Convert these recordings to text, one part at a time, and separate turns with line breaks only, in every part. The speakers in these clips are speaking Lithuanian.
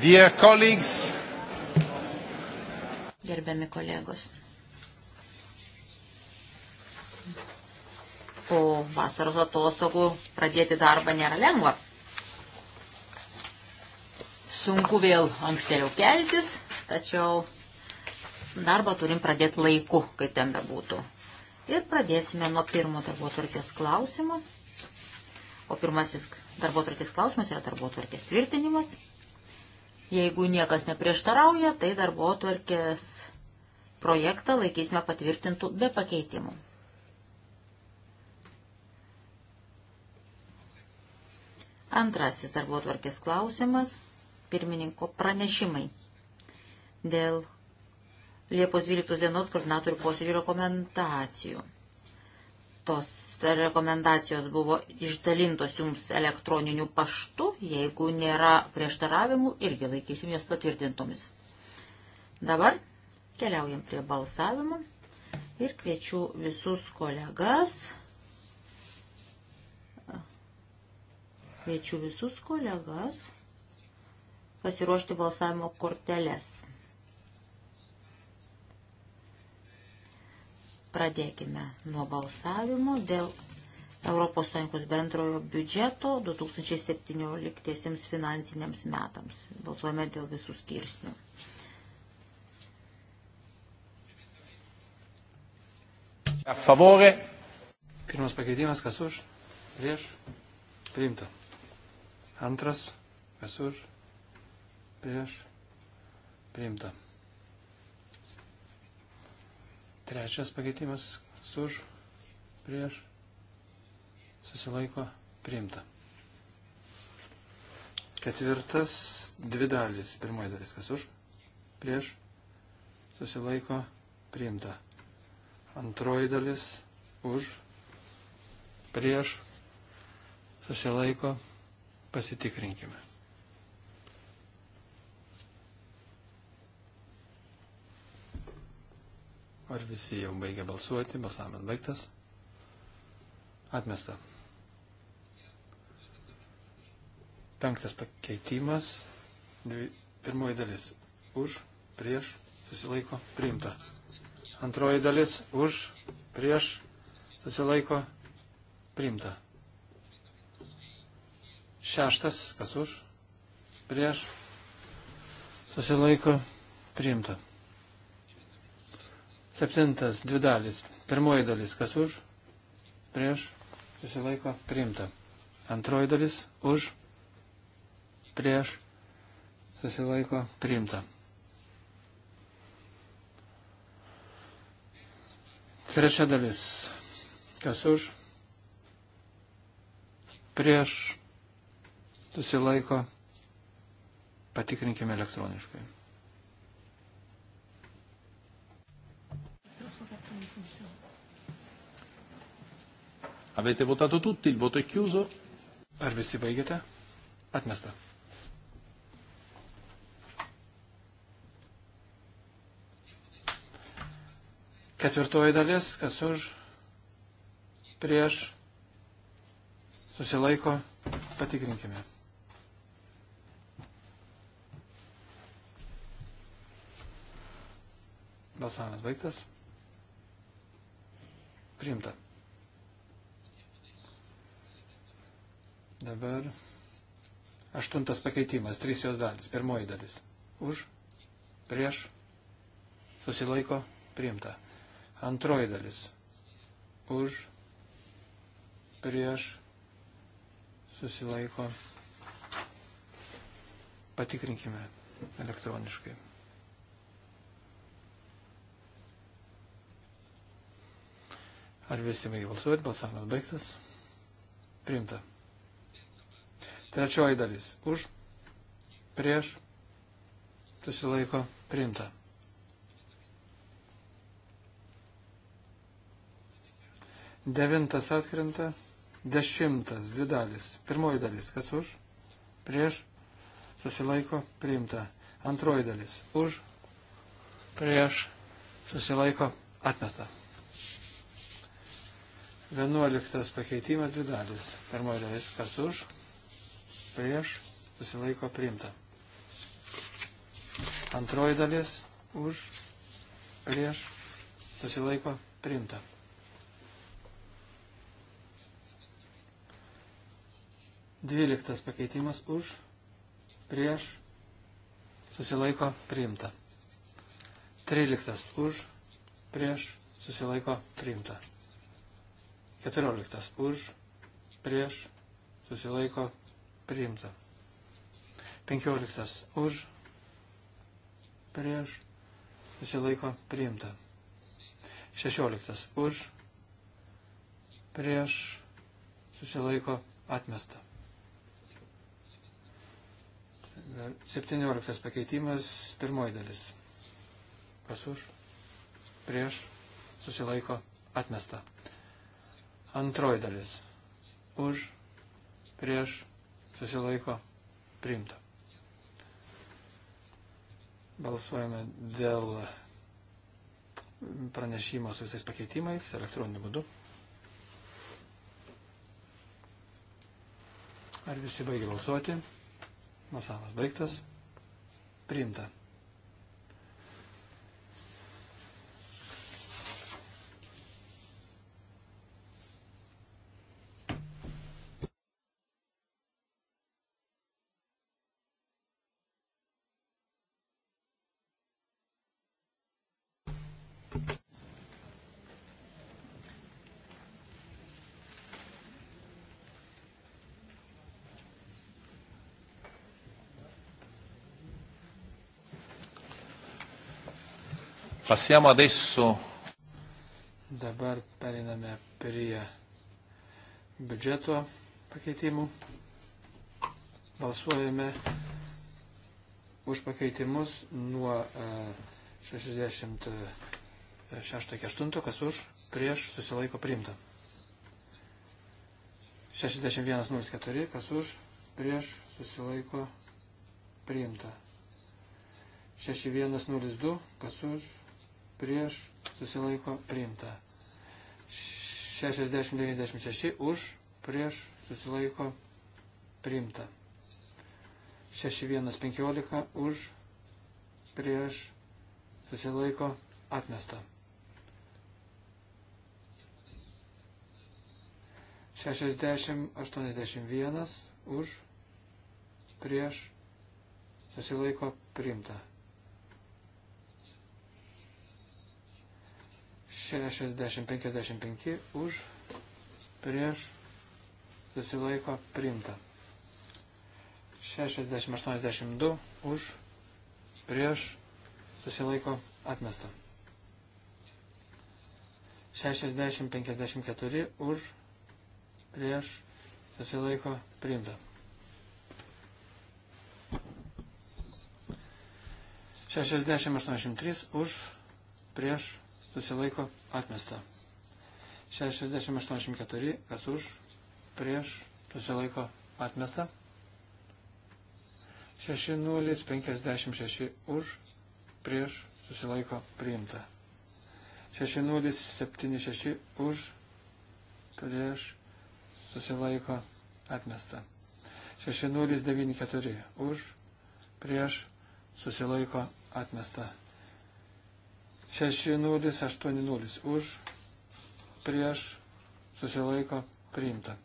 Dear colleagues.
Gerbiami kolegos. Po vasaros atostogų pradėti darbą nėra lengva. Sunku vėl ankstėliau keltis, tačiau darbą turim pradėti laiku, kai ten bebūtų. Ir pradėsime nuo pirmo darbo turkės klausimo. O pirmasis darbo turkės klausimas yra darbo turkės tvirtinimas. Jeigu niekas neprieštarauja, tai darbo atvarkės projektą laikysime patvirtintų be pakeitimų. Antrasis darbo atvarkės klausimas – pirmininko pranešimai dėl Liepos 12 dienos koordinatorių posėdžių rekomendacijų. Tos rekomendacijos buvo išdalintos jums elektroniniu paštu. Jeigu nėra prieštaravimų, irgi laikysim jas patvirtintomis. Dabar keliaujam prie balsavimo ir kviečiu visus kolegas. Kviečiu visus kolegas pasiruošti balsavimo korteles. Pradėkime nuo balsavimo dėl ES bendrojo biudžeto 2017 finansiniams metams. Balsuojame dėl visų skirsnių.
A favore. Pirmas pakeitimas, kas už, prieš, priimta. Antras, kas už, prieš, priimta. Trečias pakeitimas už, prieš, susilaiko, priimta. Ketvirtas, dvi dalis. Pirmoji dalis, kas už, prieš, susilaiko, priimta. Antroji dalis, už, prieš, susilaiko, pasitikrinkime. Ar visi jau baigė balsuoti? Balsavimas baigtas. Atmesta. Penktas pakeitimas. Dvi, pirmoji dalis. Už, prieš, susilaiko, priimta. Antroji dalis. Už, prieš, susilaiko, priimta. Šeštas. Kas už? Prieš, susilaiko, priimta. Septintas, dvi dalis. Pirmoji dalis, kas už, prieš, susilaiko, priimta. Antroji dalis, už, prieš, susilaiko, priimta. Trečia dalis, kas už, prieš, susilaiko, patikrinkime elektroniškai. Avete votato tutti, il voto è chiuso. Ar visi baigėte? Atmesta. Ketvirtoji dalis, kas už, prieš, susilaiko, patikrinkime. Balsavimas baigtas. Priimta. Dabar aštuntas pakeitimas, trys jos dalis. Pirmoji dalis. Už, prieš, susilaiko, priimta. Antroji dalis. Už, prieš, susilaiko. Patikrinkime elektroniškai. Ar visi baigė balsuoti? Balsavimas baigtas. Priimta. Trečioji dalis. Už, prieš, susilaiko, priimta. Devintas atkrenta, dešimtas, dvi dalis. Pirmoji dalis, kas už, prieš, susilaiko, priimta. Antroji dalis, už, prieš, susilaiko, atmesta. Vienuoliktas pakeitimas, dvi dalis. Pirmoji dalis, kas už, prieš, susilaiko priimta. Antroji dalis už, prieš, susilaiko priimta. Dvyliktas pakeitimas už, prieš, susilaiko priimta. Tryliktas už, prieš, susilaiko priimta. Keturioliktas už, prieš, susilaiko priimta priimta. 15 už, prieš, susilaiko priimta. 16 už, prieš, susilaiko atmesta. 17 pakeitimas, pirmoji dalis. Kas už, prieš, susilaiko atmesta. Antroji dalis. Už, prieš, susilaiko priimta. Balsuojame dėl pranešimo su visais pakeitimais elektroniniu būdu. Ar visi baigė balsuoti? Balsavimas baigtas. Priimta.
Passiamo adesso.
Dabar periname prie biudžeto pakeitimų. Balsuojame už pakeitimus nuo 66-8, e, kas už, prieš, susilaiko priimta. 61-04, kas už, prieš, susilaiko priimta. 61-02, kas už, prieš susilaiko priimta. 60-96 už prieš susilaiko priimta. 6115 už prieš susilaiko atmesta. 60-81 už prieš susilaiko priimta. 60-55 už prieš susilaiko priimta. 60-82 už prieš susilaiko atmesta. 60-54 už prieš susilaiko priimta. 60-83 už prieš susilaiko atmesta. 6084, kas už, prieš, susilaiko atmesta. 6056 už, prieš, susilaiko priimta. 6076 už, prieš, susilaiko atmesta. 6094 už, prieš, susilaiko atmesta. 6080 už, prieš, susilaiko, priimta.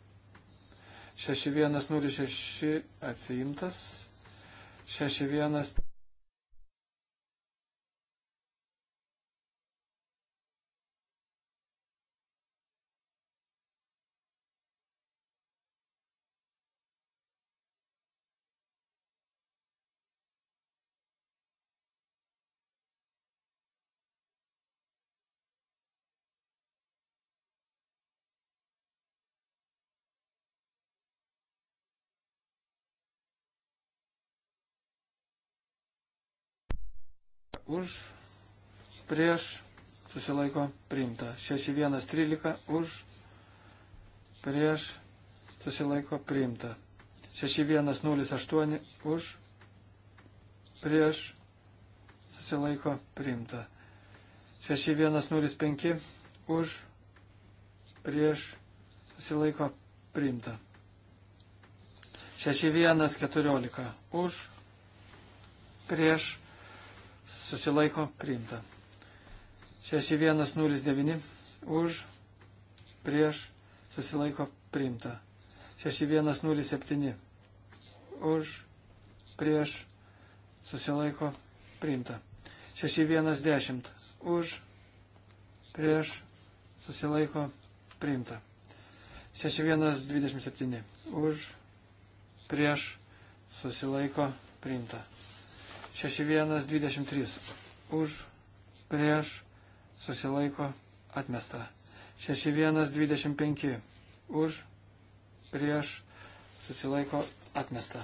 6106 atsiimtas, 61. už, prieš, susilaiko priimta. 6113 už, prieš, susilaiko priimta. 6108 už, prieš, susilaiko priimta. 6105 už, prieš, susilaiko priimta. 6114 už, prieš, susilaiko priimta. 6109 už, prieš, susilaiko priimta. 6107 už, prieš, susilaiko priimta. 6110 už, prieš, susilaiko priimta. 6127 už, prieš, susilaiko priimta. 6123 už, prieš, susilaiko, atmesta. 6125 už, prieš, susilaiko, atmesta.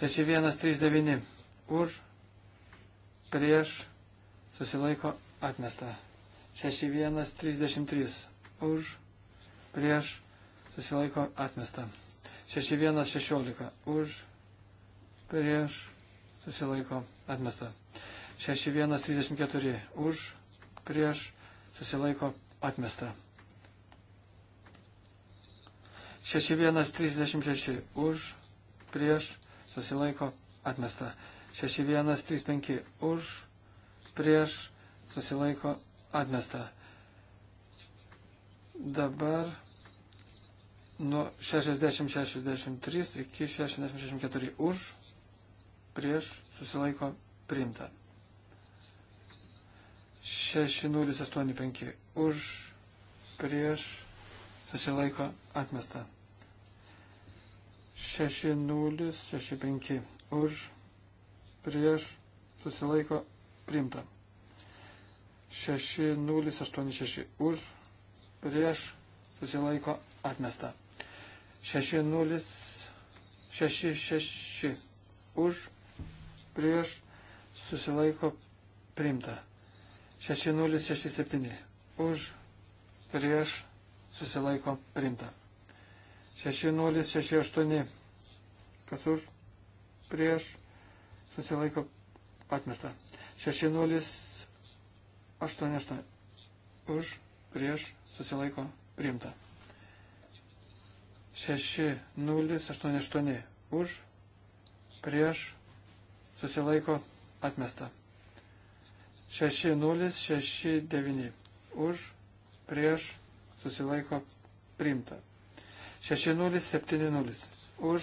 6139 už, prieš, susilaiko, atmesta. 6133 už, prieš, susilaiko, atmesta. 6116 už, prieš, susilaiko, atmesta susilaiko atmesta. 6134 už, prieš, susilaiko, atmesta. 6136 už, prieš, susilaiko, atmesta. 6135 už, prieš, susilaiko, atmesta. Dabar nuo 60-63 iki 60-64 už, prieš, susilaiko priimta. 6085 už, prieš, susilaiko atmesta. 6065 už, prieš, susilaiko priimta. 6086 už, prieš, susilaiko atmesta. 6066 už, prieš susilaiko priimta. 6067 už prieš susilaiko priimta. 6068 kas už prieš susilaiko atmesta. 6088 už prieš susilaiko priimta. 6088 už prieš susilaiko atmesta. 6069 už, prieš, susilaiko priimta. 6070 už,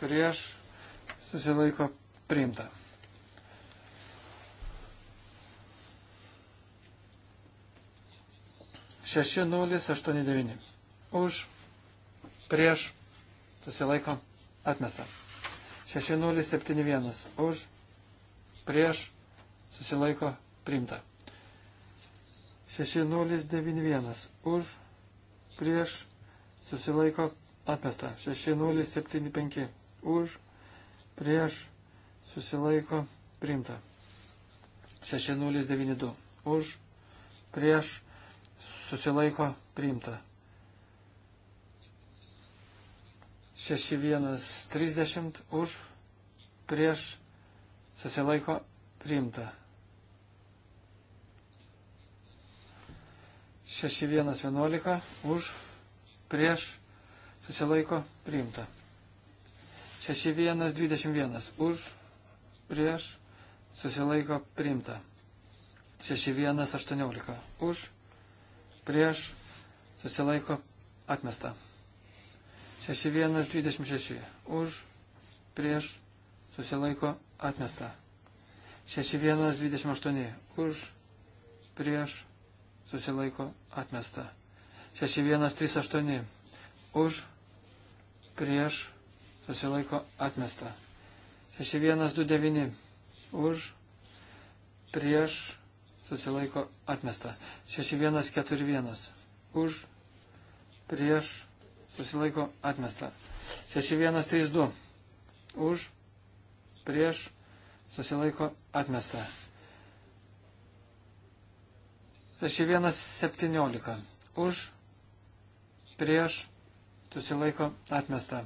prieš, susilaiko priimta. Šeši nulis aštuoni devyni. Už, prieš, susilaiko, atmesta. 6071 už, prieš, susilaiko priimta. 6091 už, prieš, susilaiko atmesta. 6075 už, prieš, susilaiko priimta. 6092 už, prieš, susilaiko priimta. 6130 už prieš susilaiko priimta. 6111 už prieš susilaiko priimta. 6121 už prieš susilaiko priimta. 6118 už prieš susilaiko atmesta. 6126 už, prieš, susilaiko, atmesta. 6128 už, prieš, susilaiko, atmesta. 6138 už, prieš, susilaiko, atmesta. 6129 už, prieš, susilaiko atmesta. 6141 už, prieš, susilaiko atmesta. 6132 už, prieš, susilaiko atmesta. 6117 už, prieš, susilaiko atmesta.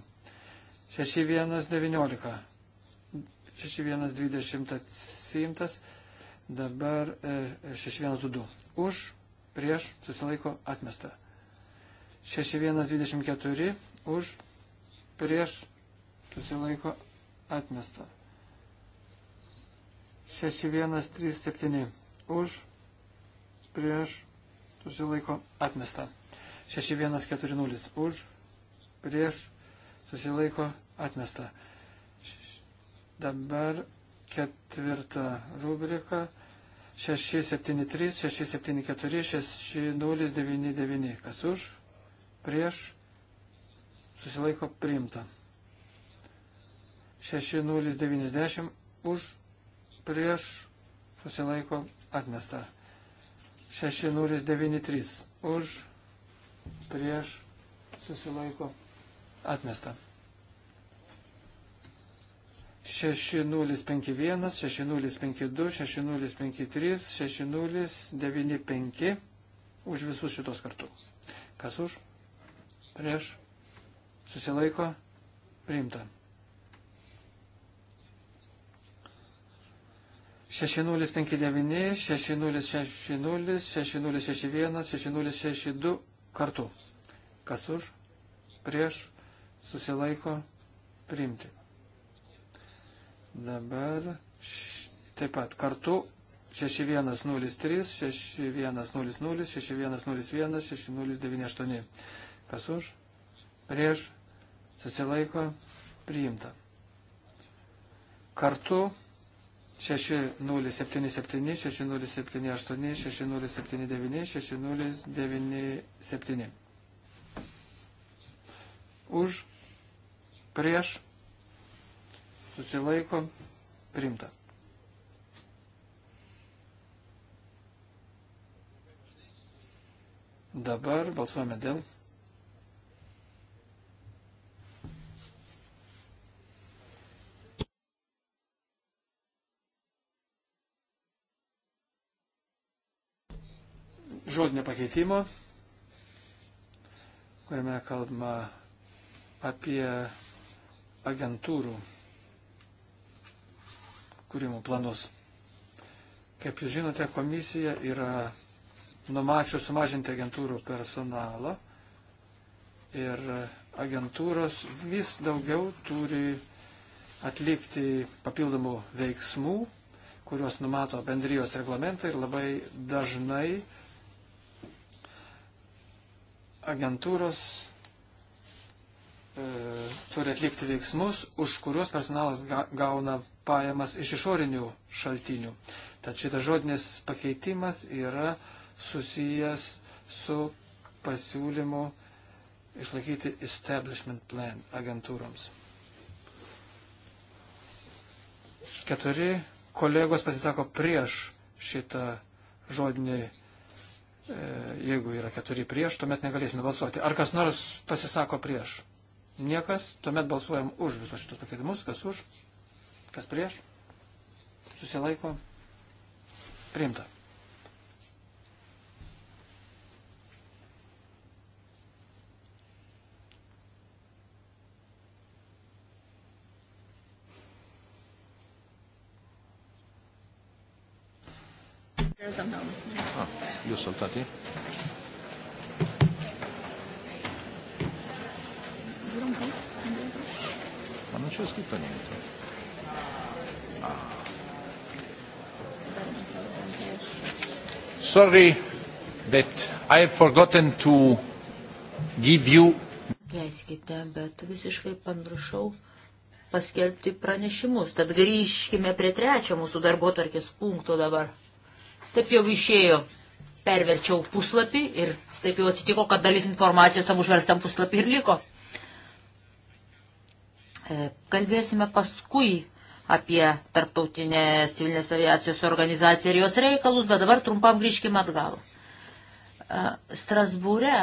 6119 6120 atsiimtas, dabar 6122 e, už, prieš, susilaiko atmesta. 6124 už prieš susilaiko atmesta. 6137 už prieš susilaiko atmesta. 6140 už prieš susilaiko atmesta. Dabar ketvirta rubrika 673, 674, 6099. Kas už? prieš susilaiko priimta. 6090 už prieš susilaiko atmesta. 6093 už prieš susilaiko atmesta. 6051, 6052, 6053, 6095 už visus šitos kartu. Kas už? prieš, susilaiko, priimta. 6059, 6060, 6061, 6062 kartu. Kas už, prieš, susilaiko, priimti. Dabar taip pat kartu 6103, 6100, 6101, 6098. Kas už? Prieš susilaiko priimta. Kartu 6077, 6078, 6079, 6097. Už, prieš, susilaiko, primta. Dabar balsuojame dėl žodinio pakeitimo, kuriame kalbama apie agentūrų kūrimų planus. Kaip jūs žinote, komisija yra numačius sumažinti agentūrų personalą ir agentūros vis daugiau turi atlikti papildomų veiksmų, kuriuos numato bendrijos reglamentai ir labai dažnai agentūros e, turi atlikti veiksmus, už kuriuos personalas ga, gauna pajamas iš išorinių šaltinių. Tad šitas žodinis pakeitimas yra susijęs su pasiūlymu išlaikyti establishment plan agentūroms. Keturi kolegos pasisako prieš šitą žodinį pakeitimą E, jeigu yra keturi prieš, tuomet negalėsime balsuoti. Ar kas nors pasisako prieš? Niekas. Tuomet balsuojam už visus šitus pakeitimus. Kas už? Kas prieš? Susilaiko. Priimta. There's a nose. Li ho saltati? Ma non c'è scritto niente. Ah. Sorry that I have forgotten to give you.
Atleiskite, bet visiškai pamiršau paskelbti pranešimus. Tad grįžkime prie trečio mūsų darbo tarkės punkto dabar. Taip jau išėjo perverčiau puslapį ir taip jau atsitiko, kad dalis informacijos tam užverstam puslapį ir liko. E, kalbėsime paskui apie tarptautinę civilinės aviacijos organizaciją ir jos reikalus, bet dabar trumpam grįžkime atgal. E, Strasbūre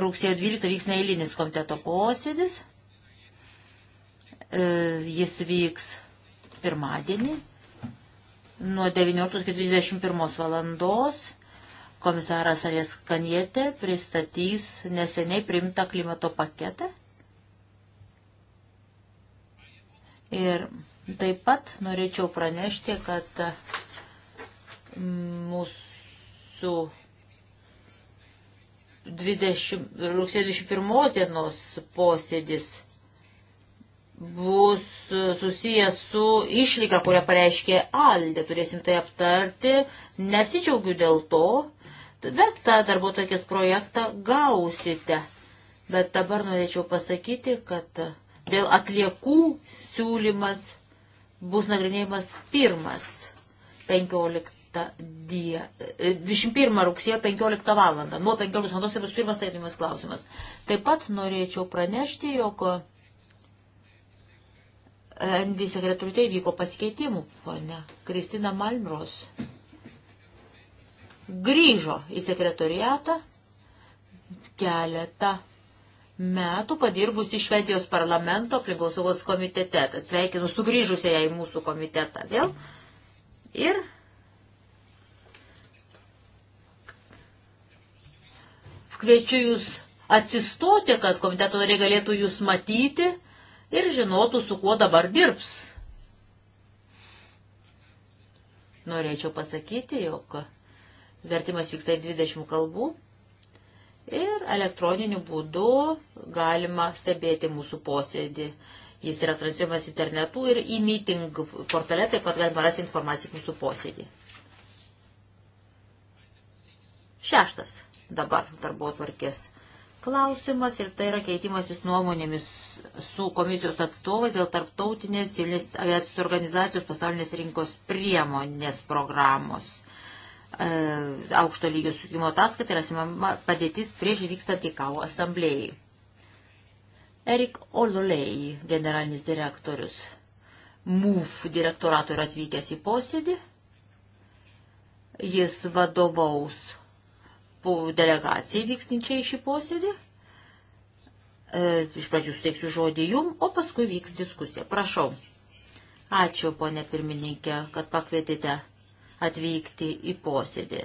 rugsėjo 12 vyks neįlinis komiteto posėdis. E, jis vyks pirmadienį, nuo 19.21 valandos komisaras Arės Kanietė pristatys neseniai primtą klimato paketą. Ir taip pat norėčiau pranešti, kad mm, mūsų 20, rugsėjo 21 dienos posėdis bus susijęs su išlyga, kurią pareiškė Aldė. Turėsim tai aptarti. Nesidžiaugiu dėl to, bet tą darbo tokias projektą gausite. Bet dabar norėčiau pasakyti, kad dėl atliekų siūlymas bus nagrinėjimas pirmas 15 die, 21 e, rugsėjo 15 valandą. Nuo 15 valandos tai bus pirmas taikomas klausimas. Taip pat norėčiau pranešti, jog Envi sekretoriute tai įvyko pasikeitimų, ponia Kristina Malmros. Grįžo į sekretoriatą keletą metų padirbusi Švedijos parlamento aplinkosaugos komitete. Tad sveikinu sugrįžusią ją į mūsų komitetą vėl. Ir kviečiu jūs atsistoti, kad komiteto nariai galėtų jūs matyti ir žinotų, su kuo dabar dirbs. Norėčiau pasakyti, jog vertimas vyksta į 20 kalbų ir elektroniniu būdu galima stebėti mūsų posėdį. Jis yra transliuojamas internetu ir į e meeting portale taip pat galima rasti informaciją mūsų posėdį. Šeštas dabar darbo atvarkės klausimas ir tai yra keitimasis nuomonėmis su komisijos atstovais dėl tarptautinės civilinės aviacijos organizacijos pasaulinės rinkos priemonės programos. E, aukšto lygio sukimo ataskaita yra simama padėtis prieš įvykstant į kavo asamblėjai. Erik Ololei, generalinis direktorius, MUF direktorato yra atvykęs į posėdį. Jis vadovaus delegacijai vykstinčiai šį posėdį. E, iš pradžių suteiksiu žodį jum, o paskui vyks diskusija. Prašau. Ačiū, ponė pirmininkė, kad pakvietėte atvykti į posėdį.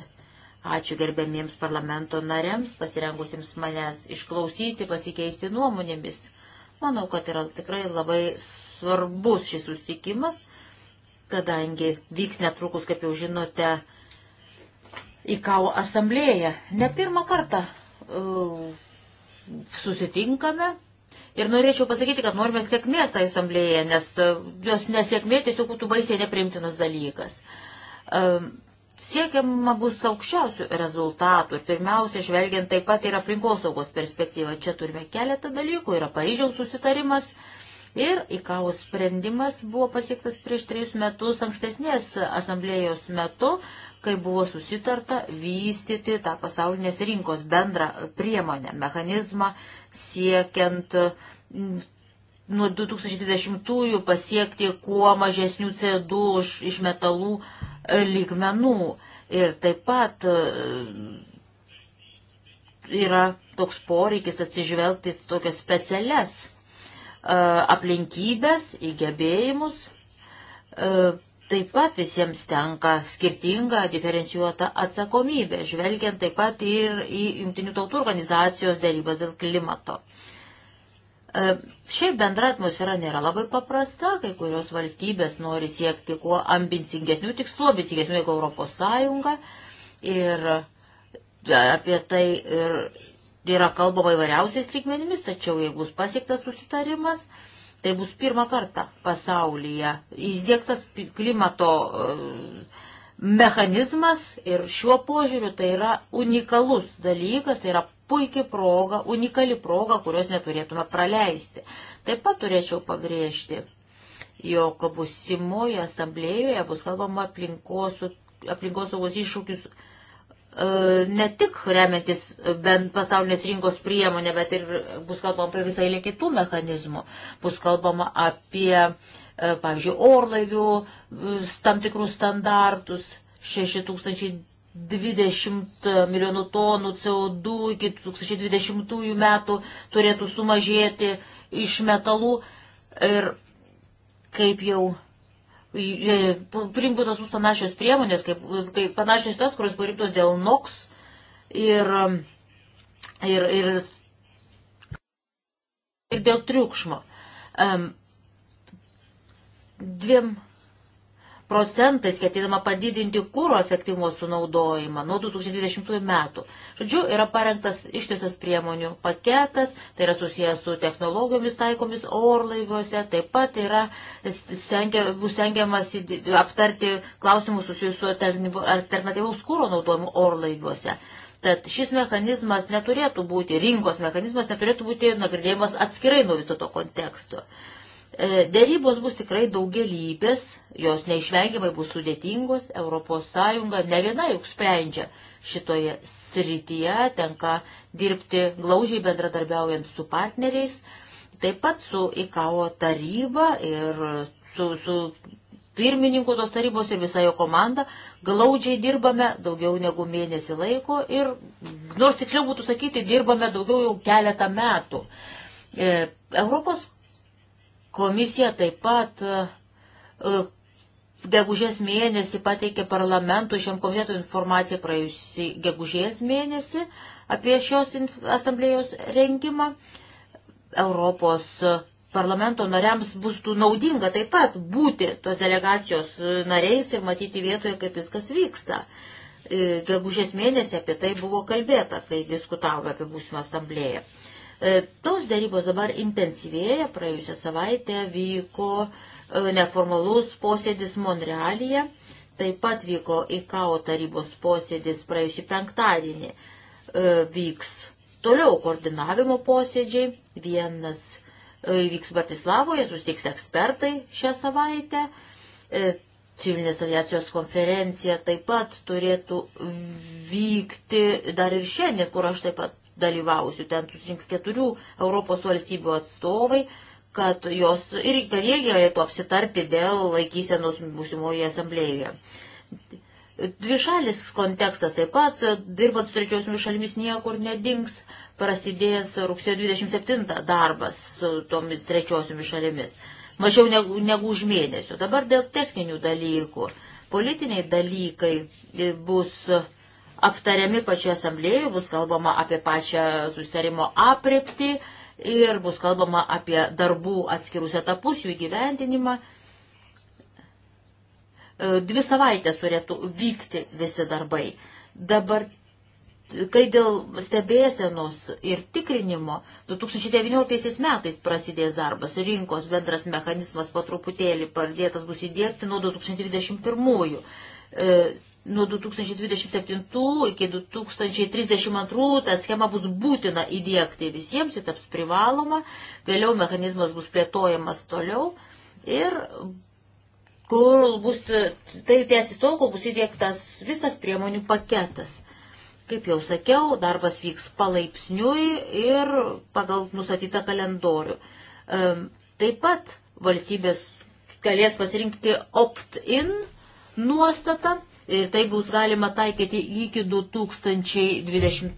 Ačiū gerbėmiems parlamento nariams, pasirengusiems manęs išklausyti, pasikeisti nuomonėmis. Manau, kad yra tikrai labai svarbus šis sustikimas, kadangi vyks netrukus, kaip jau žinote, į KAU asamblėją. Ne pirmą kartą uh, susitinkame ir norėčiau pasakyti, kad norime sėkmės tą tai asamblėją, nes uh, jos nesėkmė tiesiog būtų baisiai neprimtinas dalykas. Uh, siekiama bus aukščiausių rezultatų ir pirmiausia, žvelgiant taip pat ir aplinkosaugos perspektyvą. Čia turime keletą dalykų, yra Paryžiaus susitarimas. Ir IKAO sprendimas buvo pasiektas prieš trejus metus ankstesnės asamblėjos metu, kai buvo susitarta vystyti tą pasaulinės rinkos bendrą priemonę, mechanizmą siekiant nuo 2020-ųjų pasiekti kuo mažesnių CO2 iš metalų e, lygmenų. Ir taip pat e, yra toks poreikis atsižvelgti tokias specialias e, aplinkybės, įgebėjimus taip pat visiems tenka skirtinga diferencijuota atsakomybė, žvelgiant taip pat ir į Junktinių tautų organizacijos dėrybas dėl klimato. E, šiaip bendra atmosfera nėra labai paprasta, kai kurios valstybės nori siekti kuo ambicingesnių tikslų, ambicingesnių negu Europos Sąjunga. Ir e, apie tai ir yra kalbama įvairiausiais lygmenimis, tačiau jeigu bus pasiektas susitarimas, uh, Tai bus pirmą kartą pasaulyje įsdėktas klimato e, mechanizmas ir šiuo požiūriu tai yra unikalus dalykas, tai yra puikia proga, unikali proga, kurios neturėtume praleisti. Taip pat turėčiau pabrėžti, jog busimoje asamblėjoje bus kalbama aplinkosaugos iššūkius E, ne tik remiantis bent pasaulinės rinkos priemonė, bet ir bus kalbama apie visą eilę kitų mechanizmų. Bus kalbama apie, e, pavyzdžiui, orlaivių e, tam tikrus standartus 6020 milijonų tonų CO2 iki 2020 metų turėtų sumažėti iš metalų. Ir kaip jau priimtos bus panašios priemonės, kaip, kaip panašios tas, kurios buvo rimtos dėl NOX ir, ir, ir, ir dėl triukšmo. Um, dviem procentais ketinama padidinti kūro efektyvumo sunaudojimą nuo 2020 metų. Žodžiu, yra parengtas ištisas priemonių paketas, tai yra susijęs su technologijomis taikomis orlaiviuose, taip pat yra stengia, bus stengiamas aptarti klausimus susijusius su alternatyvaus kūro naudojimu orlaiviuose. Tad šis mechanizmas neturėtų būti, rinkos mechanizmas neturėtų būti nagrinėjimas atskirai nuo viso to konteksto. E, dėrybos bus tikrai daugelybės, jos neišvengiamai bus sudėtingos, ES ne viena juk sprendžia šitoje srityje, tenka dirbti glaužiai bendradarbiaujant su partneriais, taip pat su IKO taryba ir su, su pirmininku tos tarybos ir visa jo komanda, glaudžiai dirbame daugiau negu mėnesį laiko ir, nors tiksliau būtų sakyti, dirbame daugiau jau keletą metų. E, Europos Komisija taip pat e, e, gegužės mėnesį pateikė parlamentui šiam komitetui informaciją praėjusį gegužės mėnesį apie šios asamblėjos rengimą. Europos parlamento nariams bus naudinga taip pat būti tos delegacijos nariais ir matyti vietoje, kaip viskas vyksta. E, gegužės mėnesį apie tai buvo kalbėta, kai diskutavome apie būsimą asamblėją. E, tos darybos dabar intensyvėja, praėjusią savaitę vyko e, neformalus posėdis Monrealyje, taip pat vyko IKAO tarybos posėdis praėjusią penktadienį. E, vyks toliau koordinavimo posėdžiai, vienas vyks Bratislavoje, susitiks ekspertai šią savaitę. Civilinės aviacijos konferencija taip pat turėtų vykti dar ir šiandien, kur aš taip pat dalyvausiu. Ten susirinks keturių Europos valstybių atstovai, kad, jos, ir, kad jie galėtų apsitarti dėl laikysenos būsimoje asamblėjoje. Dvišalis kontekstas taip pat, dirbant su trečiosiomis šalimis niekur nedings, prasidės rugsėjo 27 darbas su tomis trečiosiomis šalimis. Mažiau negu, negu už mėnesio. Dabar dėl techninių dalykų. Politiniai dalykai bus aptariami pačioje asamblėjoje, bus kalbama apie pačią susitarimo aprepti ir bus kalbama apie darbų atskirus etapus, jų įgyvendinimą. E, dvi savaitės turėtų vykti visi darbai. Dabar, kai dėl stebėsenos ir tikrinimo, 2019 metais prasidės darbas, rinkos bendras mechanizmas po truputėlį pradėtas bus įdėkti nuo 2021 nuo 2027 iki 2032 ta schema bus būtina įdėkti visiems, ji taps privaloma, vėliau mechanizmas bus plėtojamas toliau ir kol bus, tai tęsis tol, kol bus įdėktas visas priemonių paketas. Kaip jau sakiau, darbas vyks palaipsniui ir pagal nustatytą kalendorių. Taip pat valstybės galės pasirinkti opt-in nuostatą Ir tai bus galima taikyti iki 2027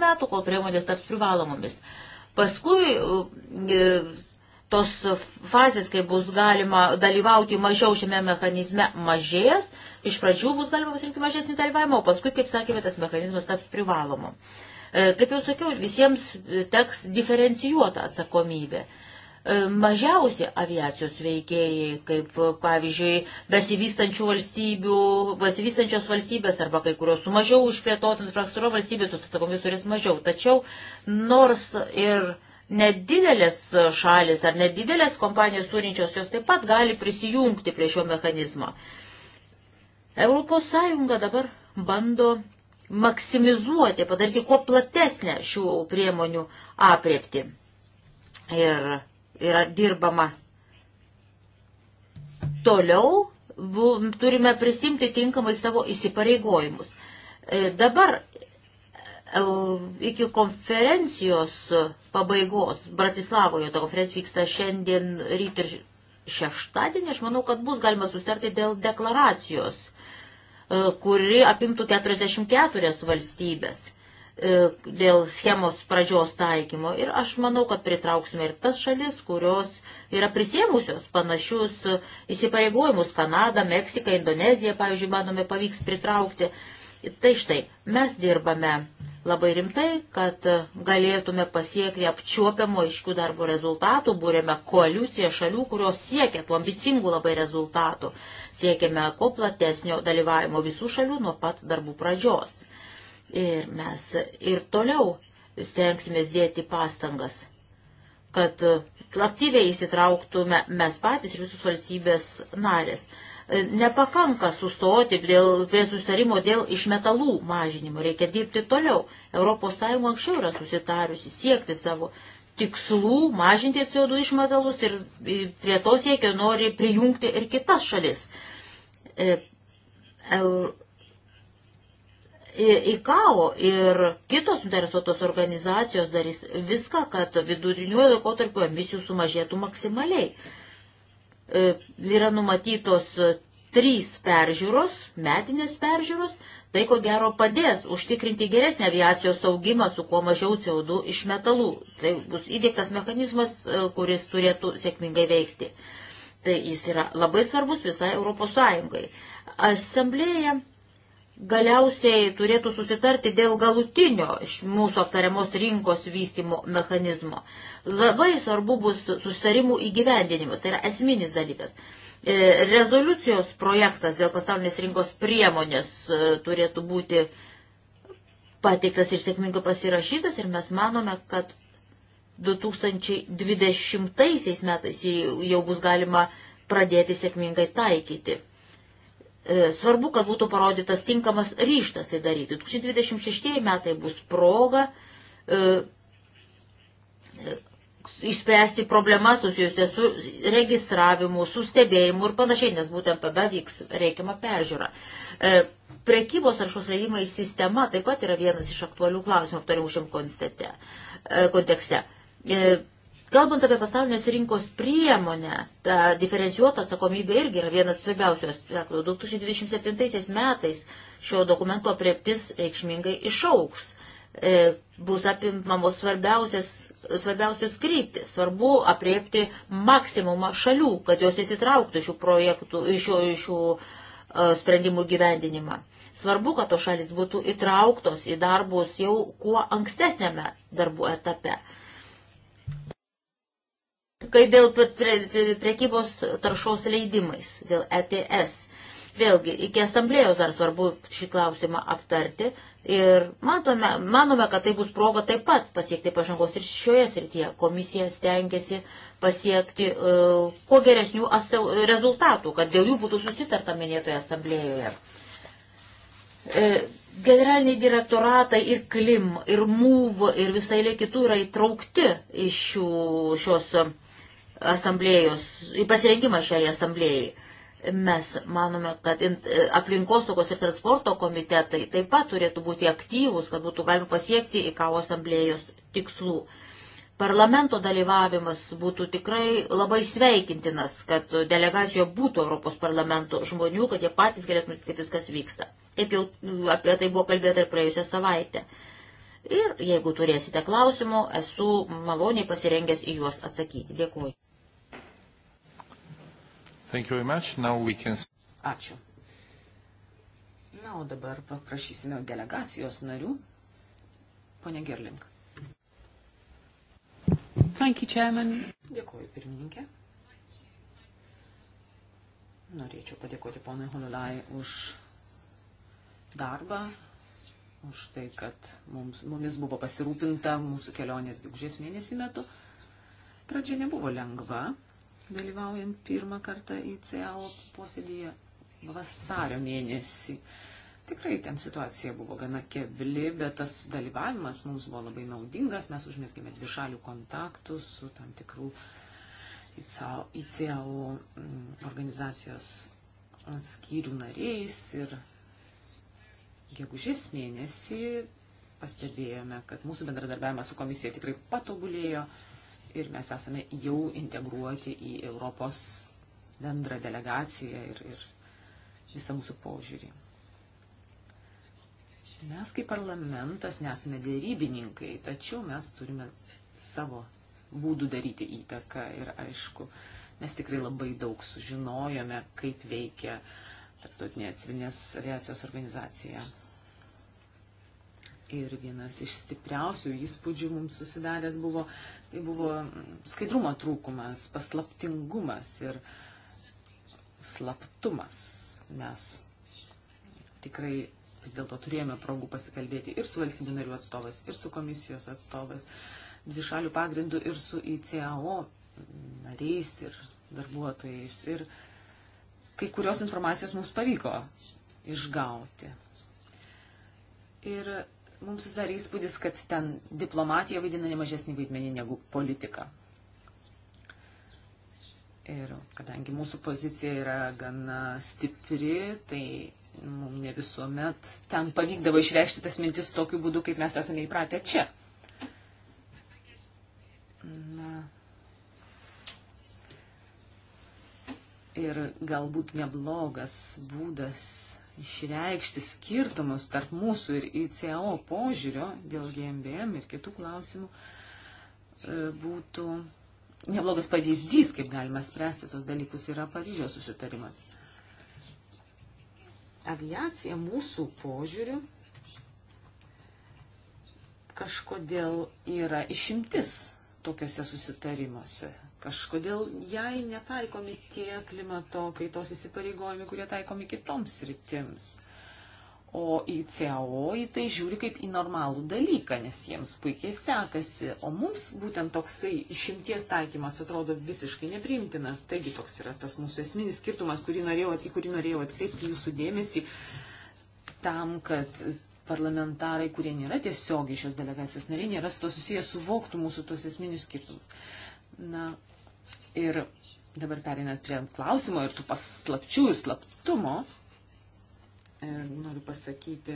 metų, kol priemonės taps privalomomis. Paskui e, tos fazės, kai bus galima dalyvauti mažiau šiame mechanizme, mažės. Iš pradžių bus galima pasirinkti mažesnį dalyvavimą, o paskui, kaip sakėme, tas mechanizmas taps privalomu. E, kaip jau sakiau, visiems teks diferencijuota atsakomybė. E, mažiausi aviacijos veikėjai, kaip e, pavyzdžiui besivystančių valstybių, besivystančios valstybės arba kai kurios su mažiau užplėtotų infrastruktūro valstybės, tos atsakomybės turės mažiau. Tačiau nors ir nedidelės šalis ar nedidelės kompanijos turinčios jos taip pat gali prisijungti prie šio mechanizmo. Europos Sąjunga dabar bando maksimizuoti, padaryti kuo platesnę šių priemonių apriepti. Ir yra dirbama toliau, bu, turime prisimti tinkamai savo įsipareigojimus. E, dabar e, iki konferencijos pabaigos, Bratislavoje ta konferencija vyksta šiandien ryt ir šeštadienį, aš manau, kad bus galima sustarti dėl deklaracijos, e, kuri apimtų 44 valstybės. E, dėl schemos pradžios taikymo. Ir aš manau, kad pritrauksime ir tas šalis, kurios yra prisėmusios panašius įsipareigojimus. Kanada, Meksika, Indonezija, pavyzdžiui, manome, pavyks pritraukti. Tai štai, mes dirbame labai rimtai, kad galėtume pasiekti apčiuopiamo iškių darbo rezultatų, būrėme koaliciją šalių, kurios siekia tų ambicingų labai rezultatų. Siekėme ko platesnio dalyvavimo visų šalių nuo pat darbų pradžios. Ir mes ir toliau stengsimės dėti pastangas, kad aktyviai įsitrauktume mes patys ir visus valstybės narės. Nepakanka sustoti dėl, prie sustarimo dėl išmetalų mažinimo, reikia dirbti toliau. ES anksčiau yra susitariusi siekti savo tikslų mažinti CO2 išmetalus ir prie to siekio nori prijungti ir kitas šalis. E, IKAO ir kitos interesuotos organizacijos darys viską, kad viduriniuoju laikotarpiu emisijų sumažėtų maksimaliai. E, yra numatytos trys peržiūros, metinės peržiūros, tai ko gero padės užtikrinti geresnį aviacijos augimą su kuo mažiau CO2 iš metalų. Tai bus įdėktas mechanizmas, e, kuris turėtų sėkmingai veikti. Tai jis yra labai svarbus visai Europos Sąjungai. Asamblėje galiausiai turėtų susitarti dėl galutinio mūsų aptariamos rinkos vystimo mechanizmo. Labai svarbu bus susitarimų įgyvendinimas, tai yra esminis dalykas. E, rezoliucijos projektas dėl pasaulinės rinkos priemonės e, turėtų būti pateiktas ir sėkmingai pasirašytas ir mes manome, kad 2020 metais jau bus galima pradėti sėkmingai taikyti. E, svarbu, kad būtų parodytas tinkamas ryštas tai daryti. 2026 metai bus proga e, e, išspręsti problemas susijusias su registravimu, su stebėjimu ir panašiai, nes būtent tada vyks reikiama peržiūra. Prekybos taršos leidimai sistema taip pat yra vienas iš aktualių klausimų aptarimų šiam kontekste. Kalbant apie pasaulinės rinkos priemonę, ta diferencijuota atsakomybė irgi yra vienas svarbiausių aspektų. 2027 metais šio dokumento apreptis reikšmingai išauks. E, bus apimamos svarbiausios kryptis. Svarbu apriepti maksimumą šalių, kad jos įsitrauktų šių projektų, šių, šių e, sprendimų gyvendinimą. Svarbu, kad to šalis būtų įtrauktos į darbus jau kuo ankstesnėme darbų etape. Kai dėl priekybos taršos leidimais, dėl ETS. Vėlgi, iki asamblėjos dar svarbu šį klausimą aptarti ir matome, manome, kad tai bus proga taip pat pasiekti pažangos ir šioje srityje. Komisija stengiasi pasiekti uh, kuo geresnių rezultatų, kad dėl jų būtų susitarta minėtoje asamblėjoje. Uh, generaliniai direktoratai ir KLIM, ir MUV, ir visai lė kitų yra įtraukti iš šių, šios. Uh, asamblėjos, į pasirengimą šiai asamblėjai. Mes manome, kad e, aplinkosaugos ir transporto komitetai taip pat turėtų būti aktyvus, kad būtų galima pasiekti į kavo asamblėjos tikslų. Parlamento dalyvavimas būtų tikrai labai sveikintinas, kad delegacijoje būtų Europos parlamento žmonių, kad jie patys galėtų matyti, kaip viskas vyksta. Kaip jau apie tai buvo kalbėta ir praėjusią savaitę. Ir jeigu turėsite klausimų, esu maloniai pasirengęs į juos atsakyti.
Dėkuoju. Thank you very much. Now we can... Ačiū. Na, o dabar paprašysime delegacijos narių. Pone Gerling. Thank you, Chairman. Dėkuoju, pirmininkė. Norėčiau padėkoti ponui Holulai už darbą, už tai, kad mums, mumis buvo pasirūpinta mūsų kelionės gegužės mėnesį metu. Pradžia nebuvo lengva, dalyvaujant pirmą kartą į CAO posėdėje vasario mėnesį. Tikrai ten situacija buvo gana kebli, bet tas dalyvavimas mums buvo labai naudingas, mes užmėsgėme dvišalių kontaktų su tam tikrų ICAO mm, organizacijos skyrių nariais ir gegužės mėnesį pastebėjome, kad mūsų bendradarbiavimas su komisija tikrai patobulėjo ir mes esame jau integruoti į Europos bendrą delegaciją ir, ir visą mūsų požiūrį. Mes kaip parlamentas nesame dėrybininkai, tačiau mes turime savo būdų daryti įtaką ir aišku, mes tikrai labai daug sužinojome, kaip veikia Tarptautinė civilinės aviacijos organizacija. Ir vienas iš stipriausių įspūdžių mums susidaręs buvo, tai buvo skaidrumo trūkumas, paslaptingumas ir slaptumas. Mes tikrai vis dėlto turėjome progų pasikalbėti ir su valstybių narių atstovas, ir su komisijos atstovas, dvišalių pagrindų, ir su ICAO nariais ir darbuotojais. Ir kai kurios informacijos mums pavyko išgauti. Ir mums susidarė įspūdis, kad ten diplomatija vaidina nemažesnį vaidmenį negu politika. Ir kadangi mūsų pozicija yra gana stipri, tai mums nu, ne visuomet ten pavykdavo išreikšti tas mintis tokiu būdu, kaip mes esame įpratę čia. Na. Ir galbūt neblogas būdas išreikšti skirtumus tarp mūsų ir ICAO požiūrio dėl GMBM ir kitų klausimų e, būtų neblogas pavyzdys, kaip galima spręsti tos dalykus, yra Paryžiaus susitarimas. Aviacija mūsų požiūriu kažkodėl yra išimtis tokiuose susitarimuose. Kažkodėl jai netaikomi tie klimato kaitos įsipareigojimai, kurie taikomi kitoms rytims. O į CAO į tai žiūri kaip į normalų dalyką, nes jiems puikiai sekasi. O mums būtent toksai išimties taikymas atrodo visiškai neprimtinas. Taigi toks yra tas mūsų esminis skirtumas, kurį norėjau, į kurį norėjau atkreipti jūsų dėmesį tam, kad parlamentarai, kurie nėra tiesiogiai šios delegacijos nariai, nėra su to susiję, suvoktų mūsų tos esminius skirtumus. Na, Ir dabar perinant prie klausimo ir tų paslapčių ir slaptumo, e, noriu pasakyti,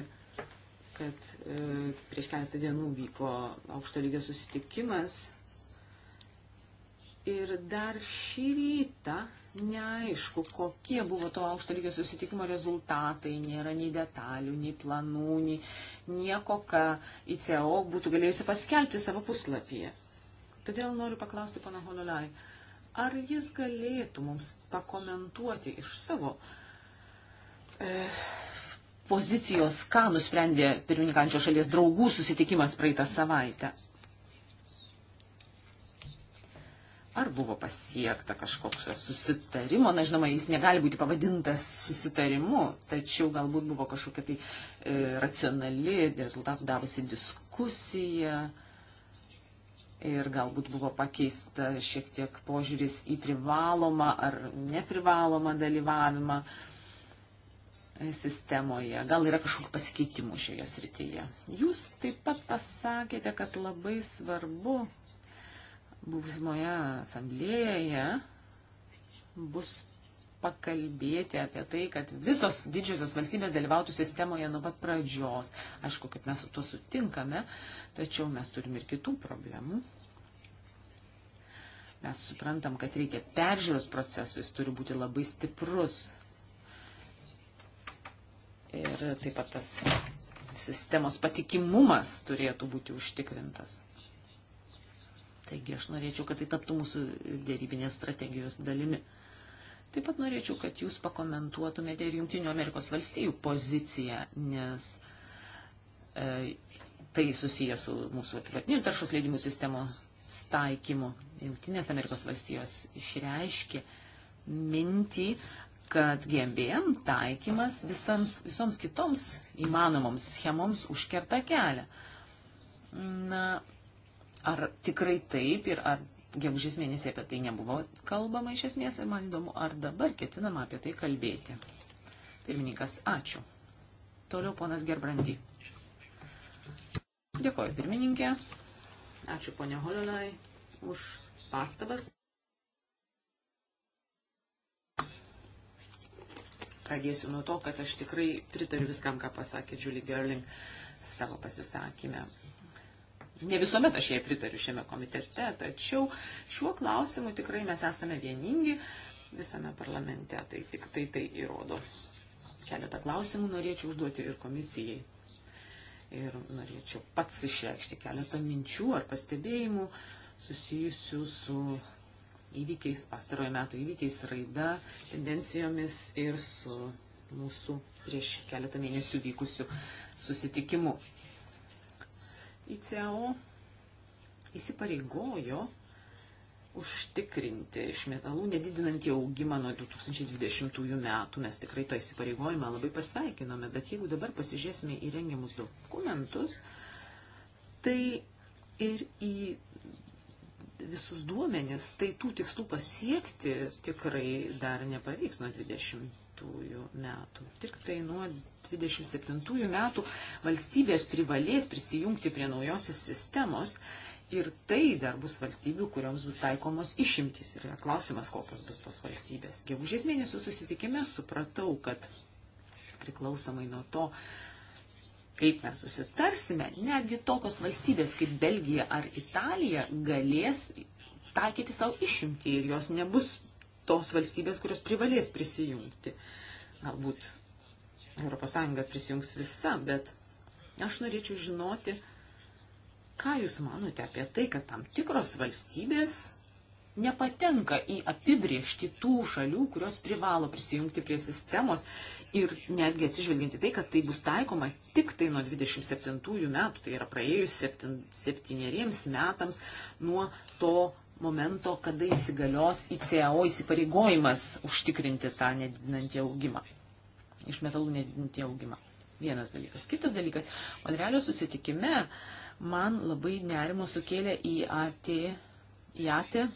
kad e, prieš keletą dienų vyko aukšto lygio susitikimas. Ir dar šį rytą neaišku, kokie buvo to aukšto lygio susitikimo rezultatai. Nėra nei detalių, nei planų, nei nieko, ką ICO būtų galėjusi paskelbti savo puslapyje. Todėl noriu paklausti pana Hololai, Ar jis galėtų mums pakomentuoti iš savo e, pozicijos, ką nusprendė pirmininkančio šalies draugų susitikimas praeitą savaitę? Ar buvo pasiekta kažkoks susitarimo, na žinoma, jis negali būti pavadintas susitarimu, tačiau galbūt buvo kažkokia tai e, racionali, rezultatų davusi diskusija. E, ir galbūt buvo pakeista šiek tiek požiūris į privalomą ar neprivalomą dalyvavimą sistemoje. Gal yra kažkokių pasikeitimų šioje srityje. Jūs taip pat pasakėte, kad labai svarbu būsimoje asamblėje bus pakalbėti apie tai, kad visos didžiosios valstybės dalyvautų sistemoje nuo pat pradžios. Aišku, kaip mes su tuo sutinkame, tačiau mes turim ir kitų problemų. Mes suprantam, kad reikia peržiūros procesų, jis turi būti labai stiprus. Ir taip pat tas sistemos patikimumas turėtų būti užtikrintas. Taigi aš norėčiau, kad tai taptų mūsų dėrybinės strategijos dalimi. Taip pat norėčiau, kad jūs pakomentuotumėte ir Junktinių Amerikos valstijų poziciją, nes e, tai susiję su mūsų apivartinių taršos leidimų sistemos taikymu. Junktinės Amerikos valstijos išreiškė mintį, kad GMBM taikymas visams, visoms kitoms įmanomoms schemoms užkerta kelią. Na, ar tikrai taip ir ar gegužės mėnesį apie tai nebuvo kalbama iš esmės ir man įdomu, ar dabar ketinama apie tai kalbėti. Pirmininkas, ačiū. Toliau ponas Gerbrandy. Dėkoju pirmininkė. Ačiū ponė Holilai už pastabas. Pradėsiu nuo to, kad aš tikrai pritariu viskam, ką pasakė Julie Gerling savo pasisakymę. Ne visuomet aš jai pritariu šiame komitete, tačiau šiuo klausimu tikrai mes esame vieningi visame parlamente. Tai tik tai tai įrodo. Keletą klausimų norėčiau užduoti ir komisijai. Ir norėčiau pats išreikšti keletą minčių ar pastebėjimų susijusių su įvykiais, pastarojo metų įvykiais, raida, tendencijomis ir su mūsų prieš keletą mėnesių vykusių susitikimu. ICAO įsipareigojo užtikrinti iš metalų nedidinantį augimą nuo 2020 metų. Mes tikrai tą įsipareigojimą labai pasveikinome, bet jeigu dabar pasižiūrėsime į rengiamus dokumentus, tai ir į visus duomenis, tai tų tikslų pasiekti tikrai dar nepavyks nuo 20 metų. Tik tai nuo 27 metų valstybės privalės prisijungti prie naujosios sistemos ir tai dar bus valstybių, kurioms bus taikomos išimtis. Ir klausimas, kokios bus tos valstybės. Gegužės mėnesio susitikime supratau, kad priklausomai nuo to, kaip mes susitarsime, netgi tokios valstybės kaip Belgija ar Italija galės taikyti savo išimtį ir jos nebus tos valstybės, kurios privalės prisijungti. Galbūt ES prisijungs visa, bet aš norėčiau žinoti, ką Jūs manote apie tai, kad tam tikros valstybės nepatenka į apibriežti tų šalių, kurios privalo prisijungti prie sistemos ir netgi atsižvelginti tai, kad tai bus taikoma tik tai nuo 27 metų, tai yra praėjus septin, septyneriems metams nuo to momento, kada įsigalios ICAO įsipareigojimas užtikrinti tą nedidinantį augimą, iš metalų nedidinantį augimą. Vienas dalykas. Kitas dalykas, Monrealio susitikime man labai nerimo sukėlė į AT JATE,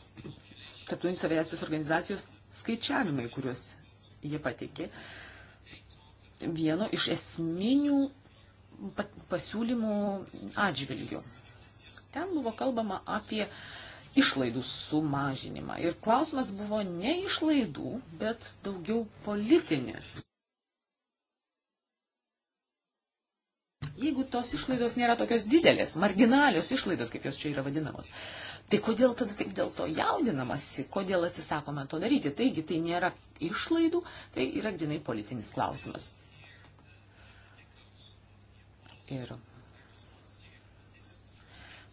Tartunis aviacijos organizacijos skaičiavimai, kuriuos jie pateikė, vieno iš esminių pasiūlymų atžvilgių. Ten buvo kalbama apie išlaidų sumažinimą. Ir klausimas buvo ne išlaidų, bet daugiau politinis. Jeigu tos išlaidos nėra tokios didelės, marginalios išlaidos, kaip jos čia yra vadinamos, Tai kodėl tada taip dėl to jaudinamasi, kodėl atsisakome to daryti? Taigi tai nėra išlaidų, tai yra grinai politinis klausimas. Ir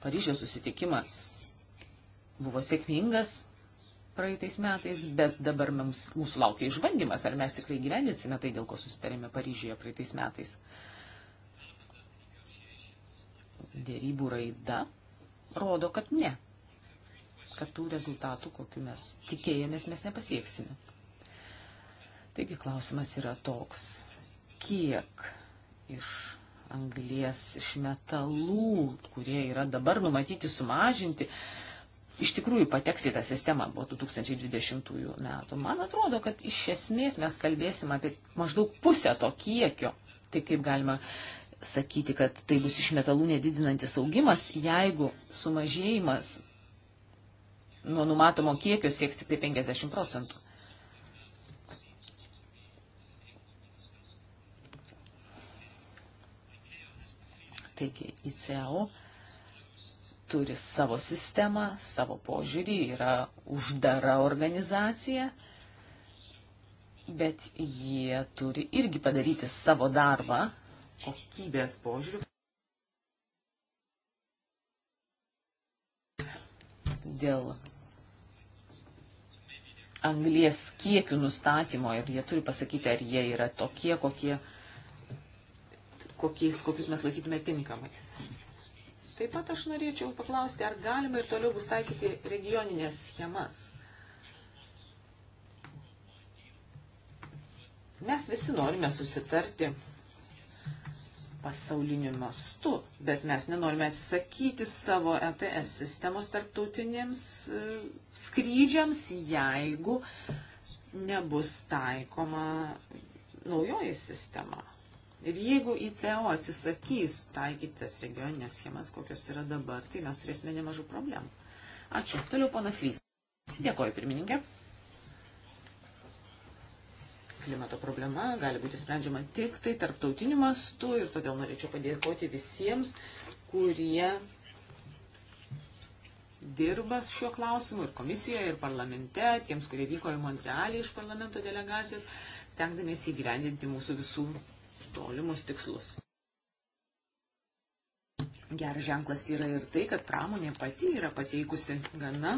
Paryžiaus susitikimas buvo sėkmingas praeitais metais, bet dabar mums, mūsų laukia išbandymas, ar mes tikrai gyvendinsime tai, dėl ko susitarėme Paryžiuje praeitais metais. Dėrybų raida rodo, kad ne kad tų rezultatų, kokiu mes tikėjomės, mes nepasieksime. Taigi klausimas yra toks, kiek iš anglies, iš metalų, kurie yra dabar numatyti sumažinti, iš tikrųjų pateks į tą sistemą po 2020 metų. Man atrodo, kad iš esmės mes kalbėsim apie maždaug pusę to kiekio. Tai kaip galima sakyti, kad tai bus iš metalų nedidinantis augimas, jeigu sumažėjimas nuo numatomo kiekio sieks tik tai 50 procentų. Taigi ICAO turi savo sistemą, savo požiūrį, yra uždara organizacija, bet jie turi irgi padaryti savo darbą kokybės požiūrių. Dėl anglies kiekių nustatymo ir jie turi pasakyti, ar jie yra tokie, kokie, kokiais, kokius mes laikytume tinkamais. Taip pat aš norėčiau paklausti, ar galima ir toliau bus taikyti regioninės schemas. Mes visi norime susitarti pasauliniu mastu, bet mes nenorime atsisakyti savo ETS sistemos tarptautinėms e, skrydžiams, jeigu nebus taikoma naujoji sistema. Ir jeigu ICO atsisakys taikyti tas regioninės schemas, kokios yra dabar, tai mes turėsime nemažų problemų. Ačiū. Toliau ponas Lys. Dėkoju, pirmininkė klimato problema gali būti sprendžiama tik tai tarptautiniu mastu ir todėl norėčiau padėkoti visiems, kurie dirba šiuo klausimu ir komisijoje, ir parlamente, tiems, kurie vyko į Montrealį iš parlamento delegacijos, stengdamiesi įgyvendinti mūsų visų tolimus tikslus. Geras ženklas yra ir tai, kad pramonė pati yra pateikusi gana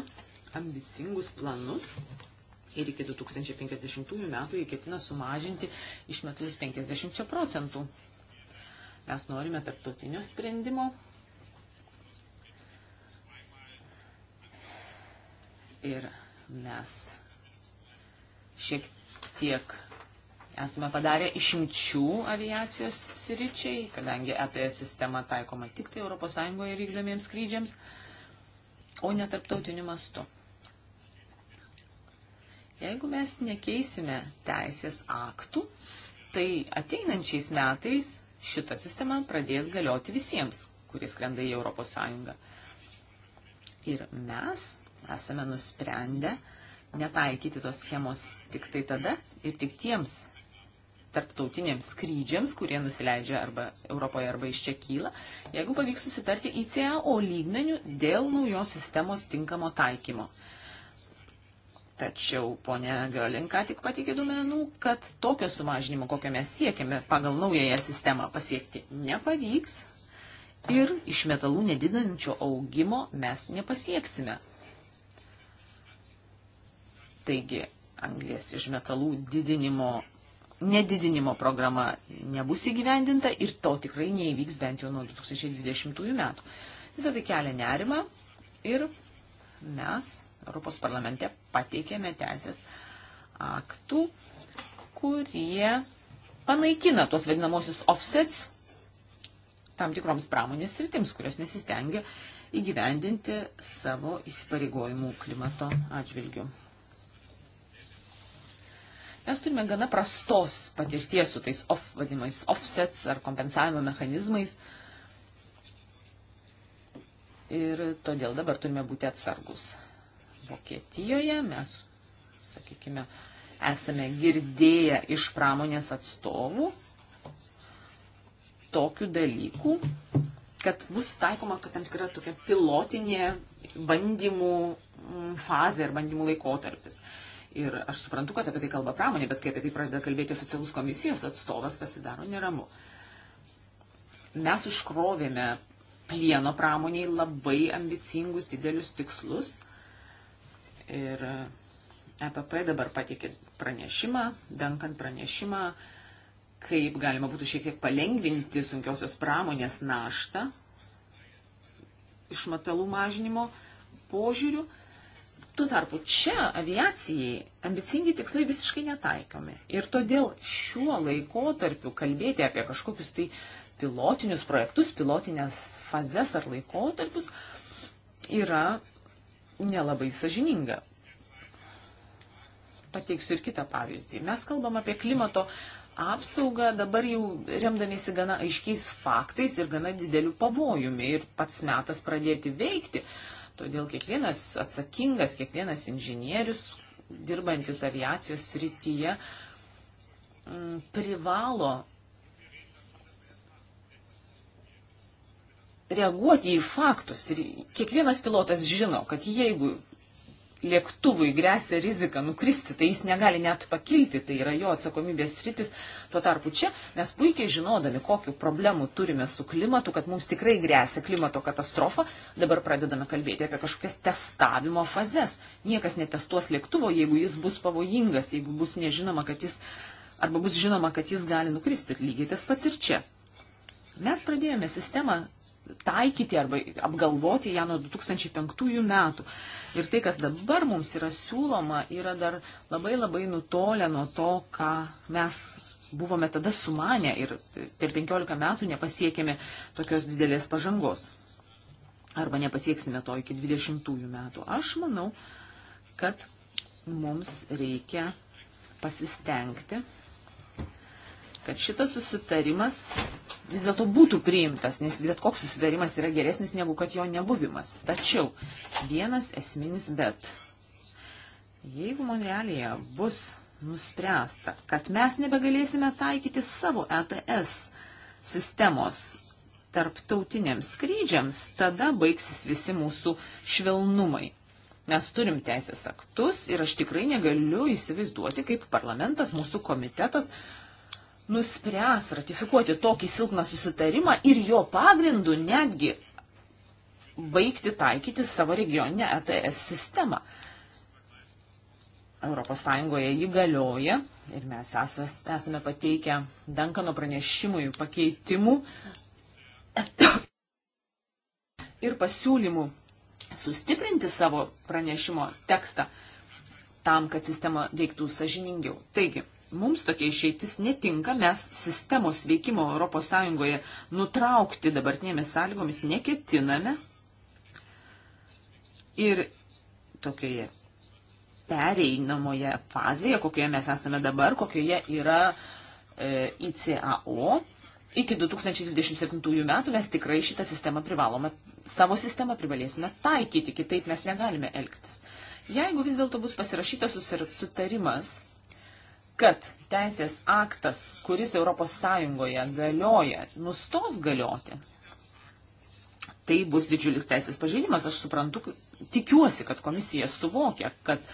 ambicingus planus ir iki 2050 metų jie ketina sumažinti išmetus 50 procentų. Mes norime tarptautinio sprendimo. Ir mes šiek tiek esame padarę išimčių aviacijos sričiai, kadangi ETS sistema taikoma tik tai ES vykdomiems skrydžiams, o ne tarptautiniu mastu. Jeigu mes nekeisime teisės aktų, tai ateinančiais metais šita sistema pradės galioti visiems, kurie skrenda į ES. Ir mes esame nusprendę netaikyti tos schemos tik tai tada ir tik tiems tarptautiniams skrydžiams, kurie nusileidžia arba Europoje arba iš čia kyla, jeigu pavyks susitarti ICAO lygmenių dėl naujos sistemos tinkamo taikymo. Tačiau ponė Giolinka tik patikė duomenų, kad tokio sumažinimo, kokio mes siekiame pagal naująją sistemą pasiekti, nepavyks ir iš metalų nedidančio augimo mes nepasieksime. Taigi, anglės iš metalų didinimo, nedidinimo programa nebus įgyvendinta ir to tikrai neįvyks bent jau nuo 2020 metų. Visą tai kelia nerima ir mes Europos parlamente pateikėme teisės aktų, kurie panaikina tuos vadinamosius offsets tam tikroms pramonės sritims, kurios nesistengia įgyvendinti savo įsipareigojimų klimato atžvilgių. Mes turime gana prastos patirties su tais off, vadimais offsets ar kompensavimo mechanizmais. Ir todėl dabar turime būti atsargus. Vokietijoje mes, sakykime, esame girdėję iš pramonės atstovų tokių dalykų, kad bus taikoma kad tam tikra tokia pilotinė bandymų mm, fazė ir bandymų laikotarpis. Ir aš suprantu, kad apie tai kalba pramonė, bet kai apie tai pradeda kalbėti oficialus komisijos atstovas, pasidaro neramu. Mes užkrovėme plieno pramoniai labai ambicingus didelius tikslus – Ir EPP e dabar pateikė pranešimą, dankant pranešimą, kaip galima būtų šiek tiek palengvinti sunkiausios pramonės naštą išmatalų mažinimo požiūrių. Tuo tarpu čia aviacijai ambicingi tikslai visiškai netaikomi. Ir todėl šiuo laikotarpiu kalbėti apie kažkokius tai pilotinius projektus, pilotinės fazes ar laikotarpius yra nelabai sažininga. Pateiksiu ir kitą pavyzdį. Mes kalbam apie klimato apsaugą dabar jau remdamiesi gana aiškiais faktais ir gana dideliu pavojumi ir pats metas pradėti veikti. Todėl kiekvienas atsakingas, kiekvienas inžinierius, dirbantis aviacijos srityje, mm, privalo reaguoti į faktus. Ir kiekvienas pilotas žino, kad jeigu lėktuvui grėsia rizika nukristi, tai jis negali net pakilti, tai yra jo atsakomybės rytis. Tuo tarpu čia mes puikiai žinodami, kokiu problemu turime su klimatu, kad mums tikrai grėsia klimato katastrofa, dabar pradedame kalbėti apie kažkokias testavimo fazes. Niekas netestuos lėktuvo, jeigu jis bus pavojingas, jeigu bus nežinoma, kad jis arba bus žinoma, kad jis gali nukristi. Lygiai tas pats ir čia. Mes pradėjome sistemą taikyti arba apgalvoti ją nuo 2005 metų. Ir tai, kas dabar mums yra siūloma, yra dar labai labai nutolę nuo to, ką mes buvome tada sumanę ir per 15 metų nepasiekėme tokios didelės pažangos. Arba nepasieksime to iki 20 metų. Aš manau, kad mums reikia pasistengti kad šitas susitarimas vis dėlto būtų priimtas, nes bet koks susitarimas yra geresnis negu kad jo nebuvimas. Tačiau vienas esminis bet. Jeigu Monrealėje bus nuspręsta, kad mes nebegalėsime taikyti savo ETS sistemos tarptautiniams skrydžiams, tada baigsis visi mūsų švelnumai. Mes turim teisės aktus ir aš tikrai negaliu įsivaizduoti, kaip parlamentas, mūsų komitetas nuspręs ratifikuoti tokį silpną susitarimą ir jo pagrindų netgi baigti taikyti savo regioninę ETS sistemą. ES jį galioja ir mes esas, esame pateikę Dankano pranešimui pakeitimų ir pasiūlymų sustiprinti savo pranešimo tekstą tam, kad sistema veiktų sažiningiau. Taigi, mums tokia išeitis netinka, mes sistemos veikimo ES nutraukti dabartinėmis sąlygomis neketiname. Ir tokioje pereinamoje fazėje, kokioje mes esame dabar, kokioje yra e, ICAO, iki 2027 metų mes tikrai šitą sistemą privalome, savo sistemą privalėsime taikyti, kitaip mes negalime elgtis. Jeigu vis dėlto bus pasirašytas sutarimas kad teisės aktas, kuris ES galioja, nustos galioti, tai bus didžiulis teisės pažeidimas. Aš suprantu, tikiuosi, kad komisija suvokia, kad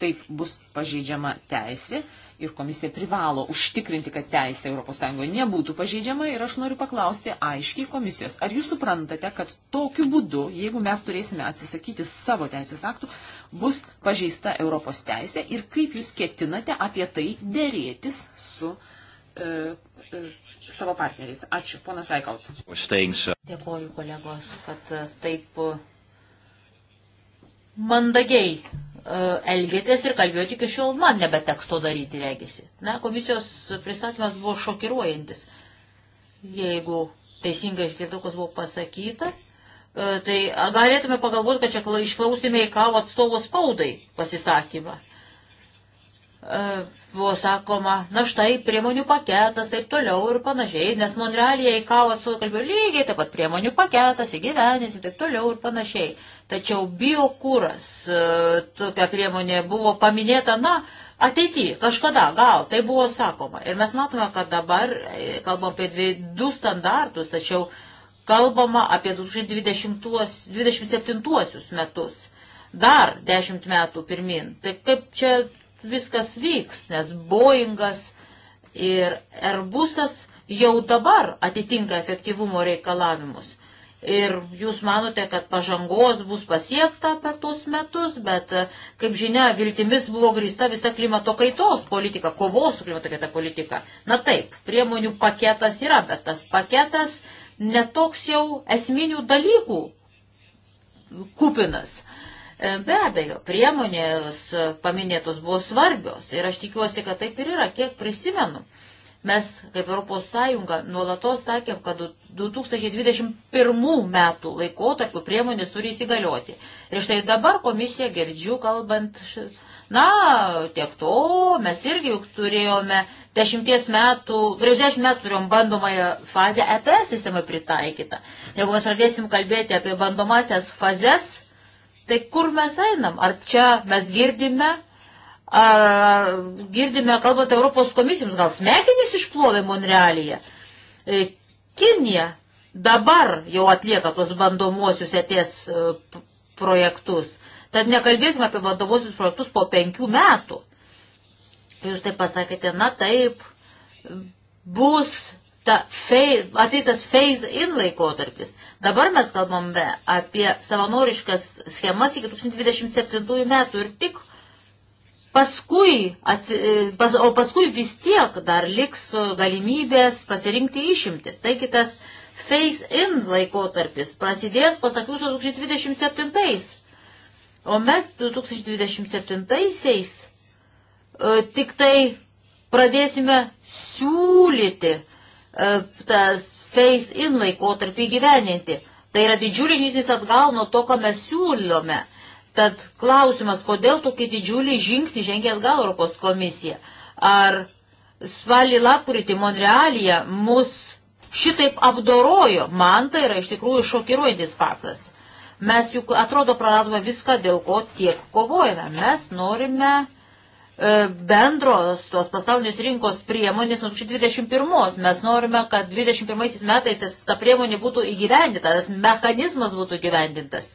taip bus pažeidžiama teisė ir komisija privalo užtikrinti, kad teisė ES nebūtų pažeidžiama ir aš noriu paklausti aiškiai komisijos, ar jūs suprantate, kad tokiu būdu, jeigu mes turėsime atsisakyti savo teisės aktų, bus pažeista Europos teisė ir kaip jūs ketinate apie tai dėrėtis su e, e, savo partneriais. Ačiū, ponas Aikaut. Dėkoju kolegos,
kad taip mandagiai E, elgėtės ir kalbėjote iki šiol, man nebeteks to daryti, regisi. Na, komisijos pristatymas buvo šokiruojantis. Jeigu teisingai išgirdau, kas buvo pasakyta, e, tai galėtume pagalvoti, kad čia išklausime į kavo atstovo spaudai pasisakymą. E, buvo sakoma, na štai priemonių paketas, taip toliau ir panašiai, nes Monrealija į kavą su kalbėjo lygiai, taip pat priemonių paketas įgyvenėsi, taip toliau ir panašiai. Tačiau biokūras, e, tokia priemonė buvo paminėta, na, ateity, kažkada, gal, tai buvo sakoma. Ir mes matome, kad dabar e, kalbam apie du standartus, tačiau kalbama apie 2027 metus dar dešimt metų pirmin. Tai kaip čia viskas vyks, nes Boeingas ir Airbusas jau dabar atitinka efektyvumo reikalavimus. Ir jūs manote, kad pažangos bus pasiekta per tuos metus, bet, kaip žinia, viltimis buvo grįsta visa klimato kaitos politika, kovos su klimato kaita politika. Na taip, priemonių paketas yra, bet tas paketas netoks jau esminių dalykų kupinas. Uh, E, be abejo, priemonės paminėtos buvo svarbios ir aš tikiuosi, kad taip ir yra, kiek prisimenu. Mes, kaip Europos Sąjunga, nuolatos sakėm, kad 2021 metų laikotarpiu priemonės turi įsigalioti. Ir štai dabar komisija girdžiu kalbant, na, tiek to, mes irgi juk turėjome dešimties metų, prieš dešimt metų turėjom bandomąją fazę ETS sistemai pritaikytą. Jeigu mes pradėsim kalbėti apie bandomasias fazes, Tai kur mes einam? Ar čia mes girdime, ar girdime, kalbant Europos komisijoms, gal smegenys išplovė Monrealyje? E, Kinija dabar jau atlieka tuos bandomuosius atės e e, projektus. Tad nekalbėkime apie bandomuosius projektus po penkių metų. Jūs taip pasakėte, na taip, bus ta phase, ateis tas phase in laikotarpis. Dabar mes kalbame apie savanoriškas schemas iki 2027 metų ir tik paskui, atsi, e, pas, o paskui vis tiek dar liks galimybės pasirinkti išimtis. Taigi tas phase in laikotarpis prasidės, pasakiau, 2027. -ais. O mes 2027-aisiais e, tik tai pradėsime siūlyti E, tas face-in laikotarpį įgyveninti. Tai yra didžiulis žingsnis atgal nuo to, ką mes siūlome. Tad klausimas, kodėl tokį didžiulį žingsnį žengė atgal Europos komisija? Ar spalį lapkritį Monrealija mus šitaip apdorojo? Man tai yra iš tikrųjų šokiruojantis faktas. Mes juk atrodo praradome viską, dėl ko tiek kovojame. Mes norime E, bendros tos pasaulinės rinkos priemonės nuo 2021. Mes norime, kad 2021 metais tas, ta priemonė būtų įgyvendinta, tas mechanizmas būtų įgyvendintas.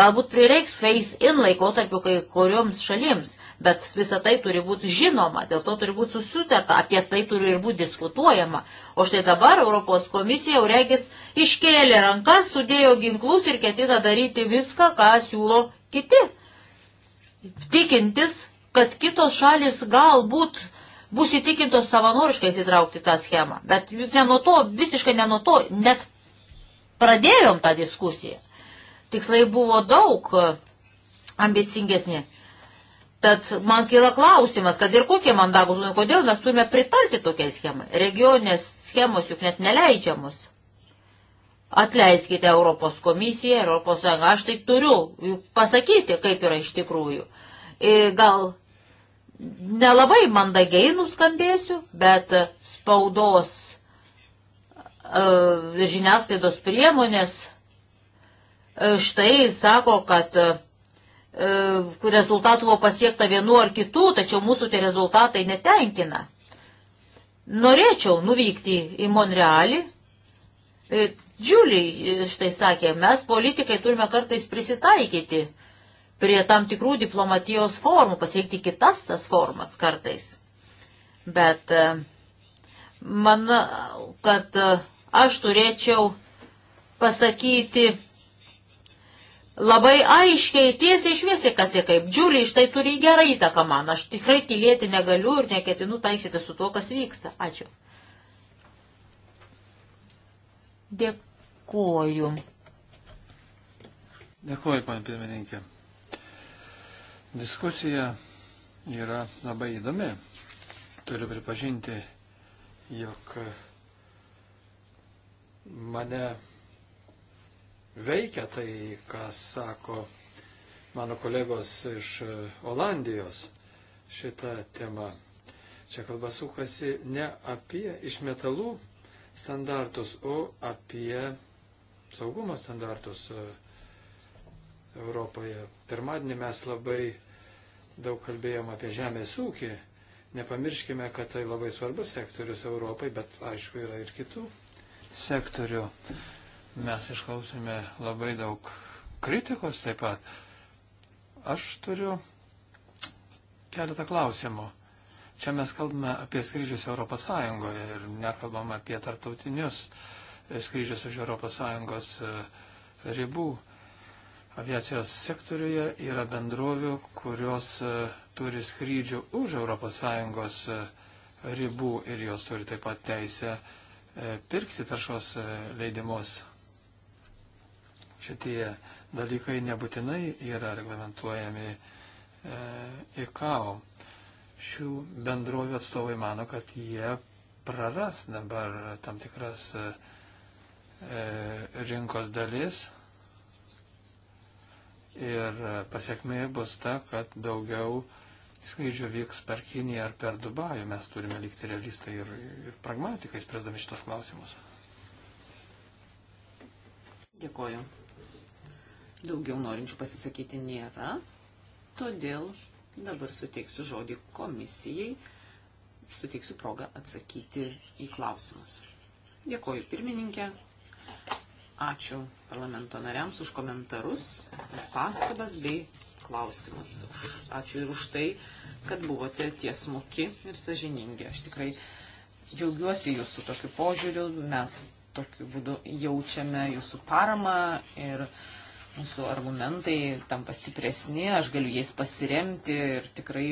Galbūt prireiks face-in laikotarpiu kai kurioms šalims, bet visa tai turi būti žinoma, dėl to turi būti susitarta, apie tai turi ir būti diskutuojama. O štai dabar Europos komisija jau regis iškėlė rankas, sudėjo ginklus ir ketina daryti viską, ką siūlo kiti. Tikintis, kad kitos šalis galbūt bus įtikintos savanoriškai įsitraukti tą schemą. Bet juk ne nuo to, visiškai ne nuo to, net pradėjom tą diskusiją. Tikslai buvo daug e, ambicingesni. Tad man kyla klausimas, kad ir kokie mandagus, kodėl mes turime pritarti tokiai schemai. Regioninės schemos juk net neleidžiamos. Atleiskite Europos komisiją, Europos Sąjungą, aš tai turiu pasakyti, kaip yra iš tikrųjų. Ir e, gal nelabai mandagiai nuskambėsiu, bet spaudos e, ir žiniasklaidos priemonės e, štai sako, kad e, rezultatų buvo pasiekta vienu ar kitų, tačiau mūsų tie rezultatai netenkina. Norėčiau nuvykti į Monrealį. Džiuliai štai sakė, mes politikai turime kartais prisitaikyti prie tam tikrų diplomatijos formų, pasirinkti kitas tas formas kartais. Bet e, man, kad e, aš turėčiau pasakyti labai aiškiai, tiesiai išviesiai, kas ir kaip. Džiulį iš tai turi gerą įtaką man. Aš tikrai tylėti negaliu ir neketinu taiksyti su tuo, kas vyksta. Ačiū. Dėkuoju.
Dėkuoju, pan pirmininkė. Diskusija yra labai įdomi. Turiu pripažinti, jog mane veikia tai, ką sako mano kolegos iš Olandijos šitą temą. Čia kalba sukasi ne apie iš metalų standartus, o apie saugumo standartus Europoje. Pirmadienį mes labai daug kalbėjom apie žemės ūkį. Nepamirškime, kad tai labai svarbus sektorius Europai, bet aišku yra ir kitų sektorių. Mes išklausėme labai daug kritikos taip pat. Aš turiu keletą klausimų. Čia mes kalbame apie skrydžius Europos Sąjungoje ir nekalbam apie tarptautinius skrydžius už Europos Sąjungos e, ribų. Uh, aviacijos sektoriuje yra bendrovių, kurios e, turi skrydžių už ES e, ribų ir jos turi taip pat teisę e, pirkti taršos leidimus. Šitie dalykai nebūtinai yra reglamentuojami ICAO. Šių bendrovių atstovai mano, kad jie praras dabar tam tikras rinkos dalis Ir e, pasiekmė bus ta, kad daugiau skrydžių vyks per Kiniją ar per Dubajų. Mes turime likti realistai ir, ir pragmatikai, spręsdami šitos klausimus.
Dėkoju. Daugiau norinčių pasisakyti nėra, todėl dabar suteiksiu žodį komisijai, suteiksiu progą atsakyti į klausimus. Dėkoju pirmininkė. Ačiū parlamento nariams už komentarus, pastabas bei klausimus. Ačiū ir už tai, kad buvote tiesmuki ir sažiningi. Aš tikrai džiaugiuosi jūsų tokiu požiūriu. Mes tokiu būdu jaučiame jūsų paramą ir mūsų argumentai tampa stipresni, aš galiu jais pasiremti ir tikrai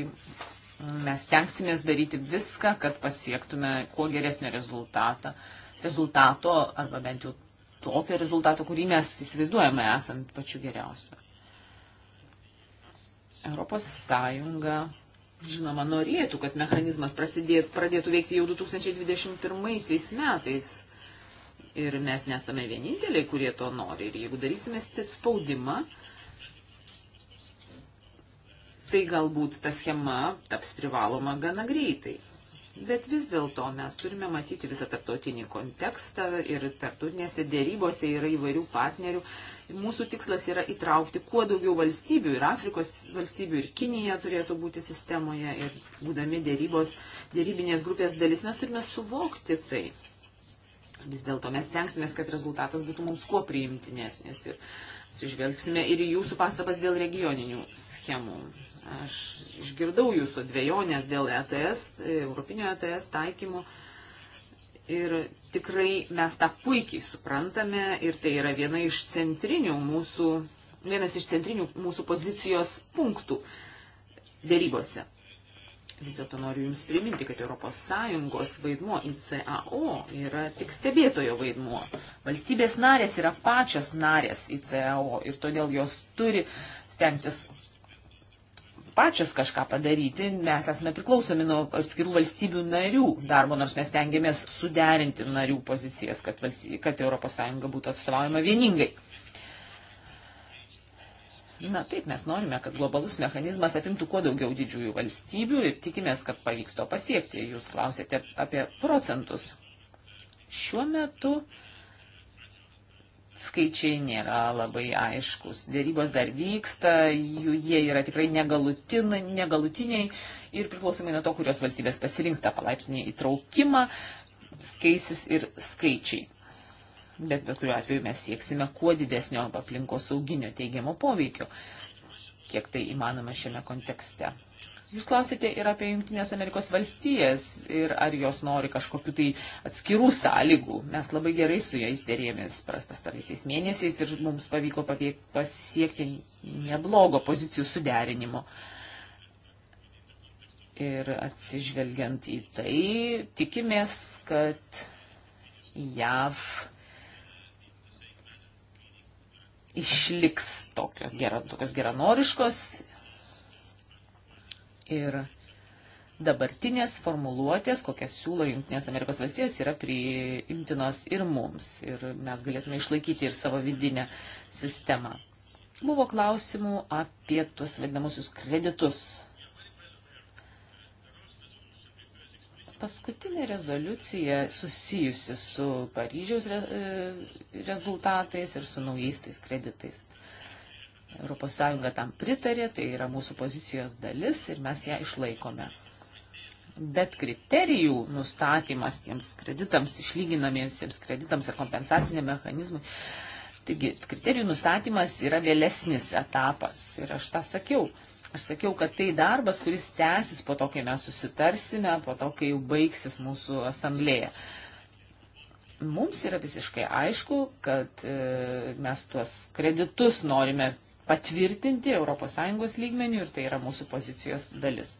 mes tenksimės daryti viską, kad pasiektume kuo geresnio rezultatą, rezultato arba bent jau tokio rezultato, kurį mes įsivaizduojame esant pačiu geriausiu. Europos Sąjunga, žinoma, norėtų, kad mechanizmas prasidėt, pradėtų veikti jau 2021 metais. Ir mes nesame vieninteliai, kurie to nori. Ir jeigu darysime spaudimą, tai galbūt ta schema taps privaloma gana greitai. Bet vis dėlto mes turime matyti visą tarptautinį kontekstą ir tarptautinėse dėrybose yra įvairių partnerių. Mūsų tikslas yra įtraukti kuo daugiau valstybių ir Afrikos valstybių ir Kinija turėtų būti sistemoje ir būdami dėrybos, dėrybinės grupės dalis mes turime suvokti tai. Vis dėlto mes tenksimės, kad rezultatas būtų mums kuo priimtinesnis ir atsižvelgsime ir į jūsų pastabas dėl regioninių schemų. Aš išgirdau jūsų dviejonės dėl ETS, e, Europinio ETS taikymų. Ir tikrai mes tą puikiai suprantame ir tai yra viena iš centrinių mūsų, vienas iš centrinių mūsų pozicijos punktų dėrybose. Vis dėlto noriu Jums priminti, kad ES vaidmuo į CAO yra tik stebėtojo vaidmuo. Valstybės narės yra pačios narės į CAO ir todėl jos turi stengtis pačios kažką padaryti, mes esame priklausomi nuo atskirų valstybių narių darbo, nors mes tengiamės suderinti narių pozicijas, kad, valstybė, kad ES būtų atstovaujama vieningai. Na taip, mes norime, kad globalus mechanizmas apimtų kuo daugiau didžiųjų valstybių ir tikimės, kad pavyks to pasiekti. Jūs klausėte apie procentus. Šiuo metu uh, skaičiai nėra labai aiškus. Dėrybos dar vyksta, jų, jie yra tikrai negalutiniai ir priklausomai nuo to, kurios valstybės pasirinks tą palaipsnį įtraukimą, skaisis ir skaičiai. Bet bet kuriuo atveju mes sieksime kuo didesnio aplinkos sauginio teigiamo poveikio, kiek tai įmanoma šiame kontekste. Jūs klausėte ir apie Junktinės Amerikos valstijas ir ar jos nori kažkokiu tai atskirų sąlygų. Mes labai gerai su jais dėrėmės pastaraisiais mėnesiais ir mums pavyko pasiekti neblogo pozicijų suderinimo. Ir atsižvelgiant į tai, tikimės, kad JAV išliks tokio, gera, tokios geranoriškos Ir dabartinės formuluotės, kokias siūlo Junktinės Amerikos valstijos, yra priimtinos ir mums. Ir mes galėtume išlaikyti ir savo vidinę sistemą. Buvo klausimų apie tuos vadinamusius kreditus. Paskutinė rezoliucija susijusi su Paryžiaus re, e, rezultatais ir su naujais tais kreditais. ES tam pritarė, tai yra mūsų pozicijos dalis ir mes ją išlaikome. Bet kriterijų nustatymas tiems kreditams, išlyginamiesiems kreditams ir kompensaciniam mechanizmui, taigi kriterijų nustatymas yra vėlesnis etapas. Ir aš tą sakiau. Aš sakiau, kad tai darbas, kuris tęsis po to, kai mes susitarsime, po to, kai jau baigsis mūsų asamblėje mums yra visiškai aišku, kad e, mes tuos kreditus norime patvirtinti ES lygmenių ir tai yra mūsų pozicijos dalis.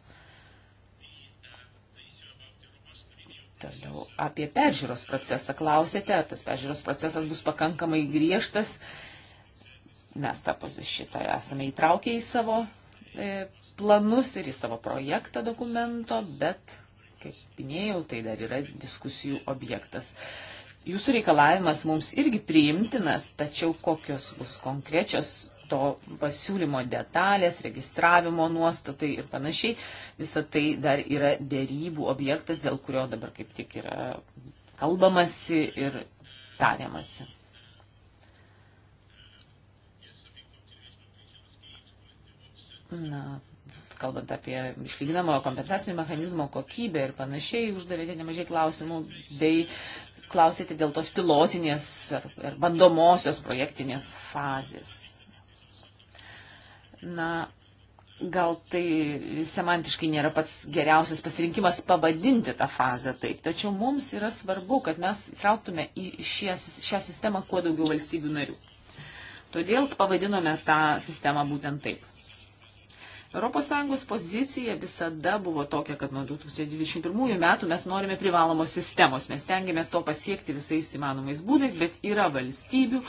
Toliau apie peržiūros procesą klausėte, tas peržiūros procesas bus pakankamai griežtas. Mes tą šitą esame įtraukę į savo e, planus ir į savo projektą dokumento, bet, kaip minėjau, tai dar yra diskusijų objektas. Jūsų reikalavimas mums irgi priimtinas, tačiau kokios bus konkrečios to pasiūlymo detalės, registravimo nuostatai ir panašiai, visa tai dar yra dėrybų objektas, dėl kurio dabar kaip tik yra kalbamasi ir tariamasi. Na, kalbant apie išlyginamojo kompensacinio mechanizmo kokybę ir panašiai, uždavėte nemažai klausimų, bei klausėte dėl tos pilotinės ar, ar bandomosios projektinės fazės. Na, gal tai semantiškai nėra pats geriausias pasirinkimas pavadinti tą fazę taip, tačiau mums yra svarbu, kad mes trauktume į šią, šią sistemą kuo daugiau valstybių narių. Todėl pavadinome tą sistemą būtent taip. ES pozicija visada buvo tokia, kad nuo 2021 metų mes norime privalomos sistemos, mes tengiamės to pasiekti visais įmanomais būdais, bet yra valstybių,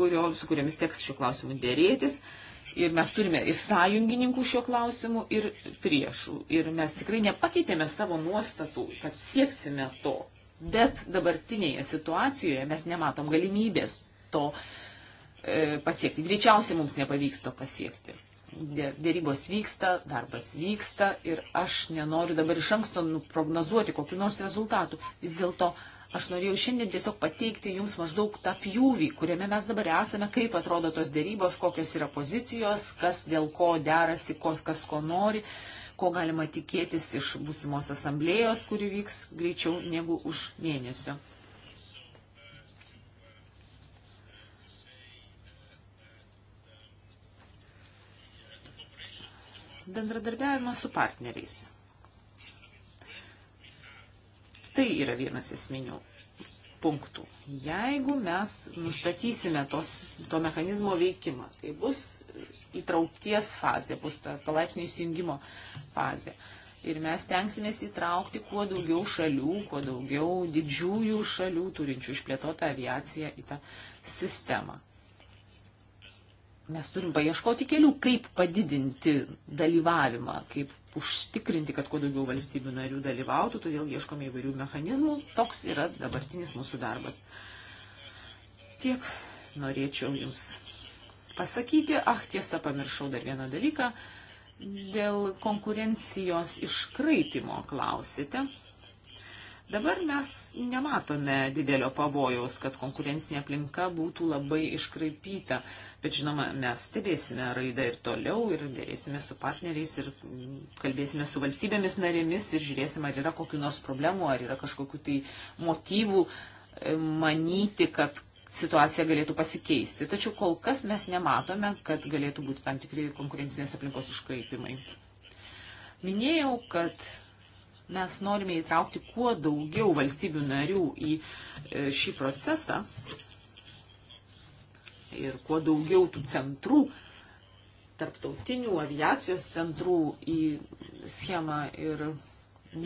kurio, su kuriamis teks šiuo klausimu dėrėtis. Uh, Ir mes turime ir sąjungininkų šiuo klausimu, ir priešų. Ir mes tikrai nepakeitėme savo nuostatų, kad sieksime to. Bet dabartinėje situacijoje mes nematom galimybės to e, pasiekti. Greičiausiai mums nepavyks to pasiekti. Dėrybos vyksta, darbas vyksta ir aš nenoriu dabar iš anksto nu, prognozuoti kokiu nors rezultatu. Vis dėlto Aš norėjau šiandien tiesiog pateikti jums maždaug tą pjūvį, kuriame mes dabar esame, kaip atrodo tos dėrybos, kokios yra pozicijos, kas dėl ko derasi, kas ko nori, ko galima tikėtis iš būsimos asamblėjos, kuri vyks greičiau negu už mėnesio. Bendradarbiavimas su partneriais. Tai yra vienas esminių punktų. Jeigu mes nustatysime tos, to mechanizmo veikimą, tai bus įtraukties fazė, bus ta palaipsnio įsijungimo fazė. Ir mes tenksimės įtraukti kuo daugiau šalių, kuo daugiau didžiųjų šalių turinčių išplėtotą aviaciją į tą sistemą. Mes turim paieškoti kelių, kaip padidinti dalyvavimą, kaip užtikrinti, kad kuo daugiau valstybių narių dalyvautų, todėl ieškome įvairių mechanizmų. Toks yra dabartinis mūsų darbas. Tiek norėčiau Jums pasakyti. Ach, tiesa, pamiršau dar vieną dalyką. Dėl konkurencijos iškraipimo klausite. Dabar mes nematome didelio pavojaus, kad konkurencinė aplinka būtų labai iškraipyta, bet žinoma, mes stebėsime raidą ir toliau ir dėrėsime su partneriais ir kalbėsime su valstybėmis narėmis ir žiūrėsime, ar yra kokiu nors problemu, ar yra kažkokiu tai motyvų e, manyti, kad situacija galėtų pasikeisti. Tačiau kol kas mes nematome, kad galėtų būti tam tikri konkurencinės aplinkos iškraipimai. Minėjau, kad Mes norime įtraukti kuo daugiau valstybių narių į e, šį procesą ir kuo daugiau tų centrų, tarptautinių aviacijos centrų į schemą ir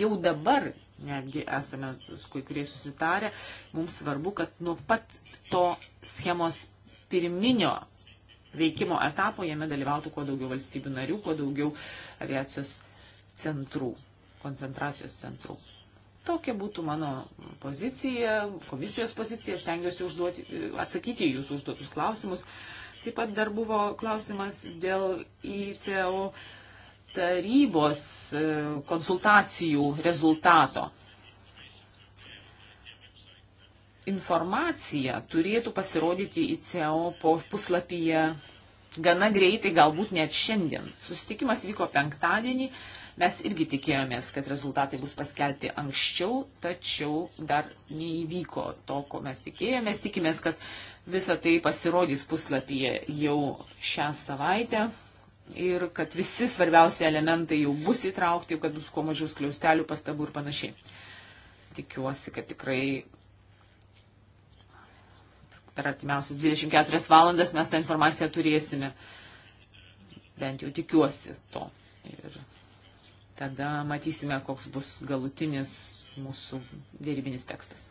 jau dabar netgi esame su kai kurie susitarę, mums svarbu, kad nuo pat to schemos pirminio veikimo etapo jame dalyvautų kuo daugiau valstybių narių, kuo daugiau aviacijos centrų koncentracijos centrų. Tokia būtų mano pozicija, komisijos pozicija, stengiuosi užduoti, atsakyti į jūsų užduotus klausimus. Taip pat dar buvo klausimas dėl ICO tarybos e, konsultacijų rezultato. Informacija turėtų pasirodyti ICO puslapyje gana greitai, galbūt net šiandien. Susitikimas vyko penktadienį, Mes irgi tikėjomės, kad rezultatai bus paskelbti anksčiau, tačiau dar neįvyko to, ko mes tikėjomės. Tikimės, kad visa tai pasirodys puslapyje jau šią savaitę ir kad visi svarbiausi elementai jau bus įtraukti, kad bus kuo mažiau skliaustelių, pastabų ir panašiai. Tikiuosi, kad tikrai per artimiausias 24 valandas mes tą informaciją turėsime. Bent jau tikiuosi to. Ir Tada matysime, koks bus galutinis mūsų dėrybinis tekstas.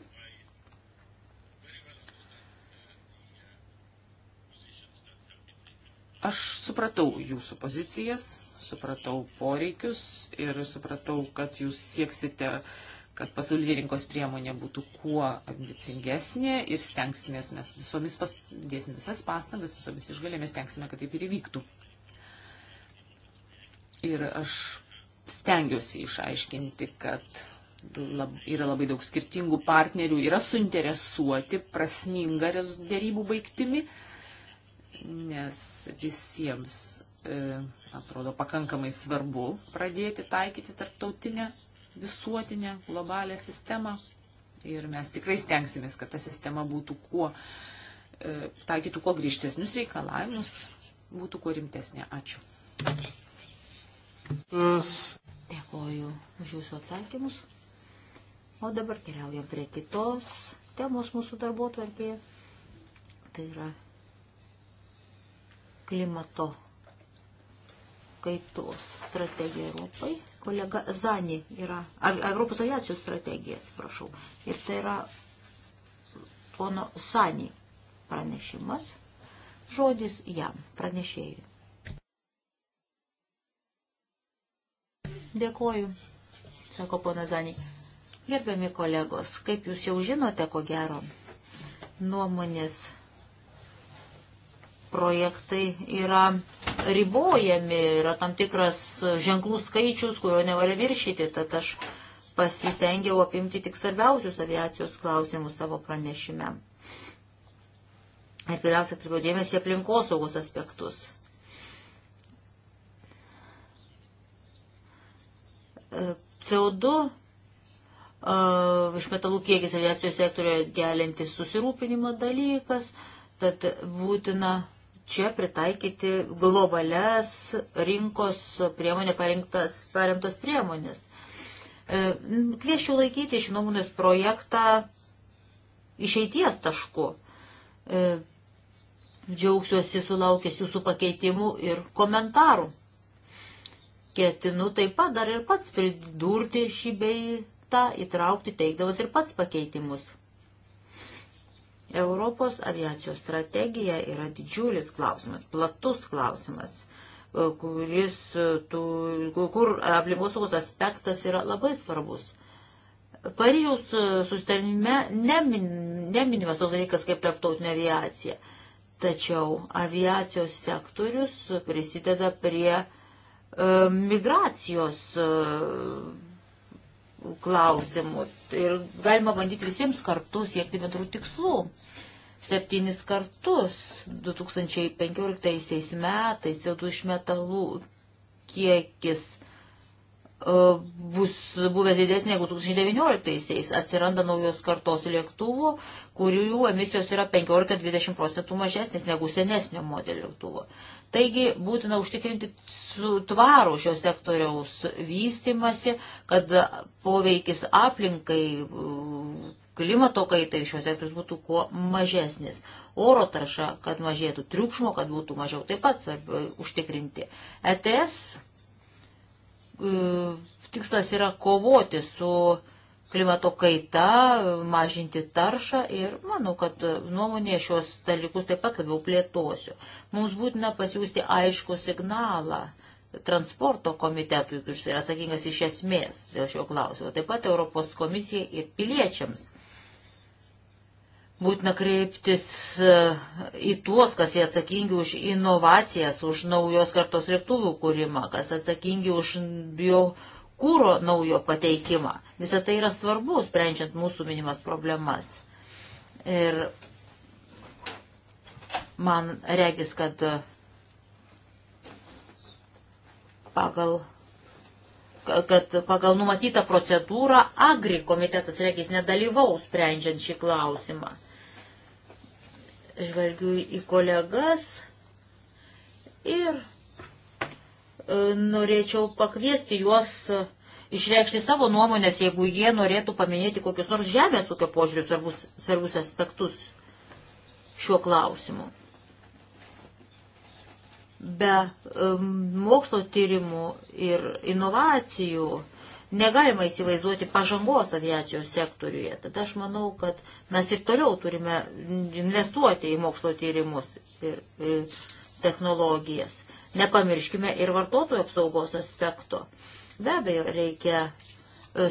Aš supratau jūsų pozicijas, supratau poreikius ir supratau, kad jūs sieksite, kad pasaulyje rinkos priemonė būtų kuo ambicingesnė ir stengsimės, mes visomis pas, dėsim visas pastangas, visomis išgalėmis stengsime, kad taip ir įvyktų. Ir aš stengiuosi išaiškinti, kad lab, yra labai daug skirtingų partnerių, yra suinteresuoti prasminga dėrybų baigtimi, nes visiems e, atrodo pakankamai svarbu pradėti taikyti tarptautinę visuotinę globalią sistemą ir mes tikrai stengsimės, kad ta sistema būtų kuo, e, taikytų kuo grįžtesnius reikalavimus, būtų kuo rimtesnė. Ačiū. Jūs
Dėkoju už jūsų atsakymus. O dabar keliaujam prie kitos temos mūsų darbo tvarkėje. Tai yra klimato kaitos strategija Europai. Kolega Zani yra, a, Europos aviacijos strategija, atsiprašau. Ir tai yra pono Zani pranešimas. Žodis jam, pranešėjui. Dėkoju, sako ponas Zanį. Gerbiami kolegos, kaip jūs jau žinote, ko gero, nuomonės projektai yra ribojami, yra tam tikras ženklų skaičius, kurio nevalia viršyti, tad aš pasisengiau apimti tik svarbiausius aviacijos klausimus savo pranešime. Ir pirmiausia, atkreipiau dėmesį aplinkosaugos aspektus. E, CO2 e, iš metalų kiekis aviacijos sektorioje gelintis susirūpinimo dalykas, tad būtina čia pritaikyti globales rinkos priemonė paremtas priemonės. E, Kviešiu laikyti iš nuomonės projektą išeities tašku. Džiaugsiuosi sulaukęs jūsų pakeitimų ir komentarų ketinu taip pat dar ir pats pridurti šį beitą, įtraukti teikdavas ir pats pakeitimus. Europos aviacijos strategija yra didžiulis klausimas, platus klausimas, e, kuris, e, tu, kur aplinkosaugos aspektas yra labai svarbus. Paryžiaus e, susitarime nemin, neminimas toks dalykas kaip tarptautinė aviacija, tačiau aviacijos sektorius prisideda prie uh, E, migracijos e, klausimų ir galima bandyti visiems kartu siekti bendrų tikslų. Septynis kartus 2015 metais CO2 išmetalų kiekis e, bus buvęs didesnė negu 2019-aisiais. Atsiranda naujos kartos lėktuvų, kurių emisijos yra 15-20 procentų mažesnės negu senesnio modelio lėktuvo. Taigi būtina užtikrinti tvarų šio sektoriaus vystimasi, kad poveikis aplinkai, klimato kaitai šios sektorius būtų kuo mažesnis. Oro tarša, kad mažėtų triukšmo, kad būtų mažiau, taip pat svarbu užtikrinti. ETS e, tikslas yra kovoti su klimato kaita, mažinti taršą ir manau, kad nuomonė šios dalykus taip pat labiau plėtosiu. Mums būtina pasiūsti aišku signalą transporto komitetui, kuris yra atsakingas iš esmės dėl šio klausimo, taip pat Europos komisijai ir piliečiams. Būtina kreiptis e, į tuos, kas jie atsakingi už inovacijas, už naujos kartos lėktuvų kūrimą, kas atsakingi už bio kūro naujo pateikimą. Visą tai yra svarbu, sprendžiant mūsų minimas problemas. Ir man regis, kad pagal kad pagal numatytą procedūrą agri komitetas regis nedalyvaus sprendžiant šį klausimą. Žvelgiu į kolegas ir norėčiau pakviesti juos e, išreikšti savo nuomonės, jeigu jie norėtų paminėti kokius nors žemės ūkio požiūrius svarbus, svarbus aspektus šiuo klausimu. Be um, mokslo tyrimų ir inovacijų negalima įsivaizduoti pažangos aviacijos sektoriuje. Tada aš manau, kad mes ir toliau turime investuoti į mokslo tyrimus ir, ir technologijas. Nepamirškime ir vartotojų apsaugos aspekto. Be abejo, reikia e,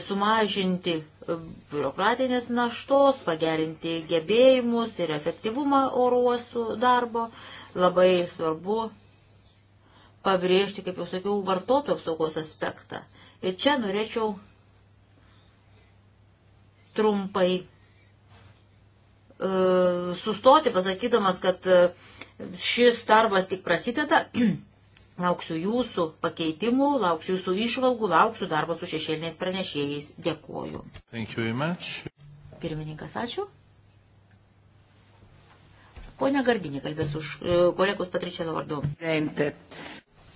sumažinti e, biurokratinės naštos, pagerinti gebėjimus ir efektyvumą oro uostų darbo. Labai svarbu pabrėžti, kaip jau sakiau, vartotojų apsaugos aspektą. Ir čia norėčiau trumpai e, sustoti, pasakydamas, kad e, šis darbas tik prasideda Lauksiu jūsų pakeitimų, lauksiu jūsų išvalgų, lauksiu darbo su šešėliniais pranešėjais. Dėkuoju. Pirmininkas, ačiū. Pone Gardinė kalbės už e, kolegos Patričiano vardu.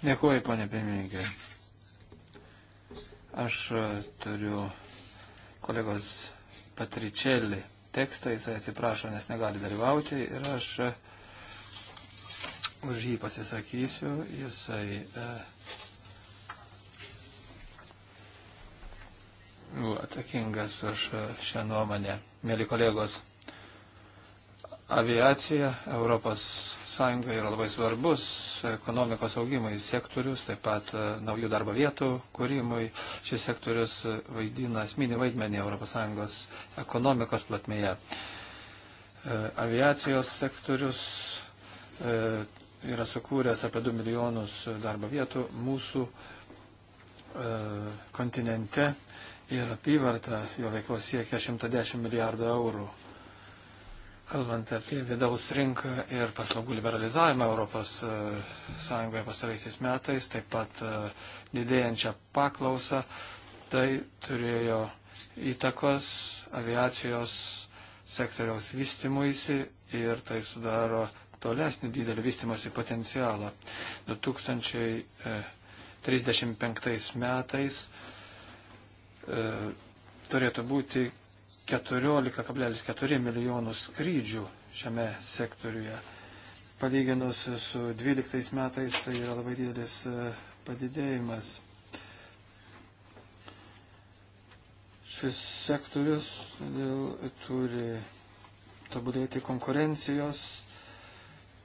Dėkuoju, ponė pirmininkė. Aš e, turiu kolegos Patričelį tekstą, jis atsiprašo, nes negali dalyvauti ir aš e, už jį pasisakysiu. Jisai e, buvo atsakingas už e, šią nuomonę. Mėly kolegos, aviacija Europos Sąjunga yra labai svarbus ekonomikos augimui sektorius, taip pat e, naujų darbo vietų kūrimui. Šis sektorius vaidina asmenį vaidmenį ES ekonomikos platmėje. E, aviacijos sektorius yra sukūręs apie 2 milijonus darbo vietų mūsų e, kontinente ir apyvarta jo veiklos siekia 110 milijardų eurų. Kalbant apie vidaus rinką ir paslaugų liberalizavimą Europos e, Sąjungoje pasaraisiais metais, taip pat e, didėjančią paklausą, tai turėjo įtakos aviacijos sektoriaus vystimuisi ir tai sudaro tolesnį didelį vystimosi potencialą. 2035 e, metais e, turėtų būti 14,4 milijonų skrydžių šiame sektoriuje. Palyginus su 12 metais tai yra labai didelis e, padidėjimas. šis sektorius e, turi tobulėti konkurencijos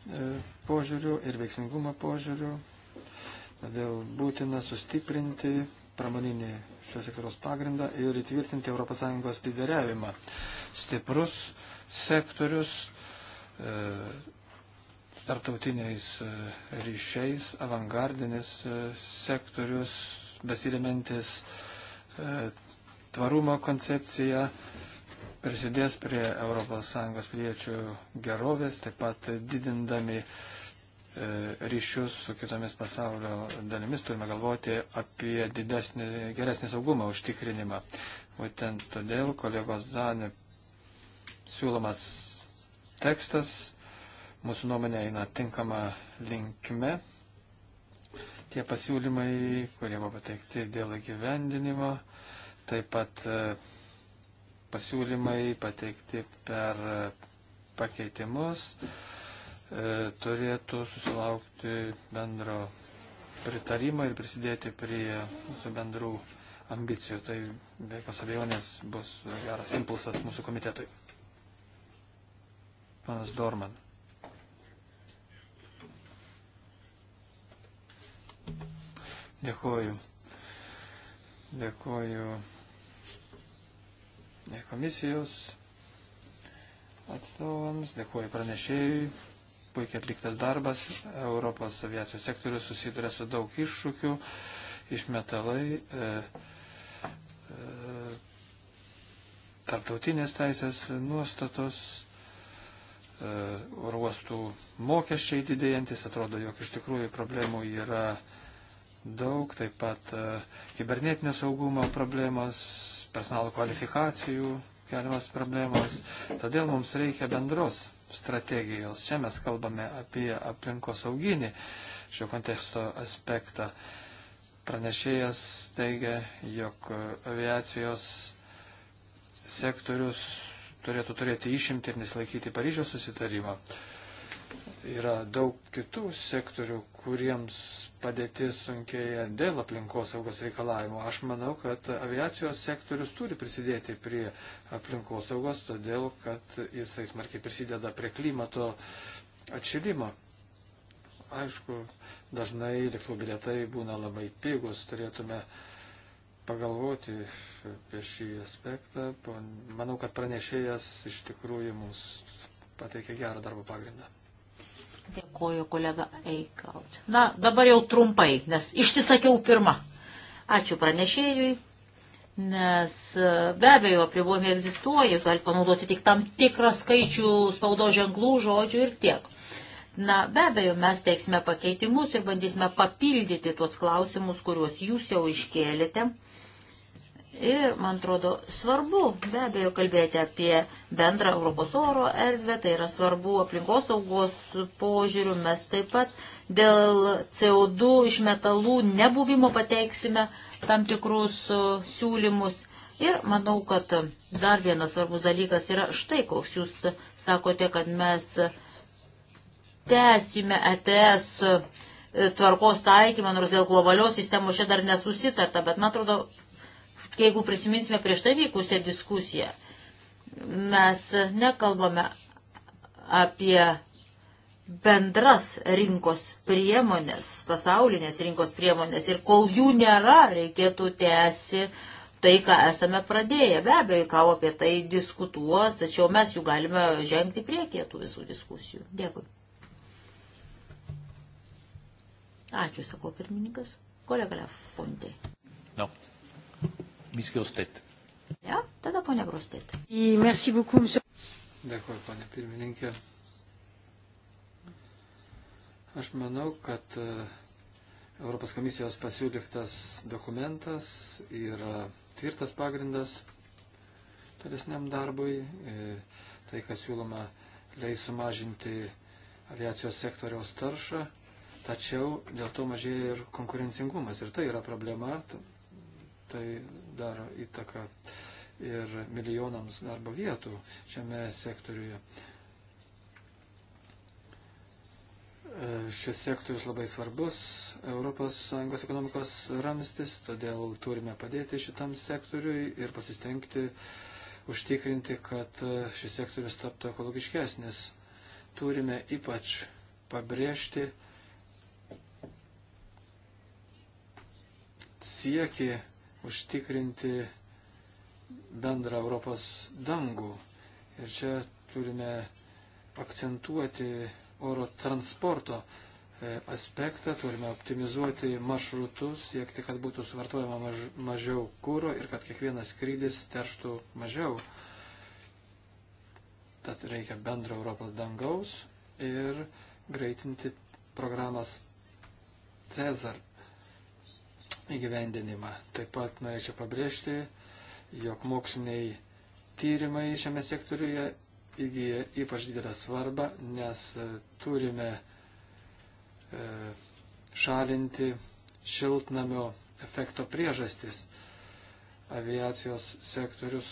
E, požiūrių ir veiksmingumo požiūrių. Todėl būtina sustiprinti pramoninį šios sektoriaus pagrindą ir įtvirtinti ES lyderiavimą. Stiprus sektorius e, tarptautiniais e, ryšiais, avangardinis e, sektorius, besirimintis e, tvarumo koncepcija, prisidės prie ES piliečių gerovės, taip pat didindami e, ryšius su kitomis pasaulio dalimis turime galvoti apie didesnį, geresnį saugumą užtikrinimą. Būtent todėl kolegos Zanė siūlomas tekstas mūsų nuomonė eina tinkama linkme. Tie pasiūlymai, kurie buvo pateikti dėl įgyvendinimo, taip pat e, pasiūlymai pateikti per pakeitimus e, turėtų susilaukti bendro pritarimą ir prisidėti prie mūsų bendrų ambicijų. Tai be jokios abejonės bus geras impulsas mūsų komitetui. Panas Dorman. Dėkuoju. Dėkuoju komisijos atstovams, dėkuoju pranešėjui, puikiai atliktas darbas. Europos aviacijos sektorius susiduria su daug iššūkių, išmetalai, e, e, tarptautinės teisės nuostatos, e, uostų mokesčiai didėjantis, atrodo, jog iš tikrųjų problemų yra daug, taip pat e, kibernetinio saugumo problemos personalo kvalifikacijų keliamas problemos. Todėl mums reikia bendros strategijos. Čia mes kalbame apie aplinkosauginį šio konteksto aspektą. Pranešėjas teigia, jog aviacijos sektorius turėtų turėti išimti ir nesilaikyti Paryžiaus susitarimą. Uh, Yra daug kitų sektorių, kuriems padėtis sunkėja dėl aplinkos saugos reikalavimo. Aš manau, kad aviacijos sektorius turi prisidėti prie aplinkos saugos, todėl kad jisai smarkiai prisideda prie klimato atšilimo. Aišku, dažnai lėktuvų bilietai būna labai pigus, turėtume pagalvoti apie šį aspektą. Manau, kad pranešėjas iš tikrųjų mums pateikė gerą darbo pagrindą.
Dėkoju, kolega Eikaut. Na, dabar jau trumpai, nes išsisakiau pirmą. Ačiū pranešėjui, nes e, be abejo apribojimai egzistuoja, jūs galite panaudoti tik tam tikrą skaičių spaudo ženklų, žodžių ir tiek. Na, be abejo, mes teiksime pakeitimus ir bandysime papildyti tuos klausimus, kuriuos jūs jau iškėlėte. Ir, man atrodo, svarbu be abejo kalbėti apie bendrą Europos oro erdvę, tai yra svarbu aplinkos saugos požiūrių, mes taip pat dėl CO2 iš metalų nebuvimo pateiksime tam tikrus siūlymus. Ir manau, kad dar vienas svarbus dalykas yra štai, koks jūs sakote, kad mes tęsime ETS e, tvarkos taikymą, nors dėl globalios sistemos čia dar nesusitarta, bet man atrodo, jeigu prisiminsime prieš tai vykusią diskusiją, mes nekalbame apie bendras rinkos priemonės, pasaulinės rinkos priemonės ir kol jų nėra, reikėtų tęsti tai, ką esame pradėję. Be abejo, kau apie tai diskutuos, tačiau mes jų galime žengti priekyje tų visų diskusijų. Dėkui. Ačiū, sako pirmininkas. Kolega Lefontė.
No.
Miss Grostet.
Ne, tada ponia Grostet. Merci beaucoup, monsieur.
Dėkuoju, ponia pirmininkė. Aš manau, kad e, Europos komisijos pasiūlytas dokumentas yra tvirtas pagrindas tolesniam darbui. E, tai, kas siūloma, leis sumažinti aviacijos sektoriaus taršą, tačiau dėl to mažėja ir konkurencingumas. Ir tai yra problema, Tai daro įtaką ir milijonams darbo vietų šiame sektoriuje. E, šis sektorius labai svarbus ES ekonomikos ramstis, todėl turime padėti šitam sektoriui ir pasistengti užtikrinti, kad šis sektorius taptų ekologiškesnis. Turime ypač pabrėžti siekį užtikrinti bendrą Europos dangų. Ir čia turime akcentuoti oro transporto e, aspektą, turime optimizuoti maršrutus, siekti, kad būtų suvartojama maž, mažiau kūro ir kad kiekvienas skrydis terštų mažiau. Tad reikia bendro Europos dangaus ir greitinti programos Cezar įgyvendinimą. Taip pat norėčiau pabrėžti, jog moksliniai tyrimai šiame sektoriuje įgyja ypač didelę svarbą, nes e, turime e, šalinti šiltnamio efekto priežastis. Aviacijos sektorius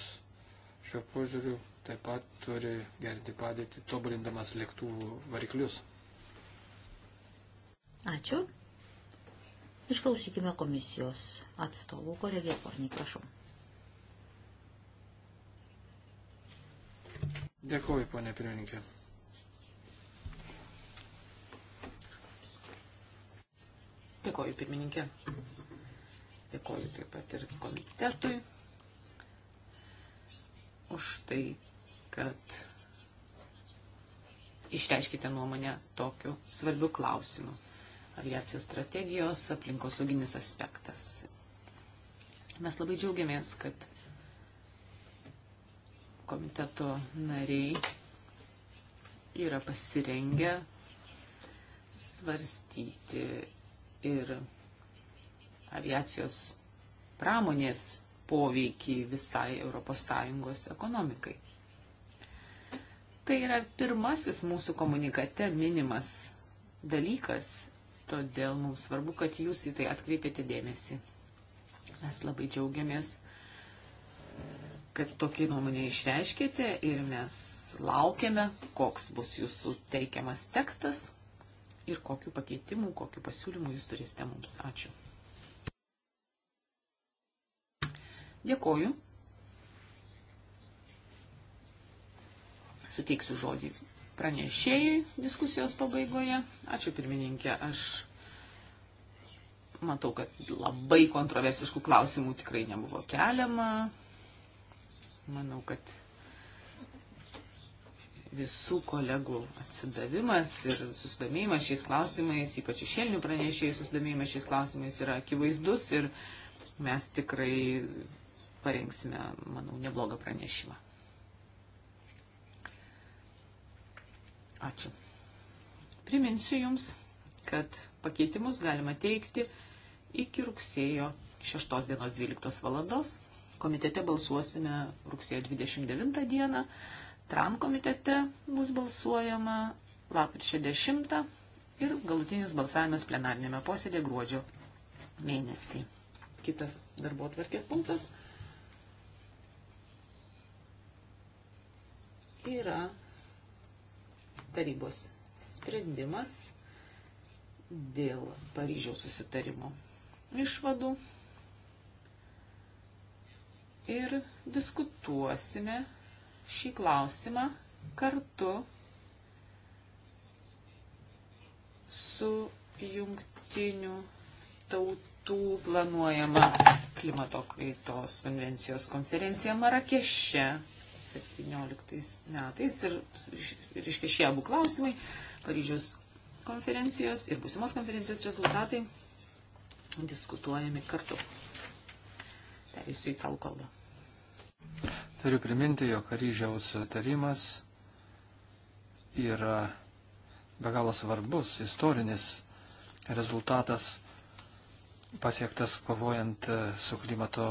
šiuo požiūriu taip pat turi gerinti padėtį, tobulindamas lėktuvų variklius.
Ačiū. Išklausykime komisijos atstovų kolegiją Kornį,
prašau. Dėkuoju, ponė pirmininkė.
Dėkuoju, pirmininkė. Dėkuoju taip pat ir komitetui už tai, kad išreiškite nuomonę tokiu svarbiu klausimu aviacijos strategijos aplinkosauginis aspektas. Mes labai džiaugiamės, kad komiteto nariai yra pasirengę svarstyti ir aviacijos pramonės poveikį visai ES ekonomikai. Tai yra pirmasis mūsų komunikate minimas dalykas Todėl mums svarbu, kad jūs į tai atkreipėte dėmesį. Mes labai džiaugiamės, kad tokį nuomonę išreiškėte ir mes laukiame, koks bus jūsų teikiamas tekstas ir kokiu pakeitimu, kokiu pasiūlymu jūs turėsite mums. Ačiū. Dėkoju. Suteiksiu žodį pranešėjai diskusijos pabaigoje. Ačiū pirmininkė, aš matau, kad labai kontroversiškų klausimų tikrai nebuvo keliama. Manau, kad visų kolegų atsidavimas ir susidomėjimas šiais klausimais, ypač išėlinių pranešėjų susidomėjimas šiais klausimais yra akivaizdus ir mes tikrai parengsime, manau, neblogą pranešimą. Ačiū. Priminsiu Jums, kad pakeitimus galima teikti iki rugsėjo 6 dienos 12 valandos. Komitete balsuosime rugsėjo 29 dieną. Tran komitete bus balsuojama lapkričio 10 ir galutinis balsavimas plenarinėme posėdė gruodžio mėnesį. Kitas darbo atvarkės punktas yra tarybos sprendimas dėl Paryžiaus susitarimo išvadų. Ir diskutuosime šį klausimą kartu su jungtiniu tautų planuojama klimato kaitos konvencijos konferencija Marakeše 2017 metais ir, ir iškia šie abu klausimai, Paryžiaus konferencijos ir būsimos konferencijos rezultatai diskutuojami kartu. Perėsiu
į talų kalbą. Turiu priminti, jog Paryžiaus tarimas yra be galo svarbus istorinis rezultatas pasiektas kovojant su klimato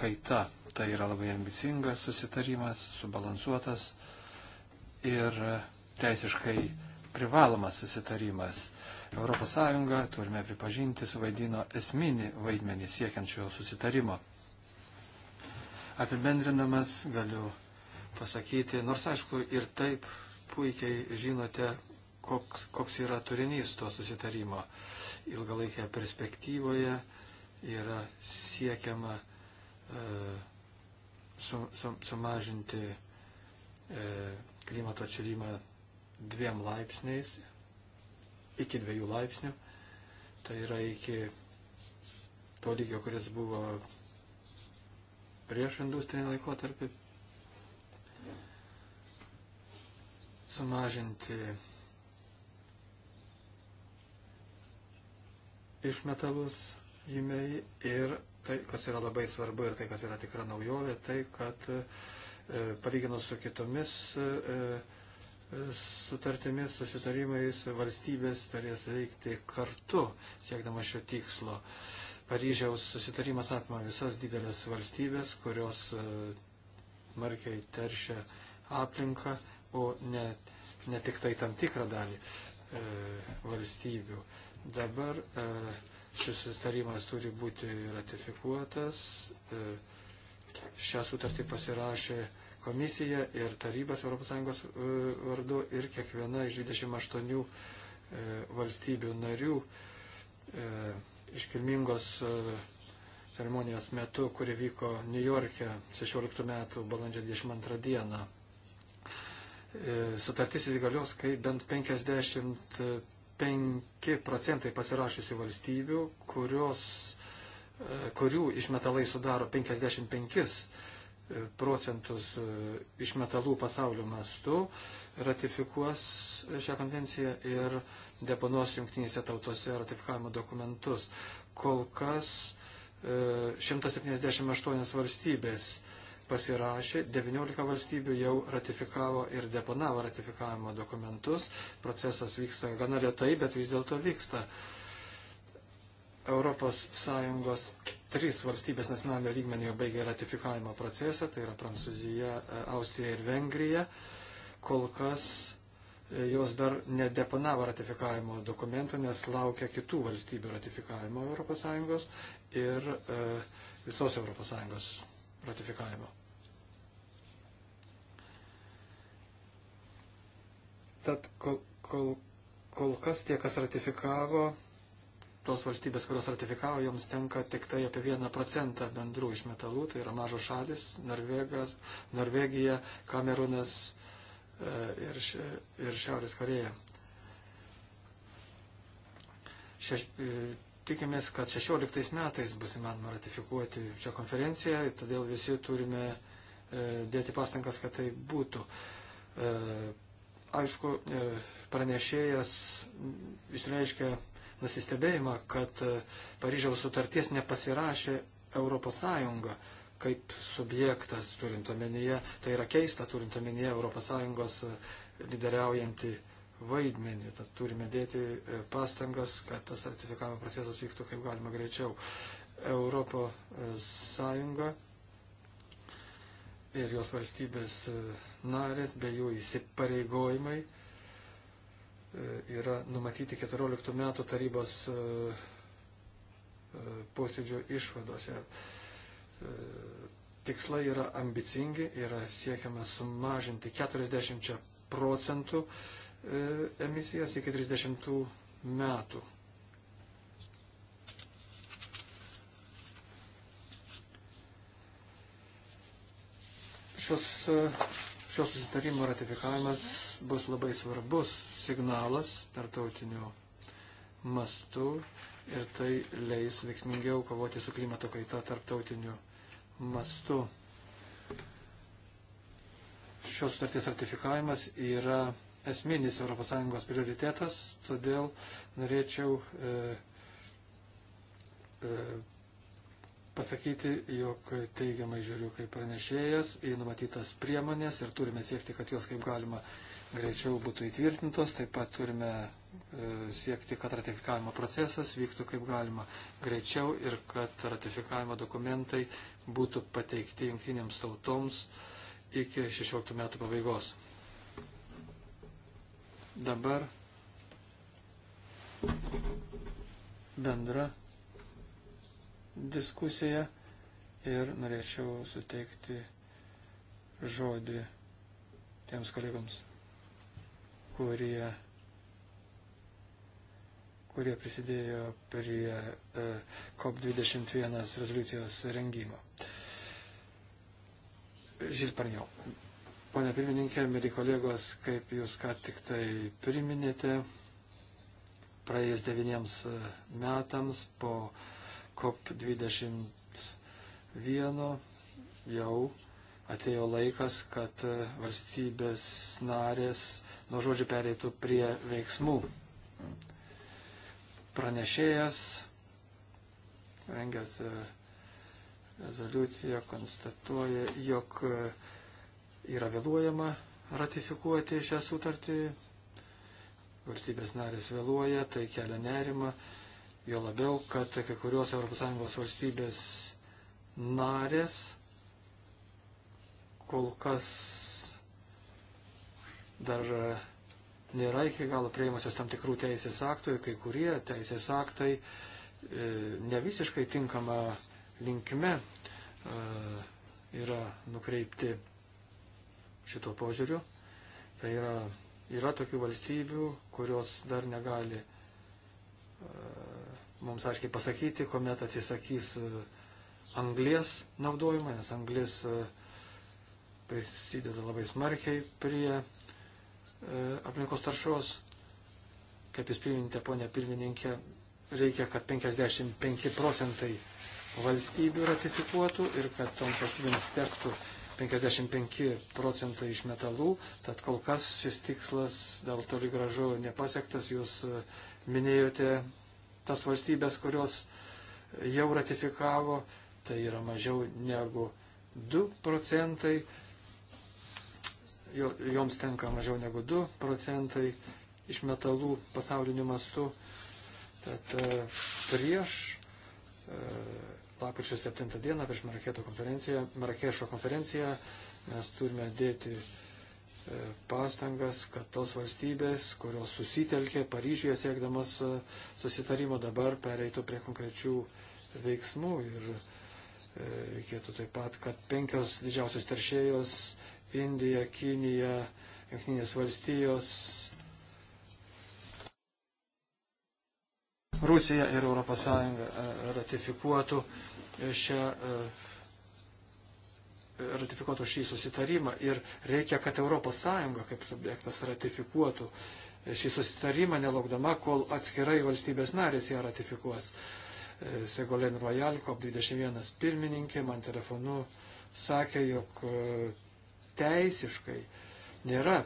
kaita. Tai yra labai ambicingas susitarimas, subalansuotas ir teisiškai privalomas susitarimas. ES, turime pripažinti, suvaidino esminį vaidmenį siekiančio susitarimo. Apibendrinamas galiu pasakyti, nors aišku ir taip puikiai žinote, koks, koks yra turinys to susitarimo. Ilgalaikėje perspektyvoje yra siekiama e, su, su, sumažinti e, klimato atšilimą dviem laipsniais, iki dviejų laipsnių. Tai yra iki to lygio, kuris buvo prieš industrinį laikotarpį. Sumažinti išmetalus jimiai ir tai, kas yra labai svarbu ir tai, kas yra tikra naujovė, tai, kad e, palyginus su kitomis e, e sutartimis, susitarimais valstybės turės veikti kartu, siekdama šio tikslo. Paryžiaus susitarimas apima visas didelės valstybės, kurios e, markiai teršia aplinką, o ne, ne tik tai tam tikrą dalį e, valstybių. Dabar e, šis sutarimas turi būti ratifikuotas. E, šią sutartį pasirašė komisija ir tarybas ES e, vardu ir kiekviena iš 28 e, valstybių narių iškilmingos ceremonijos metu, kuri vyko New York'e 16 metų balandžio 22 dieną. Sutartis įsigalios, kai bent 50 5 procentai pasirašysių valstybių, kurios, e, kurių išmetalai sudaro 55 e, procentus e, išmetalų pasaulio mastu, ratifikuos šią konvenciją ir deponuos jungtinėse tautose ratifikavimo dokumentus. Kol kas 178 valstybės pasirašė, 19 valstybių jau ratifikavo ir deponavo ratifikavimo dokumentus. Procesas vyksta gana lietai, bet vis dėlto vyksta. ES trys valstybės nacionalinio lygmenio baigė ratifikavimo procesą, tai yra Prancūzija, e, Austrija ir Vengrija. Kol kas e, jos dar nedeponavo ratifikavimo dokumentų, nes laukia kitų valstybių ratifikavimo ES ir e, visos ES ratifikavimo. Tad kol, kol, kol kas tie, kas ratifikavo, tos valstybės, kurios ratifikavo, joms tenka tik tai apie 1 procentą bendrų išmetalų, tai yra mažos šalis - Norvegas, Norvegija, Kamerūnas e, ir, ir Šiaurės Koreja. Šeš, e, tikimės, kad 16 metais bus įmanoma ratifikuoti šią konferenciją, todėl visi turime e, dėti pastangas, kad tai būtų aišku, e, pranešėjas išreiškė nusistebėjimą, kad e, Paryžiaus sutarties nepasirašė Europos Sąjunga kaip subjektas, turint omenyje, tai yra keista, turint omenyje Europos Sąjungos e, lyderiaujantį vaidmenį. Tad turime dėti pastangas, kad tas ratifikavimo procesas vyktų kaip galima greičiau. Europos Sąjunga ir jos valstybės e, narės bei jų įsipareigojimai e, yra numatyti 14 metų tarybos e, posėdžio išvadose. Tikslai yra ambicingi, yra siekiama sumažinti 40 procentų emisijas iki 30 metų. šios, e, šios susitarimo ratifikavimas bus labai svarbus signalas tarptautiniu mastu ir tai leis veiksmingiau kovoti su klimato kaita tarptautiniu mastu. Šios sutarties ratifikavimas yra esminis ES prioritetas, todėl norėčiau e, e, pasakyti, jog teigiamai žiūriu kaip pranešėjas į numatytas priemonės ir turime siekti, kad jos kaip galima greičiau būtų įtvirtintos. Taip pat turime e, siekti, kad ratifikavimo procesas vyktų kaip galima greičiau ir kad ratifikavimo dokumentai būtų pateikti jungtinėms tautoms iki 16 metų pabaigos. Dabar bendra diskusiją ir norėčiau suteikti žodį tiems kolegams, kurie, kurie prisidėjo prie e, COP21 rezoliucijos rengimo. Žilparniau. Pone pirmininkė, mėly kolegos, kaip jūs ką tik tai priminėte, praėjus devyniems metams po uh, COP21 jau atėjo laikas, kad e, valstybės narės nuo žodžių pereitų prie veiksmų. Pranešėjas, rengęs e, rezoliuciją, konstatuoja, jog e, yra vėluojama ratifikuoti šią sutartį. Valstybės narės vėluoja, tai kelia nerima. Jo labiau, kad kai kurios ES valstybės narės kol kas dar nėra iki galo prieimusios tam tikrų teisės aktų ir kai kurie teisės aktai e, ne visiškai tinkama linkme e, yra nukreipti šito požiūriu. Tai yra, yra tokių valstybių, kurios dar negali mums aiškiai pasakyti, kuomet atsisakys e, anglės naudojimą, nes anglis e, prisideda labai smarkiai prie e, aplinkos taršos. Kaip jūs priminėte, ponė pirmininkė, reikia, kad 55 procentai valstybių ratifikuotų ir kad toms valstybėms tektų 55 procentai iš metalų, tad kol kas šis tikslas dėl toli gražu nepasiektas, jūs minėjote tas valstybės, kurios jau ratifikavo, tai yra mažiau negu 2 procentai, joms tenka mažiau negu 2 procentai iš metalų pasauliniu mastu. Tad e, prieš e, lapkričio 7 dieną, prieš Marakešo konferenciją, Marakešo konferenciją mes turime dėti E, pastangas, kad tos valstybės, kurios susitelkė Paryžiuje siekdamas e, susitarimo, dabar pereitų prie konkrečių veiksmų. Ir e, reikėtų taip pat, kad penkios didžiausios teršėjos - Indija, Kinija, Junktinės valstijos, Rusija ir ES ratifikuotų šią ratifikuotų šį susitarimą ir reikia, kad ES kaip subjektas ratifikuotų e, šį susitarimą, nelaukdama, kol atskirai valstybės narės ją ratifikuos. E, Segolen Royal, COP21 pirmininkė, man telefonu sakė, jog e, teisiškai nėra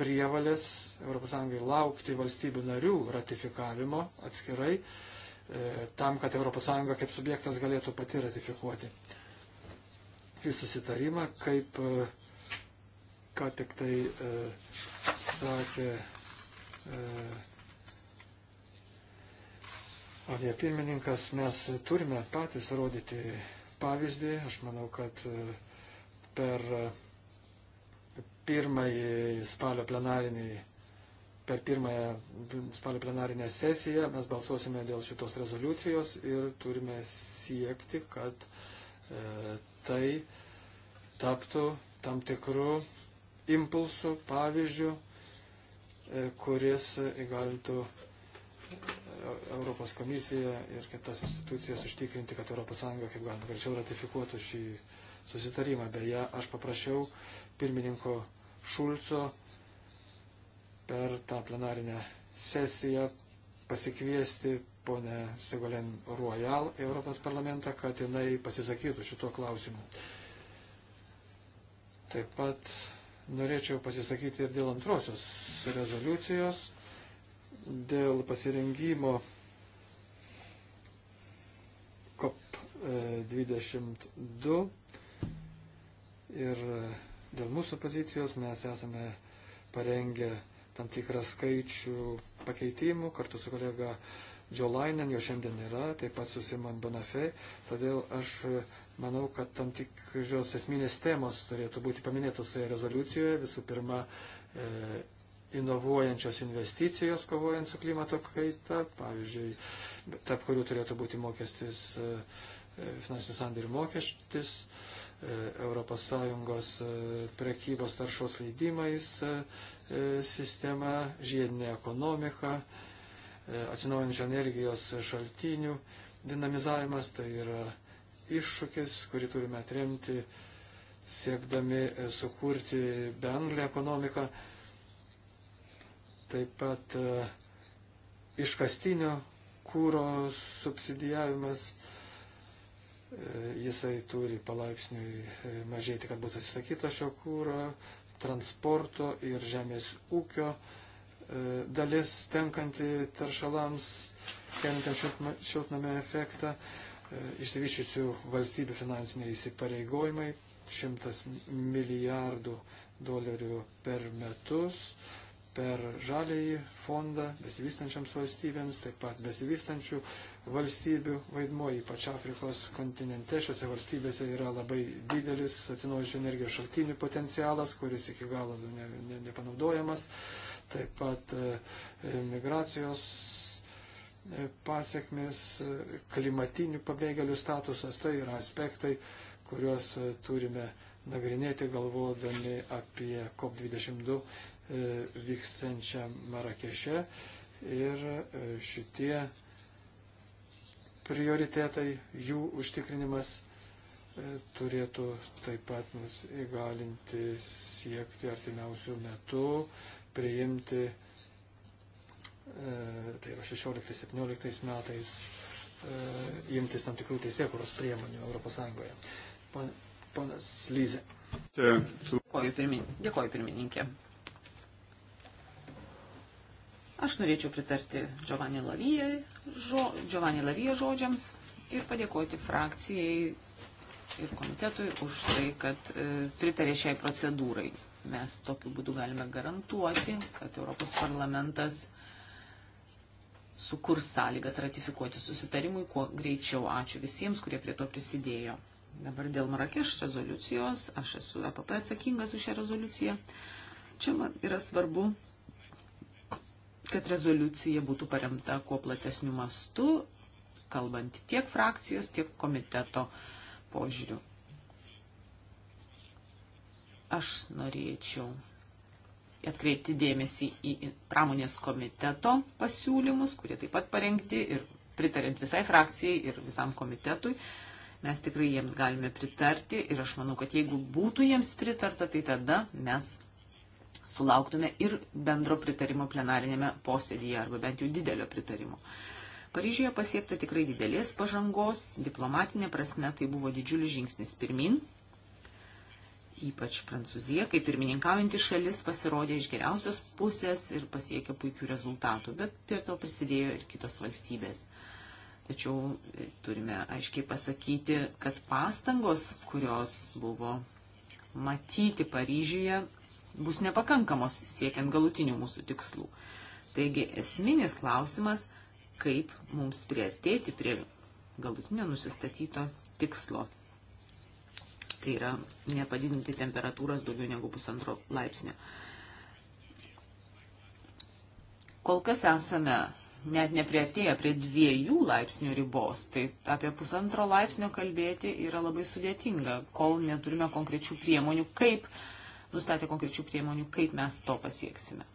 prievalės ES laukti valstybių narių ratifikavimo atskirai, tam, kad ES kaip subjektas galėtų pati ratifikuoti tokį susitarimą, kaip e, ką tik tai e, sakė e, Avie pirmininkas, mes turime patys rodyti pavyzdį. Aš manau, kad e, per e, pirmąjį spalio plenarinį per pirmąją spalio plenarinę sesiją mes balsuosime dėl šitos rezoliucijos ir turime siekti, kad e, tai taptų tam tikrų impulsų, pavyzdžių, e, kuris įgalintų e, Europos komisiją ir kitas institucijas užtikrinti, kad ES kaip galima greičiau ratifikuotų šį susitarimą. Beje, aš paprašiau pirmininko Šulco per tą plenarinę sesiją pasikviesti ponę Sigolen Royal į Europos parlamentą, kad jinai pasisakytų šituo klausimu. Taip pat norėčiau pasisakyti ir dėl antrosios rezoliucijos, dėl pasirengimo COP22 ir dėl mūsų pozicijos mes esame parengę tam tikrą skaičių pakeitimų kartu su kolega uh, Jo Lainen jo šiandien yra, taip pat su Simon Bonafei, todėl aš e, manau, kad tam tikros esminės temos turėtų būti paminėtos toje rezoliucijoje. Visų pirma, e, inovuojančios investicijos kovojant su klimato kaita, pavyzdžiui, tarp kurių turėtų būti mokestis, e, e finansinių sandėrių mokestis. E, ES e, prekybos taršos leidimais sistema, žiedinė ekonomika, E, atsinaujančio energijos šaltinių dinamizavimas, tai yra iššūkis, kurį turime atremti siekdami e, sukurti benglę ekonomiką, taip pat e, iškastinio kūro subsidijavimas, jisai turi palaipsniui mažėti, kad būtų atsisakyta šio kūro, transporto ir žemės ūkio E, dalis tenkanti taršalams, keliantam šiltnamio efektą, e, išsivyščiusių valstybių finansiniai įsipareigojimai 100 milijardų dolerių per metus per žalėjį fondą besivystančiams valstybėms, taip pat besivystančių valstybių vaidmo, ypač Afrikos kontinente, šiuose valstybėse yra labai didelis atsinaujančių energijos šaltinių potencialas, kuris iki galo ne, ne, nepanaudojamas. Ne taip pat e, migracijos e, pasiekmes, e, klimatinių pabėgėlių statusas, tai yra aspektai, kuriuos turime nagrinėti galvodami apie COP22 vykstančią Marakeše. Ir šitie prioritetai, jų užtikrinimas turėtų taip pat mus įgalinti siekti artimiausių metų priimti, e, tai yra 16-17 metais, e, imtis tam tikrų teisėkuros priemonių Europos Sąjungoje.
Ponas Lyze. Dėkoju, pirmin... Dėkoju pirmininkė. Aš norėčiau pritarti Giovanni Lavijai, žo, Giovanni Lavijai žodžiams ir padėkoti frakcijai ir komitetui už tai, kad e, pritarė šiai procedūrai. Mes tokiu būdu galime garantuoti, kad Europos parlamentas sukurs sąlygas ratifikuoti susitarimui kuo greičiau. Ačiū visiems, kurie prie to prisidėjo. Dabar dėl Marakeš rezoliucijos, aš esu APP e atsakingas už šią rezoliuciją. Čia man yra svarbu, kad rezoliucija būtų paremta kuo platesniu mastu, kalbant tiek frakcijos, tiek komiteto požiūriu. Aš norėčiau atkreipti dėmesį į pramonės komiteto pasiūlymus, kurie taip pat parengti ir pritarint visai frakcijai ir visam komitetui. Mes tikrai jiems galime pritarti ir aš manau, kad jeigu būtų jiems pritarta, tai tada mes sulauktume ir bendro pritarimo plenarinėme posėdyje arba bent jau didelio pritarimo. Paryžiuje pasiekta tikrai didelės pažangos, diplomatinė prasme tai buvo didžiulis žingsnis pirmin, Ypač Prancūzija, kaip pirmininkaujanti šalis, pasirodė iš geriausios pusės ir pasiekė puikių rezultatų, bet prie to prisidėjo ir kitos valstybės. Tačiau e, turime aiškiai pasakyti, kad pastangos, kurios buvo matyti Paryžiuje, bus nepakankamos siekiant galutinių mūsų tikslų. Taigi esminis klausimas, kaip mums priartėti prie galutinio nusistatyto tikslo tai yra nepadidinti temperatūros daugiau negu pusantro laipsnio. Kol kas esame net neprieartėję prie dviejų laipsnių ribos, tai apie pusantro laipsnio kalbėti yra labai sudėtinga, kol neturime konkrečių priemonių, kaip, nustatė konkrečių priemonių, kaip mes to pasieksime.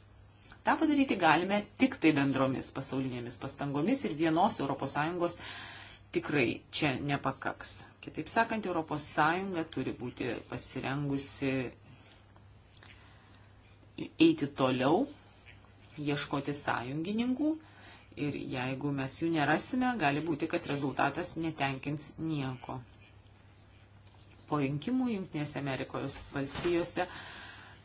Ta padaryti galime tik tai bendromis pasaulinėmis pastangomis ir vienos ES tikrai čia nepakaks. Kitaip sakant, ES turi būti pasirengusi eiti toliau, ieškoti sąjungininkų ir jeigu mes jų nerasime, gali būti, kad rezultatas netenkins nieko. Po rinkimų Junktinėse Amerikos valstijose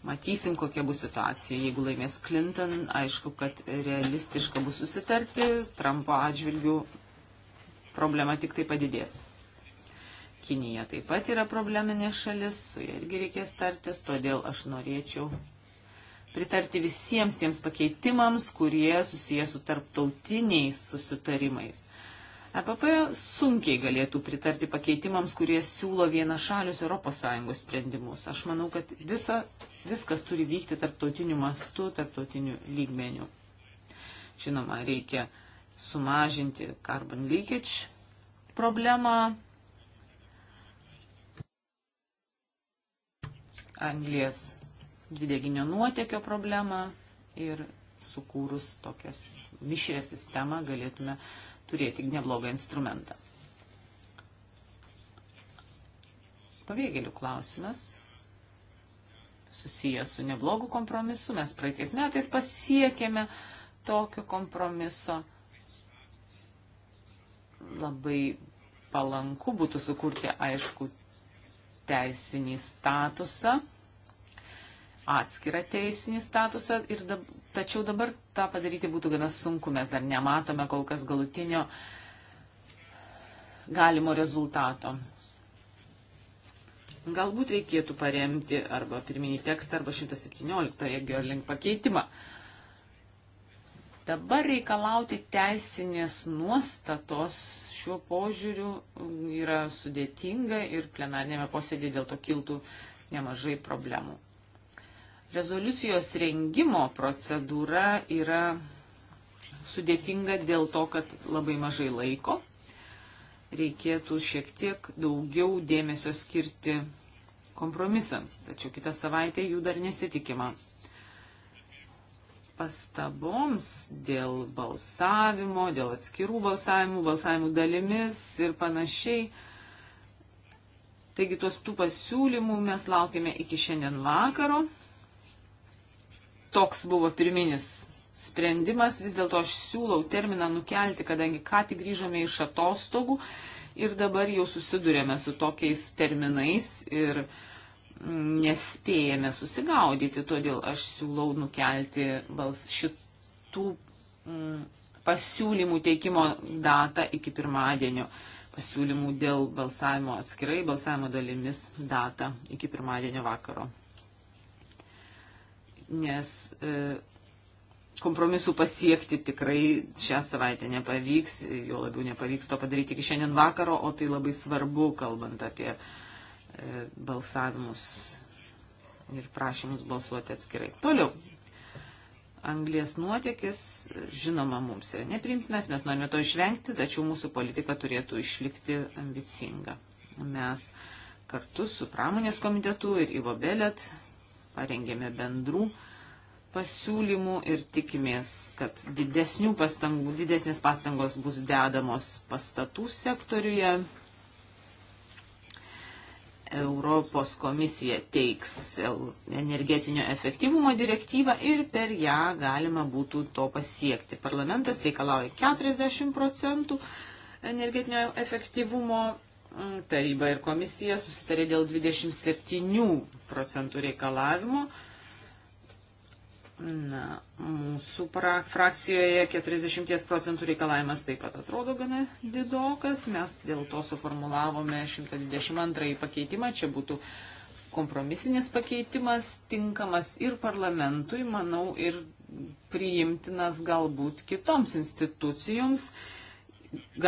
matysim, kokia bus situacija. Jeigu laimės Clinton, aišku, kad realistiška bus susitarti, Trumpo atžvilgių problema tik tai padidės. Kinija taip pat yra probleminė šalis, su ja irgi reikės tartis, todėl aš norėčiau pritarti visiems tiems pakeitimams, kurie susijęs su tarptautiniais susitarimais. EPP sunkiai galėtų pritarti pakeitimams, kurie siūlo vienašalius ES sprendimus. Aš manau, kad visa, viskas turi vykti tarptautiniu mastu, tarptautiniu lygmeniu. Žinoma, reikia sumažinti carbon leakage problemą, anglės dvideginio nuotėkio problemą ir sukūrus tokias mišrę sistemą galėtume turėti neblogą instrumentą. Pavėgėlių klausimas susijęs su neblogu kompromisu. Mes praeitais metais pasiekėme tokio kompromiso labai palanku būtų sukurti aišku teisinį statusą, atskirą teisinį statusą, ir dab, tačiau dabar tą padaryti būtų gana sunku, mes dar nematome kol kas galutinio galimo rezultato. Galbūt reikėtų paremti arba pirminį tekstą, arba 117 geolink pakeitimą. Uh, Dabar reikalauti teisinės nuostatos šiuo požiūriu um, yra sudėtinga ir plenarnėme posėdėje dėl to kiltų nemažai problemų. Rezoliucijos rengimo procedūra yra sudėtinga dėl to, kad labai mažai laiko. Reikėtų šiek tiek daugiau dėmesio skirti kompromisams, tačiau kitą savaitę jų dar nesitikima pastaboms dėl balsavimo, dėl atskirų balsavimų, balsavimų dalimis ir panašiai. Taigi tuos tų pasiūlymų mes laukime iki šiandien vakaro. Toks buvo pirminis sprendimas, vis dėlto aš siūlau terminą nukelti, kadangi ką tik grįžome iš atostogų ir dabar jau susidurėme su tokiais terminais ir uh, nespėjame susigaudyti, todėl aš siūlau nukelti bals šitų mm, pasiūlymų teikimo datą iki pirmadienio. Pasiūlymų dėl balsavimo atskirai, balsavimo dalimis datą iki pirmadienio vakaro. Nes e, kompromisų pasiekti tikrai šią savaitę nepavyks, jo labiau nepavyks to padaryti iki šiandien vakaro, o tai labai svarbu, kalbant apie uh, E, balsavimus ir prašymus balsuoti atskirai. Toliau. Anglės nuotėkis, žinoma, mums yra neprimtinas, mes norime to išvengti, tačiau mūsų politika turėtų išlikti ambicinga. Mes kartu su pramonės komitetu ir Ivobelėt parengėme bendrų pasiūlymų ir tikimės, kad didesnių pastangų, didesnės pastangos bus dedamos pastatų sektoriuje, Europos komisija teiks energetinio efektyvumo direktyvą ir per ją galima būtų to pasiekti. Parlamentas reikalauja 40 procentų energetinio efektyvumo mm, taryba ir komisija susitarė dėl 27 procentų reikalavimo, Na, mūsų pra, frakcijoje 40 procentų reikalavimas taip pat atrodo gana didokas. Mes dėl to suformulavome 122 pakeitimą. Čia būtų kompromisinis pakeitimas, tinkamas ir parlamentui, manau, ir priimtinas galbūt kitoms institucijoms,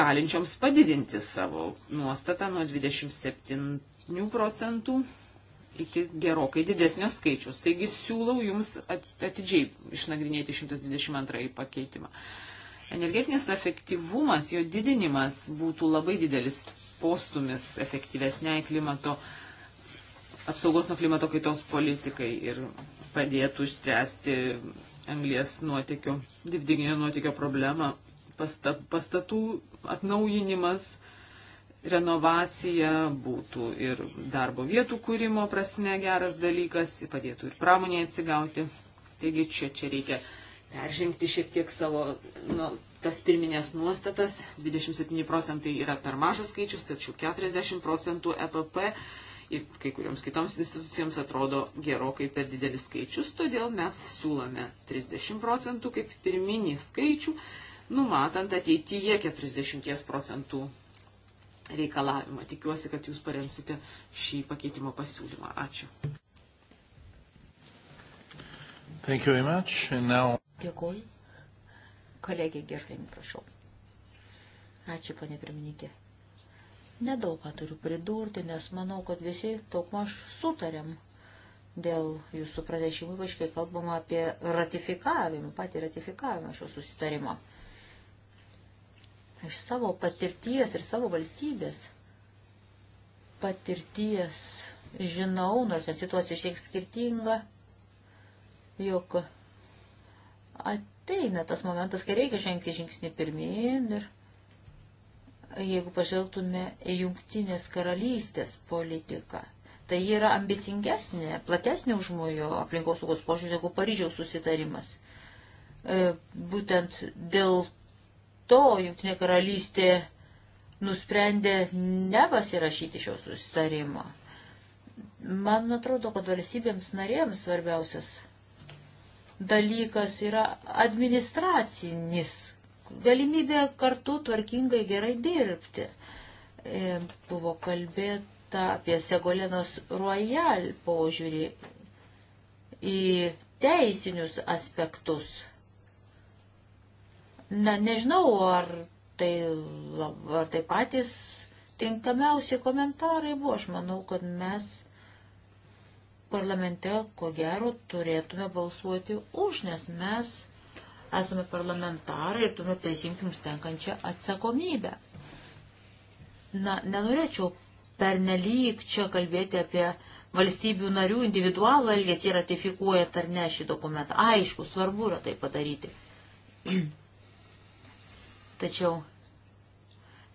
galinčioms padidinti savo nuostatą nuo 27 procentų iki gerokai didesnio skaičiaus. Taigi siūlau Jums atidžiai išnagrinėti 122 pakeitimą. Energetinis efektyvumas, jo didinimas būtų labai didelis postumis efektyvesniai klimato apsaugos nuo klimato kaitos politikai ir padėtų išspręsti anglės nuotėkio, didinio nuotėkio problemą, pastatų atnaujinimas renovacija būtų ir darbo vietų kūrimo prasme geras dalykas, padėtų ir pramonėje atsigauti. Taigi čia, čia reikia peržengti šiek tiek savo nu, tas pirminės nuostatas. 27 procentai yra per mažas skaičius, tačiau 40 procentų EPP ir kai kurioms kitoms institucijoms atrodo gerokai per didelis skaičius, todėl mes siūlome 30 procentų kaip pirminį skaičių, numatant ateityje 40 procentų reikalavimą. Tikiuosi, kad jūs paremsite šį pakeitimo pasiūlymą. Ačiū. Now...
Dėkuoju. Kolegė Gerling, prašau. Ačiū, panė pirmininkė. Nedaug ką turiu pridurti, nes manau, kad visi daugmaž sutarėm dėl jūsų pranešimų, ypač kai kalbama apie ratifikavimą, patį ratifikavimą šio susitarimo. Uh, iš savo patirties ir savo valstybės patirties žinau, nors ten situacija šiek skirtinga, jog ateina tas momentas, kai reikia žengti žingsnį pirmin ir jeigu pažvelgtume į jungtinės karalystės politiką, tai ji yra ambicingesnė, platesnė užmojo aplinkosaugos požiūrį negu Paryžiaus susitarimas. E, būtent dėl to Junktinė karalystė nusprendė nepasirašyti šio susitarimo. Man atrodo, kad valstybėms narėms svarbiausias dalykas yra administracinis, galimybė kartu tvarkingai gerai dirbti. E, buvo kalbėta apie Segolenos Royal požiūrį į teisinius aspektus Na, nežinau, ar tai, ar tai patys tinkamiausi komentarai buvo. Aš manau, kad mes parlamente, ko gero, turėtume balsuoti už, nes mes esame parlamentarai ir turime prisimti jums tenkančią atsakomybę. Na, nenorėčiau pernelyg čia kalbėti apie valstybių narių individualų elgesį ratifikuojant ar ne šį dokumentą. Aišku, svarbu yra tai padaryti. Tačiau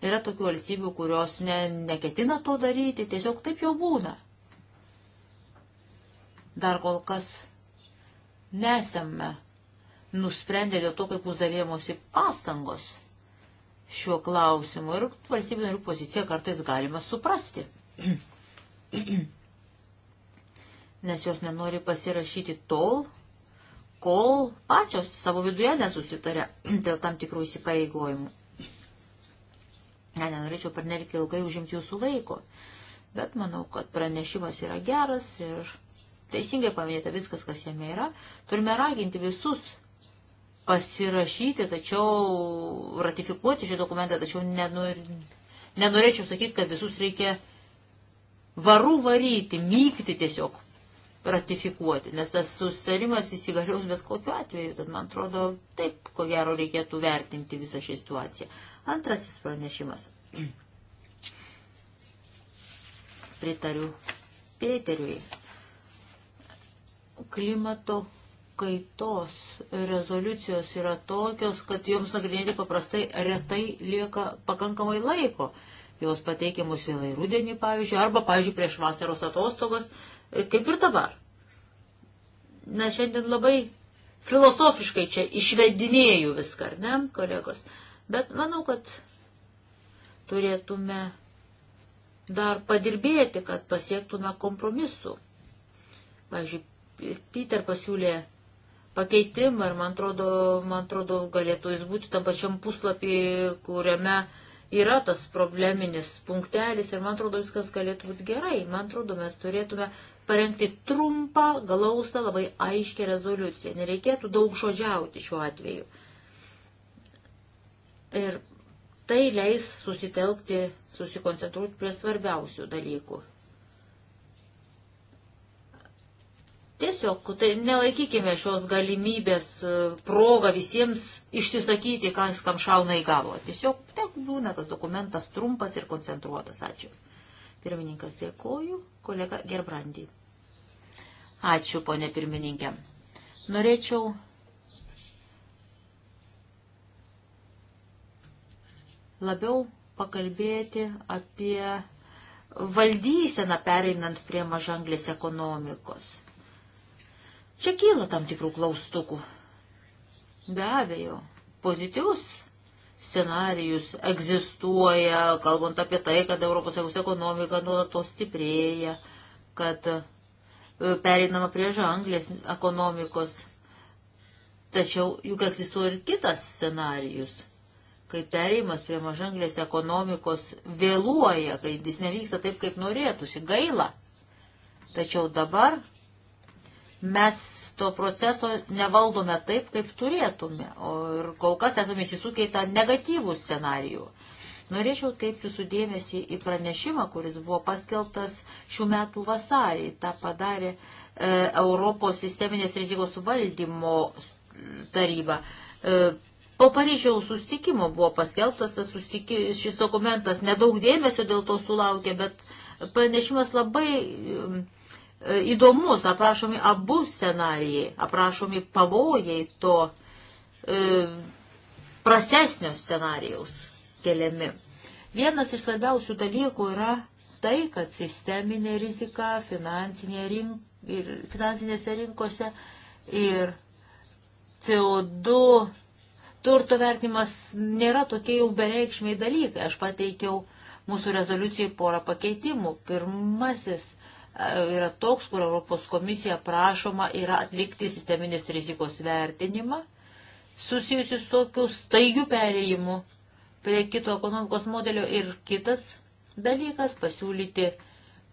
yra tokių valstybių, kurios ne, neketina to daryti, tiesiog taip jau būna. Dar kol kas nesame nusprendę dėl to, kaip bus dalymosi pastangos šiuo klausimu ir valstybių narių poziciją kartais galima suprasti. Nes jos nenori pasirašyti tol, kol pačios savo viduje nesusitarė dėl tam tikrų įsipareigojimų. Ne, nenorėčiau per nelik ilgai užimti jūsų laiko, bet manau, kad pranešimas yra geras ir teisingai paminėta viskas, kas jame yra. Turime raginti visus pasirašyti, tačiau ratifikuoti šį dokumentą, tačiau nenor, nenorėčiau sakyti, kad visus reikia varų varyti, mygti tiesiog ratifikuoti, nes tas susitarimas įsigalios bet kokiu atveju, tad man atrodo, taip, ko gero reikėtų vertinti visą šią situaciją. Antrasis pranešimas. Pritariu Pėteriui. Klimato kaitos rezoliucijos yra tokios, kad joms nagrinėti paprastai retai lieka pakankamai laiko. Jos pateikiamus vėlai rudenį, pavyzdžiui, arba, pavyzdžiui, prieš vasaros atostogas kaip ir dabar. Na, šiandien labai filosofiškai čia išvedinėjau viską, ar ne, kolegos? Bet manau, kad turėtume dar padirbėti, kad pasiektume kompromisu. Pavyzdžiui, Peter pasiūlė pakeitimą ir, man atrodo, man atrodo, galėtų jis būti tam pačiam puslapį, kuriame yra tas probleminis punktelis ir, man atrodo, viskas galėtų būti gerai. Man atrodo, mes turėtume parengti trumpą, galaustą, labai aiškę rezoliuciją. Nereikėtų daug žodžiauti šiuo atveju. Ir tai leis susitelkti, susikoncentruoti prie svarbiausių dalykų. Tiesiog, tai nelaikykime šios galimybės e, progą visiems išsisakyti, kas kam šauna į galvą. Tiesiog tek būna tas dokumentas trumpas ir koncentruotas. Ačiū. Pirmininkas dėkoju, kolega Gerbrandi. Ačiū, ponė pirmininkė. Norėčiau labiau pakalbėti apie valdyseną pereinant prie mažanglės ekonomikos. Čia kyla tam tikrų klaustukų. Be abejo, pozityvus scenarijus egzistuoja, kalbant apie tai, kad ES ekonomika nuolatos stiprėja, kad E, pereinama prie žanglės ekonomikos. Tačiau juk egzistuoja ir kitas scenarius, kai pereimas prie mažanglės ekonomikos vėluoja, kai jis nevyksta taip, kaip norėtųsi, gaila. Tačiau dabar mes to proceso nevaldome taip, kaip turėtume. O ir kol kas esame įsisukę į tą negatyvų scenarijų. Norėčiau kreipti sudėmėsi į pranešimą, kuris buvo paskelbtas šių metų vasarį. Ta padarė e, Europos sisteminės rizikos valdymo taryba. E, Po Paryžiaus sustikimo buvo paskelbtas sustiki, šis dokumentas, nedaug dėmesio dėl to sulaukė, bet pranešimas labai e, įdomus, aprašomi abu scenarijai, aprašomi pavojai to e, prastesnio scenarijaus keliami. Vienas iš svarbiausių dalykų yra tai, kad sisteminė rizika finansinė rink, ir finansinėse rinkose ir CO2 turto vertinimas nėra tokie jau bereikšmiai dalykai. Aš pateikiau mūsų rezoliucijai porą pakeitimų. Pirmasis e, yra toks, kur Europos komisija prašoma yra atlikti sisteminės rizikos vertinimą susijusius tokiu staigiu perėjimu prie kito ekonomikos modelio ir kitas dalykas - pasiūlyti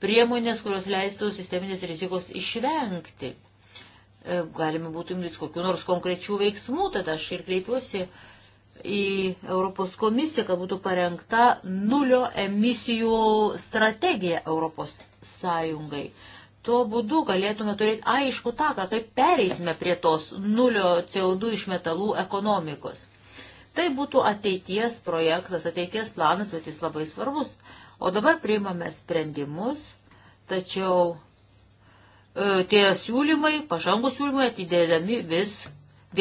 priemonės, kurios leistų sisteminės rizikos išvengti. E, Galime būtų imtis kokiu nors konkrečių veiksmų, tada aš ir kreipiuosi į Europos komisiją, kad būtų parengta nulio emisijų strategija Europos Sąjungai. Tuo būdu galėtume turėti aišku taką, kaip pereisime prie tos nulio CO2 iš metalų ekonomikos. Tai būtų ateities projektas, ateities planas, bet jis labai svarbus. O dabar priimame sprendimus, tačiau e, tie siūlymai, pažangų siūlymai atidėdami vis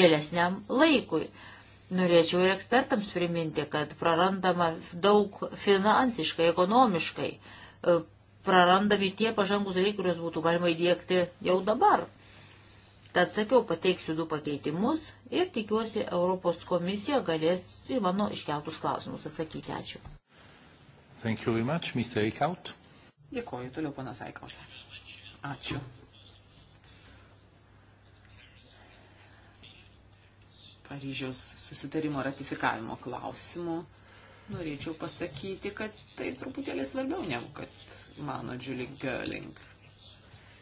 vėlesniam laikui. Norėčiau ir ekspertams priminti, kad prarandama daug finansiškai, ekonomiškai, e, prarandami tie pažangus dalykai, kuriuos būtų galima įdėkti jau dabar. Tad sakiau, pateiksiu du pakeitimus ir tikiuosi Europos komisija galės į mano iškeltus klausimus atsakyti. Ačiū.
Thank you very much, Mr. Eichhout. Dėkoju, toliau panas Eichhout. Ačiū. Paryžiaus susitarimo ratifikavimo klausimu norėčiau pasakyti, kad tai truputėlį svarbiau negu kad mano Julie Gerling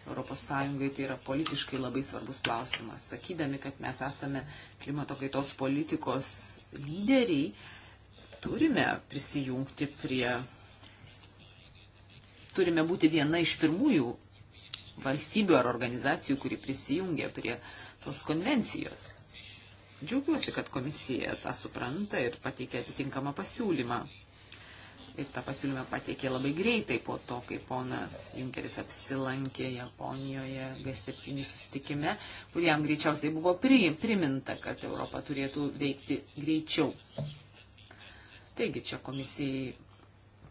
ES tai yra politiškai labai svarbus klausimas. Sakydami, kad mes esame klimato kaitos politikos lyderiai, turime prisijungti prie, turime būti viena iš pirmųjų valstybių ar organizacijų, kuri prisijungia prie tos konvencijos. Džiaugiuosi, kad komisija tą supranta ir pateikia atitinkamą pasiūlymą ir tą pasiūlymą pateikė labai greitai po to, kai ponas Junkeris apsilankė Japonijoje G7 susitikime, kur jam greičiausiai buvo pri, priminta, kad Europa turėtų veikti greičiau. Taigi čia komisijai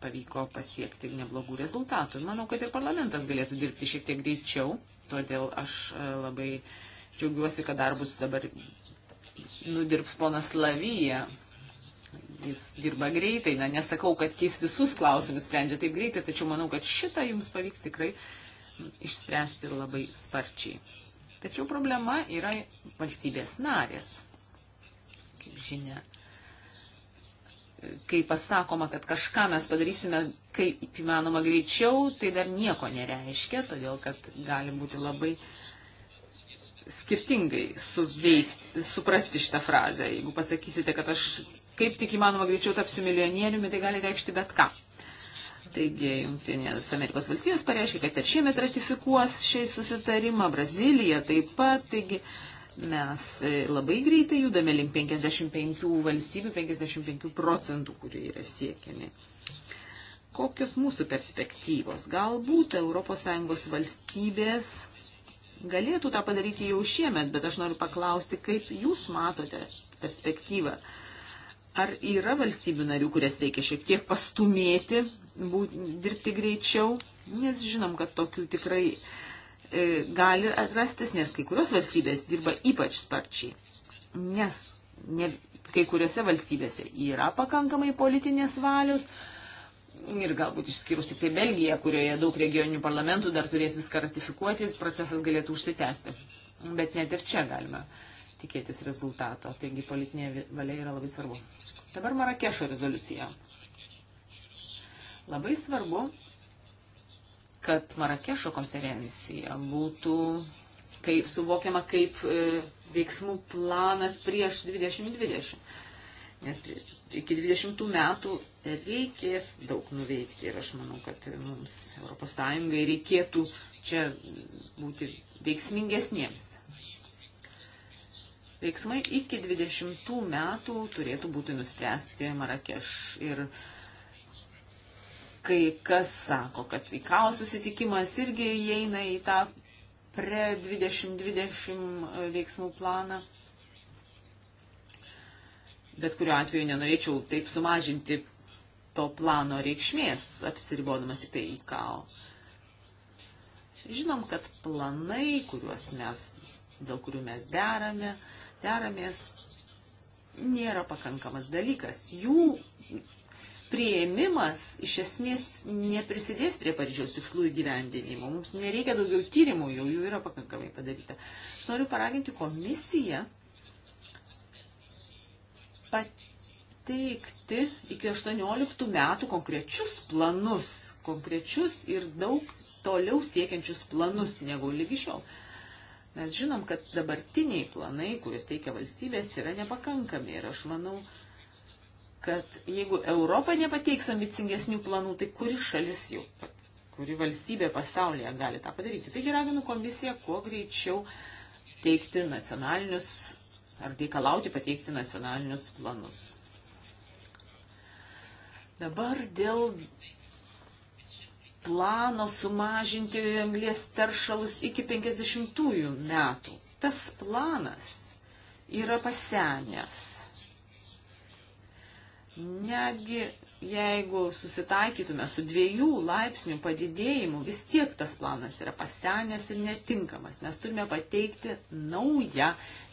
pavyko pasiekti neblogų rezultatų. Manau, kad ir parlamentas galėtų dirbti šiek tiek greičiau, todėl aš e, labai džiaugiuosi, kad darbus dabar nudirbs ponas Lavyje, jis dirba greitai. Na, nesakau, kad jis visus klausimus sprendžia taip greitai, tačiau manau, kad šitą jums pavyks tikrai išspręsti labai sparčiai. Tačiau problema yra valstybės narės. Kaip žinia, kai pasakoma, kad kažką mes padarysime kaip įmanoma greičiau, tai dar nieko nereiškia, todėl kad gali būti labai skirtingai suveikti, suprasti šitą frazę. Jeigu pasakysite, kad aš kaip tik įmanoma greičiau tapsiu milijonieriumi, tai gali reikšti bet ką. Taigi, Junktinės Amerikos valstijos pareiškia, kad ir šiemet ratifikuos šiai susitarimą, Brazilija taip pat, taigi mes labai greitai judame link 55 valstybių, 55 procentų, kurių yra siekiami. Kokios mūsų perspektyvos? Galbūt ES valstybės galėtų tą padaryti jau šiemet, bet aš noriu paklausti, kaip jūs matote perspektyvą. Ar yra valstybių narių, kurias reikia šiek tiek pastumėti, būt, dirbti greičiau, nes žinom, kad tokių tikrai e, gali atrastis, nes kai kurios valstybės dirba ypač sparčiai. Nes ne, kai kuriuose valstybėse yra pakankamai politinės valios ir galbūt išskyrus tik tai Belgiją, kurioje daug regioninių parlamentų dar turės viską ratifikuoti, procesas galėtų užsitęsti. Bet net ir čia galime. E, tikėtis rezultato. Taigi politinė valia yra labai svarbu. Dabar Marakešo rezoliucija. Labai svarbu, kad Marakešo konferencija būtų kaip, suvokiama kaip e, veiksmų planas prieš 2020. Nes iki 20 metų reikės daug nuveikti ir aš manau, kad mums ES reikėtų čia būti veiksmingesniems veiksmai iki 20 metų turėtų būti nuspręsti Marakeš. Ir kai kas sako, kad IKAO susitikimas irgi įeina į tą pre 2020 veiksmų planą. Bet kuriuo atveju nenorėčiau taip sumažinti to plano reikšmės, apsiribodamas tik tai IKAO. Žinom, kad planai, kuriuos mes, dėl kurių mes derame, deramės, nėra pakankamas dalykas. Jų prieimimas iš esmės neprisidės prie Paryžiaus tikslų įgyvendinimo. Mums nereikia daugiau tyrimų, jau jų yra pakankamai padaryta. Aš noriu paraginti komisiją pateikti iki 18 metų konkrečius planus, konkrečius ir daug toliau siekiančius planus negu lygi šiol. Mes žinom, kad dabartiniai planai, kuriuos teikia valstybės, yra nepakankami. Ir aš manau, kad jeigu Europa nepateiks ambicingesnių planų, tai kuri šalis jau, kuri valstybė pasaulyje gali tą padaryti. Taigi raginu komisiją kuo greičiau teikti nacionalinius ar reikalauti pateikti nacionalinius planus. Dabar dėl plano sumažinti anglės teršalus iki 50-ųjų metų. Tas planas yra pasenęs. Netgi jeigu susitaikytume su dviejų laipsnių padidėjimu, vis tiek tas planas yra pasenęs ir netinkamas. Mes turime pateikti naują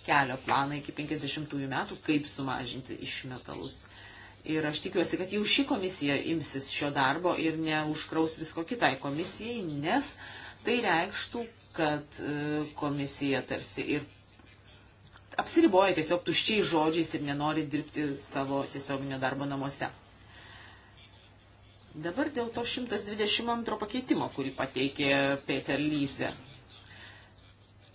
kelio planą iki 50 metų, kaip sumažinti išmetalus. metalus Ir aš tikiuosi, kad jau ši komisija imsis šio darbo ir neužkraus visko kitai komisijai, nes tai reikštų, kad e, komisija tarsi ir apsiriboja tiesiog tuščiai žodžiais ir nenori dirbti savo tiesioginio darbo namuose. Dabar dėl to 122 pakeitimo, kurį pateikė Peter Lyse.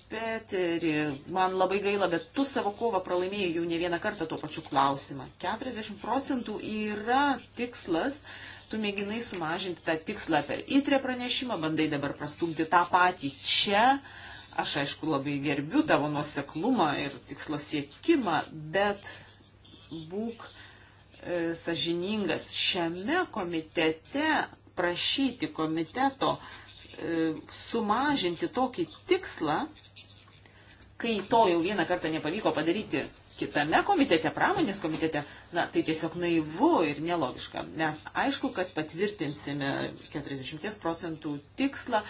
Peteri, man labai gaila, bet tu savo kovą pralaimėjai jau ne vieną kartą tuo pačiu klausimą. 40 procentų yra tikslas, tu mėginai sumažinti tą tikslą per įtrę pranešimą, bandai dabar prastumti tą patį čia. Aš aišku labai gerbiu tavo nuoseklumą ir tikslo siekimą, bet būk e, sažiningas šiame komitete prašyti komiteto e, sumažinti tokį tikslą, kai to jau vieną kartą nepavyko padaryti kitame komitete, pramonės komitete, na, tai tiesiog naivu ir nelogiška. Mes aišku, kad patvirtinsime 40 procentų tikslą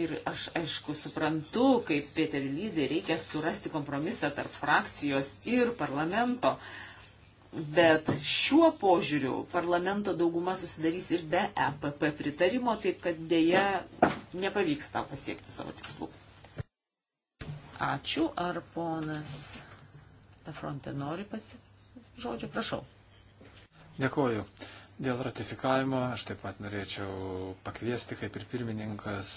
ir aš aišku suprantu, kaip Peter Lyzė reikia surasti kompromisą tarp frakcijos ir parlamento. Bet šiuo požiūriu parlamento dauguma susidarys ir be EPP pritarimo, taip kad dėja nepavyks tą
pasiekti savo tikslų.
Ačiū. Ar ponas Efronte nori pasi... žodžio? Prašau.
Dėkuoju. Dėl ratifikavimo aš taip pat norėčiau pakviesti, kaip ir pirmininkas,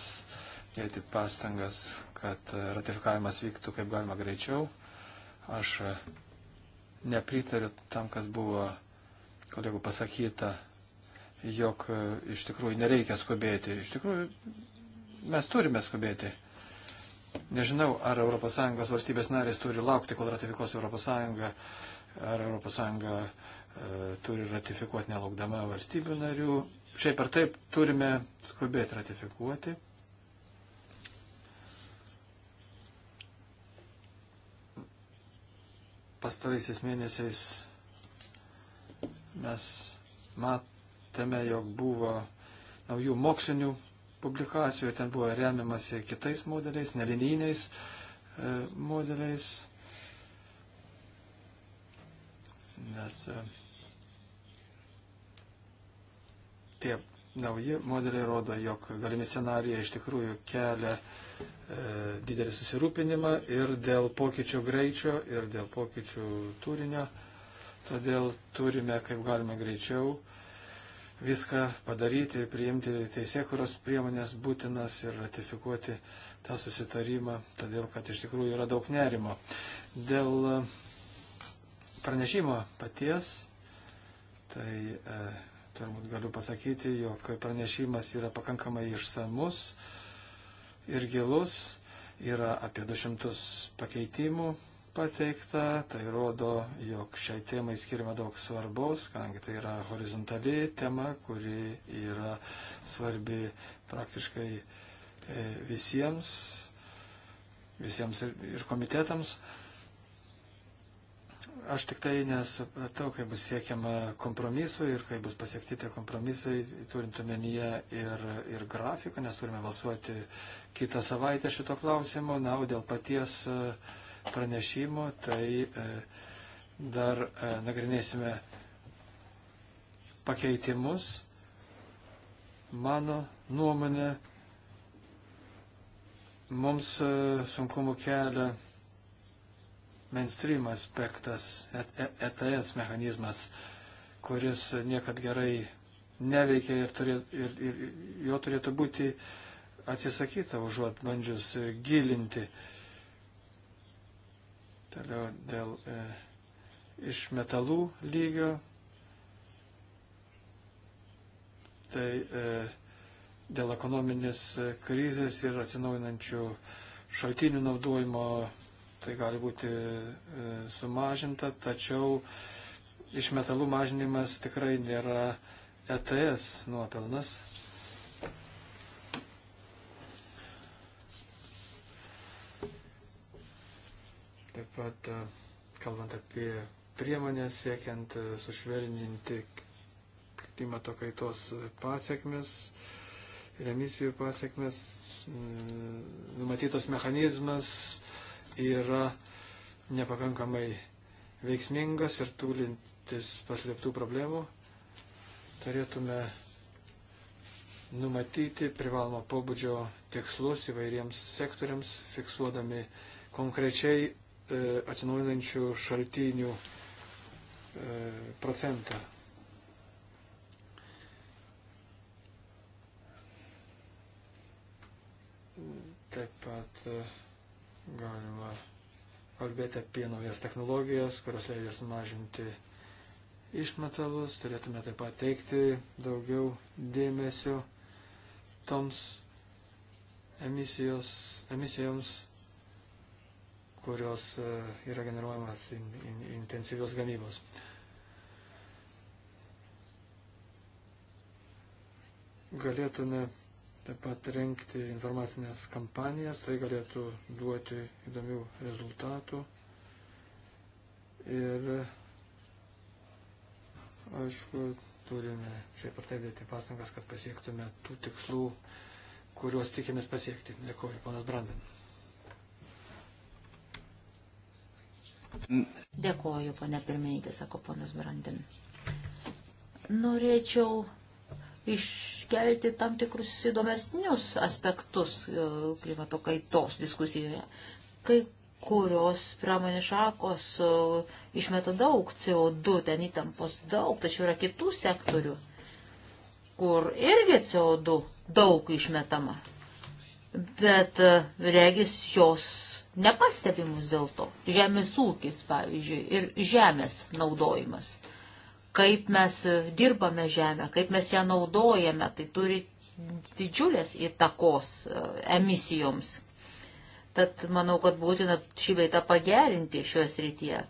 dėti pastangas, kad ratifikavimas vyktų kaip galima greičiau. Aš nepritariu tam, kas buvo kolegų pasakyta, jog iš tikrųjų nereikia skubėti. Iš tikrųjų mes turime skubėti. Nežinau, ar ES valstybės narės turi laukti, kol ratifikuos ES, ar ES e, turi ratifikuoti nelaukdama valstybių narių. Šiaip ar taip turime skubėti ratifikuoti. Pastaraisiais mėnesiais mes matėme, jog buvo naujų mokslinių publikacijų, ten buvo remiamasi kitais modeliais, nelinijiniais e, modeliais, nes e, tie nauji modeliai rodo, jog galimi scenarijai iš tikrųjų kelia e, didelį susirūpinimą ir dėl pokyčių greičio, ir dėl pokyčių turinio. Todėl turime, kaip galima greičiau, uh, viską padaryti, priimti teisėkuros priemonės būtinas ir ratifikuoti tą susitarimą, todėl kad iš tikrųjų yra daug nerimo. Dėl e, pranešimo paties, tai e, turbūt galiu pasakyti, jog pranešimas yra pakankamai išsamus ir gilus, yra apie 200 pakeitimų, pateikta, tai rodo, jog šiai temai skiriama daug svarbos, kadangi tai yra horizontali tema, kuri yra svarbi praktiškai e, visiems, visiems ir, ir komitetams. Aš tik tai nesupratau, kaip bus siekiama kompromisu ir kaip bus pasiekti tie kompromisai, turint omenyje ir, ir grafiką, nes turime balsuoti kitą savaitę šito klausimu. Na, o dėl paties uh, pranešimų, tai e, dar e, nagrinėsime pakeitimus. Mano nuomonė, mums e, sunkumų kelia mainstream aspektas, ETS mechanizmas, kuris niekad gerai neveikia ir, turė, ir, ir jo turėtų būti atsisakyta, užuot bandžius gilinti uh, Toliau dėl e, iš metalų lygio. Tai e, dėl ekonominės e, krizės ir atsinaujinančių šaltinių naudojimo tai gali būti e, sumažinta, tačiau iš metalų mažinimas tikrai nėra ETS nuopelnas. pat e, kalbant apie priemonės siekiant e, sušvelninti klimato kaitos pasiekmes ir emisijų pasiekmes, numatytas mechanizmas yra nepakankamai veiksmingas ir tūlintis paslėptų problemų. Turėtume numatyti privalomo pobūdžio tikslus įvairiems sektoriams, fiksuodami konkrečiai E, atsinaujinančių šaltinių e, procentą. Taip pat e, galima kalbėti apie naujas technologijas, kurios leidžia sumažinti išmetalus. Turėtume taip pat teikti daugiau dėmesio toms emisijos, emisijoms kurios e, yra generuojamas in, in, intensyvios gamybos. Galėtume taip pat renkti informacinės kampanijas, tai galėtų duoti įdomių rezultatų. Ir aišku, turime šiaip ar taip dėti pastangas, kad pasiektume tų tikslų, kuriuos tikimės pasiekti. Dėkuoju, ponas Brandin.
Dėkoju, ponė pirmininkė, sako ponas Brandin. Norėčiau iškelti tam tikrus įdomesnius aspektus e, klimato kaitos diskusijoje. Kai kurios pramonės šakos e, išmeta daug CO2, ten įtampos daug, tačiau yra kitų sektorių, kur irgi CO2 daug išmetama. Bet e, regis jos nepastebimus dėl to. Žemės ūkis, pavyzdžiui, ir žemės naudojimas. Kaip mes dirbame žemę, kaip mes ją naudojame, tai turi didžiulės įtakos e, emisijoms. Tad manau, kad būtina šį veitą pagerinti šios rytyje.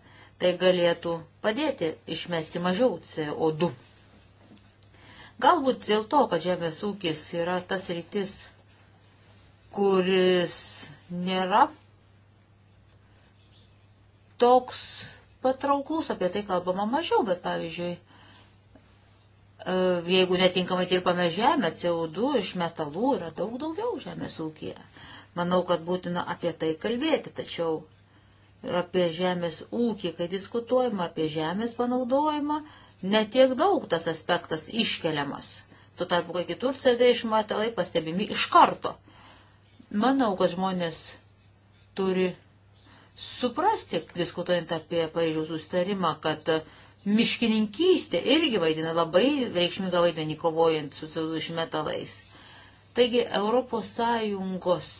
Tai galėtų padėti išmesti mažiau CO2. Galbūt dėl to, kad žemės ūkis yra tas rytis, kuris nėra toks patrauklus, apie tai kalbama mažiau, bet pavyzdžiui, e, jeigu netinkamai dirbame žemę, CO2 iš metalų yra daug daugiau žemės ūkija. Manau, kad būtina apie tai kalbėti, tačiau apie žemės ūkį, kai diskutuojama apie žemės panaudojimą, netiek daug tas aspektas iškeliamas. Tuo tarpu, kai kitur CD išmatalai pastebimi iš karto. Manau, kad žmonės turi suprasti, diskutuojant apie Paryžiaus sustarimą, kad miškininkystė irgi vaidina labai reikšmingą vaidmenį kovojant su CO2 išmetalais. Taigi ES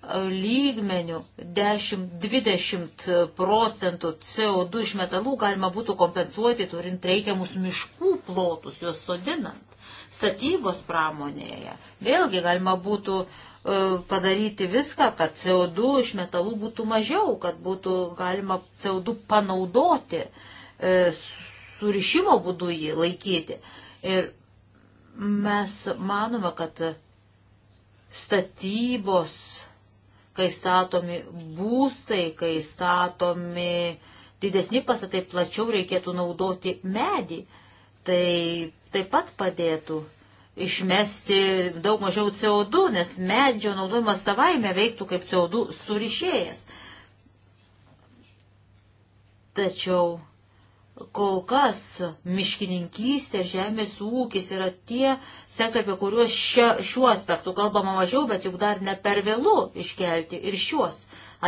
lygmenių 10-20 procentų CO2 iš metalų galima būtų kompensuoti turint reikiamus miškų plotus, juos sodinant. Statybos pramonėje vėlgi galima būtų uh, E, padaryti viską, kad CO2 iš metalų būtų mažiau, kad būtų galima CO2 panaudoti, e, surišimo būdu jį laikyti. Ir mes manome, kad statybos, kai statomi būstai, kai statomi didesni pastatai, plačiau reikėtų naudoti medį. Tai taip pat padėtų išmesti daug mažiau CO2, nes medžio naudojimas savaime veiktų kaip CO2 surišėjas. Tačiau kol kas miškininkystė ir žemės ūkis yra tie sektoriai, apie kuriuos šiuo aspektu kalbama mažiau, bet juk dar ne per vėlų iškelti ir šiuos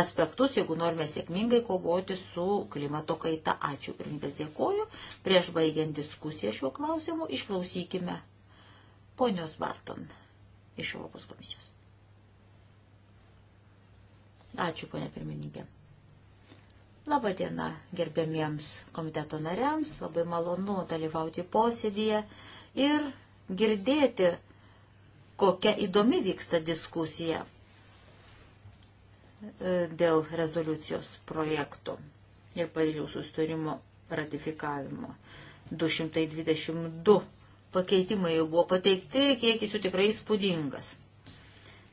aspektus, jeigu norime sėkmingai kovoti su klimato kaita. Ačiū, pirmininkas, dėkoju. Prieš baigiant diskusiją šiuo klausimu, išklausykime ponios Barton iš Europos komisijos. Ačiū, ponė pirmininkė. Labą dieną gerbiamiems komiteto nariams, labai malonu dalyvauti posėdėje ir girdėti, kokia įdomi vyksta diskusija e, dėl rezoliucijos projektų ir Paryžiaus sustarimo ratifikavimo. 222 pakeitimai jau buvo pateikti, kiekis jų tikrai įspūdingas.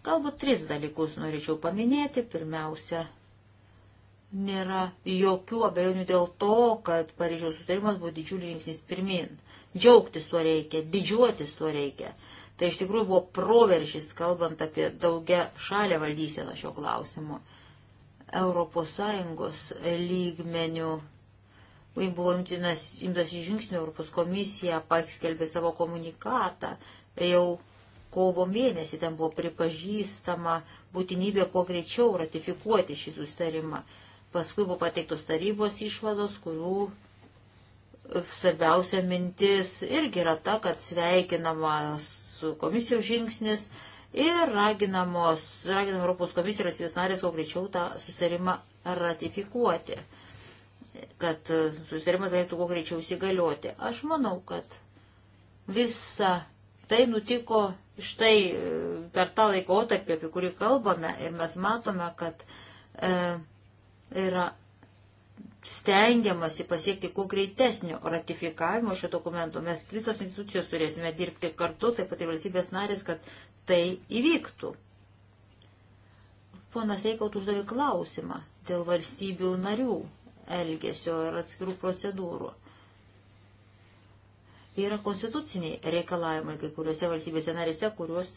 Galbūt tris dalykus norėčiau paminėti. Pirmiausia, nėra jokių abejonių dėl to, kad Paryžiaus sutarimas buvo didžiulis žingsnis pirmin. Džiaugtis tuo reikia, didžiuotis tuo reikia. Tai iš tikrųjų buvo proveržys, kalbant apie daugia šalę valdyseną šio klausimu. Europos Sąjungos lygmenių kai buvo imtinas, imtas žingsnių Europos komisija, paskelbė savo komunikatą, jau kovo mėnesį ten buvo pripažįstama būtinybė kuo greičiau ratifikuoti šį sustarimą. Paskui buvo pateiktos tarybos išvados, kurių e, svarbiausia mintis irgi yra ta, kad sveikinamas komisijos žingsnis ir raginamos, raginam Europos komisijos ir atsivės narės kuo greičiau tą sustarimą ratifikuoti kad susitarimas galėtų kuo greičiau įsigalioti. Aš manau, kad visa tai nutiko štai e, per tą laikotarpį, apie kurį kalbame ir mes matome, kad e, yra stengiamasi pasiekti kuo greitesnio ratifikavimo šio dokumento. Mes visos institucijos turėsime dirbti kartu, taip pat ir valstybės narės, kad tai įvyktų. Ponas Eikaut uždavė klausimą dėl valstybių narių elgesio ir atskirų procedūrų. Yra konstituciniai reikalavimai kai kuriuose valstybėse narėse, kuriuos,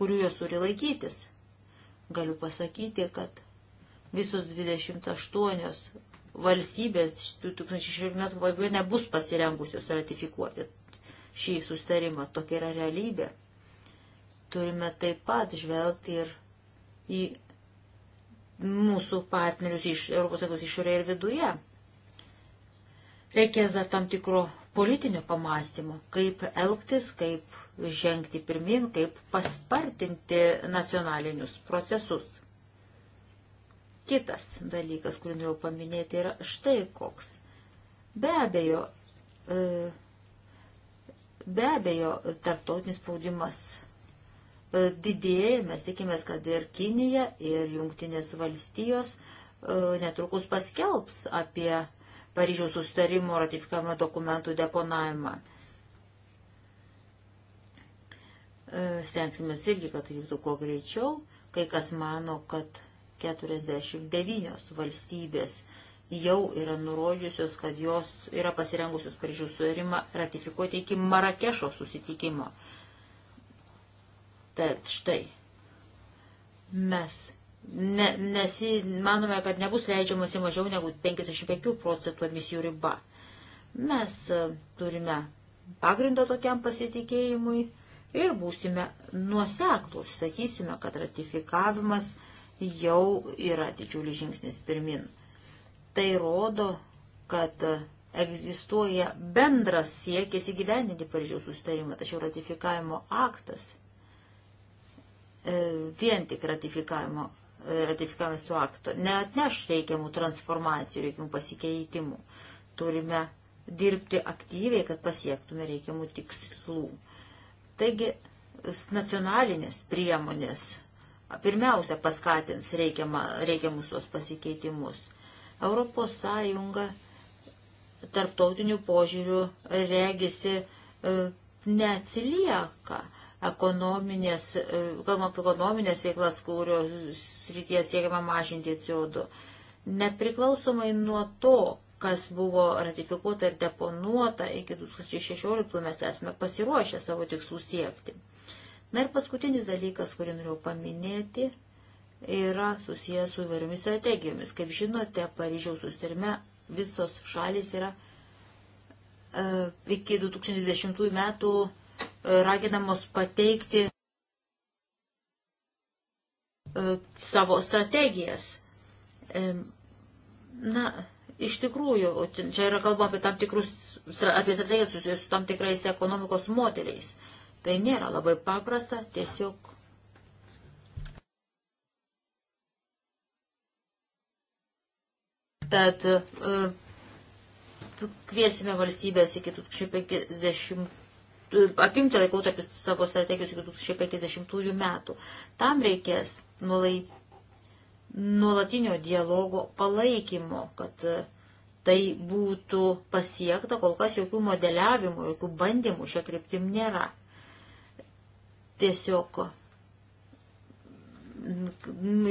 kurių jos turi laikytis. Galiu pasakyti, kad visos 28 valstybės 2016 metų pabaigoje nebus pasirengusios ratifikuoti šį sustarimą. Tokia yra realybė. Turime taip pat žvelgti ir į mūsų partnerius iš ES išorėje ir viduje. Reikės dar tam tikro politinio pamastymo, kaip elgtis, kaip žengti pirmin, kaip paspartinti nacionalinius procesus. Kitas dalykas, kurį noriu paminėti, yra štai koks. Be abejo, e, be abejo, tarptautinis spaudimas E, didėja, mes tikimės, kad ir Kinija, ir Junktinės valstijos e, netrukus paskelbs apie Paryžiaus sustarimo ratifikavimo dokumentų deponavimą. E, Stengsime irgi, kad tai vyktų kuo greičiau. Kai kas mano, kad 49 valstybės jau yra nurodžiusios, kad jos yra pasirengusios Paryžiaus sustarimą ratifikuoti iki Marakešo susitikimo. Tad štai mes ne, nesi, manome, kad nebus leidžiamasi mažiau negu 55 procentų emisijų riba. Mes e, turime pagrindo tokiam pasitikėjimui ir būsime nuoseklus. Sakysime, kad ratifikavimas jau yra didžiulis žingsnis pirmin. Tai rodo, kad egzistuoja bendras siekis įgyvendinti Paryžiaus sustarimą, tačiau ratifikavimo aktas E, vien tik ratifikavimo, e, ratifikavimas to akto neatneš reikiamų transformacijų, reikiamų pasikeitimų. Turime dirbti aktyviai, kad pasiektume reikiamų tikslų. Taigi nacionalinės priemonės pirmiausia paskatins reikiamą, reikiamus tos pasikeitimus. Europos Sąjunga tarptautinių požiūrių regisi e, neatsilieka ekonominės, e, kalbam apie ekonominės veiklas, kurios srities siekiama mažinti CO2. Nepriklausomai nuo to, kas buvo ratifikuota ir deponuota iki 2016, mes esame pasiruošę savo tikslų siekti. Na ir paskutinis dalykas, kurį noriu paminėti, yra susijęs su įvairiomis strategijomis. Kaip žinote, Paryžiaus sustarime visos šalis yra e, iki 2020 metų raginamos pateikti e, savo strategijas. E, na, iš tikrųjų, čia yra kalba apie tam tikrus, apie strategijas susijusius su tam tikrais ekonomikos modeliais. Tai nėra labai paprasta, tiesiog. Tad e, kviesime valstybės iki 2050 apimti laikotarpį savo strategijos iki 2050 metų. Tam reikės nulai, nuolatinio dialogo palaikymo, kad tai būtų pasiekta, kol kas jokių modeliavimų, jokių bandymų šią kryptim nėra. Tiesiog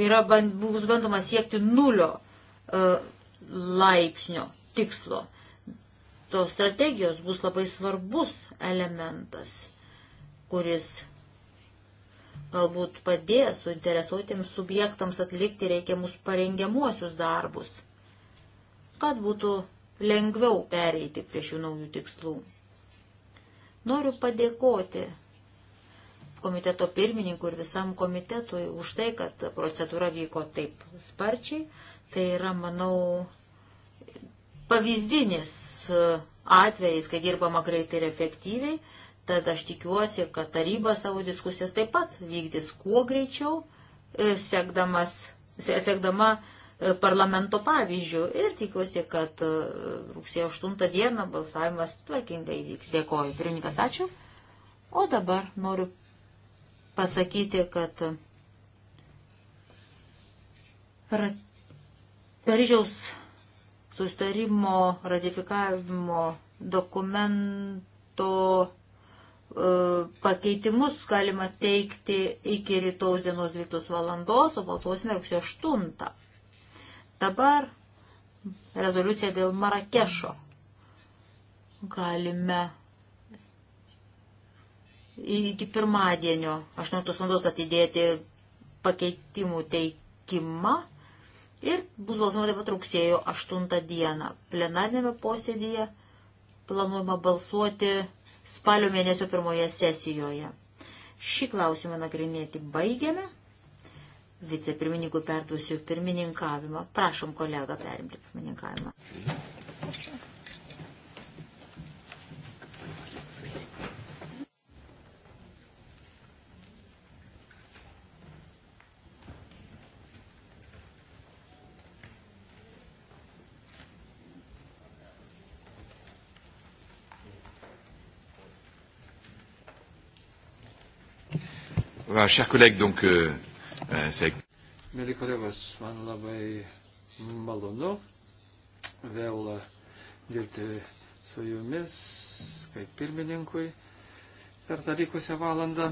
yra band, bus bandoma siekti nulio e, laipsnio tikslo. E, tos strategijos bus labai svarbus elementas, kuris galbūt padės suinteresuotiems subjektams atlikti reikiamus parengiamuosius darbus, kad būtų lengviau pereiti prie šių naujų tikslų. Noriu padėkoti komiteto pirmininkui ir visam komitetui už tai, kad procedūra vyko taip sparčiai. Tai yra, manau, pavyzdinis E, atvejais, kai dirbama greitai ir efektyviai, tad aš tikiuosi, kad taryba savo diskusijas taip pat vykdys kuo greičiau, e, sekdamas, sekdama e, parlamento pavyzdžių ir tikiuosi, kad rugsėjo 8 dieną balsavimas tvarkingai vyks. Dėkoju. Pirmininkas, ačiū. O dabar noriu pasakyti, kad Paryžiaus sustarimo ratifikavimo dokumento e, pakeitimus galima teikti iki rytaus dienos 12 valandos, o balsuosime rugsėjo 8. Dabar rezoliucija dėl Marakešo. Galime iki pirmadienio 8 valandos atidėti pakeitimų teikimą ir bus balsuojama taip pat rugsėjo 8 dieną. Plenarnėme posėdėje planuojama balsuoti spalio mėnesio pirmoje sesijoje. Šį klausimą nagrinėti baigiame. Vicepirmininkui perduosiu pirmininkavimą. Prašom kolegą perimti pirmininkavimą. Ačiū.
Voilà, chers collègues, donc, euh, euh, c'est... Mėly kolegos, man labai malonu vėl dirbti su jumis kaip pirmininkui per tą likusią valandą.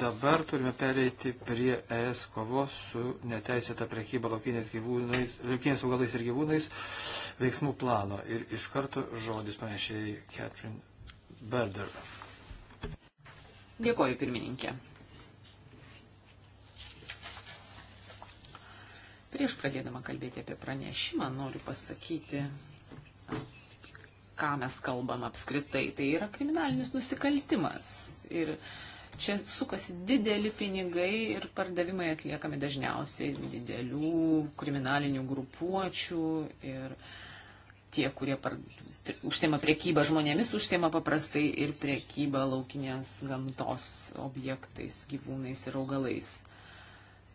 Dabar turime pereiti prie ES kovos su neteisėta prekyba laukiniais augalais ir gyvūnais veiksmų plano. Ir iš karto žodis panašiai Catherine Berder. Dėkoju pirmininkė.
Prieš pradėdama kalbėti apie pranešimą, noriu pasakyti, ką mes kalbam apskritai. Tai yra kriminalinis nusikaltimas. Ir čia sukasi dideli pinigai ir pardavimai atliekami dažniausiai didelių kriminalinių grupuočių. Ir tie, kurie par... užsiema priekybą žmonėmis, užsiema paprastai ir priekybą laukinės gamtos objektais, gyvūnais ir augalais.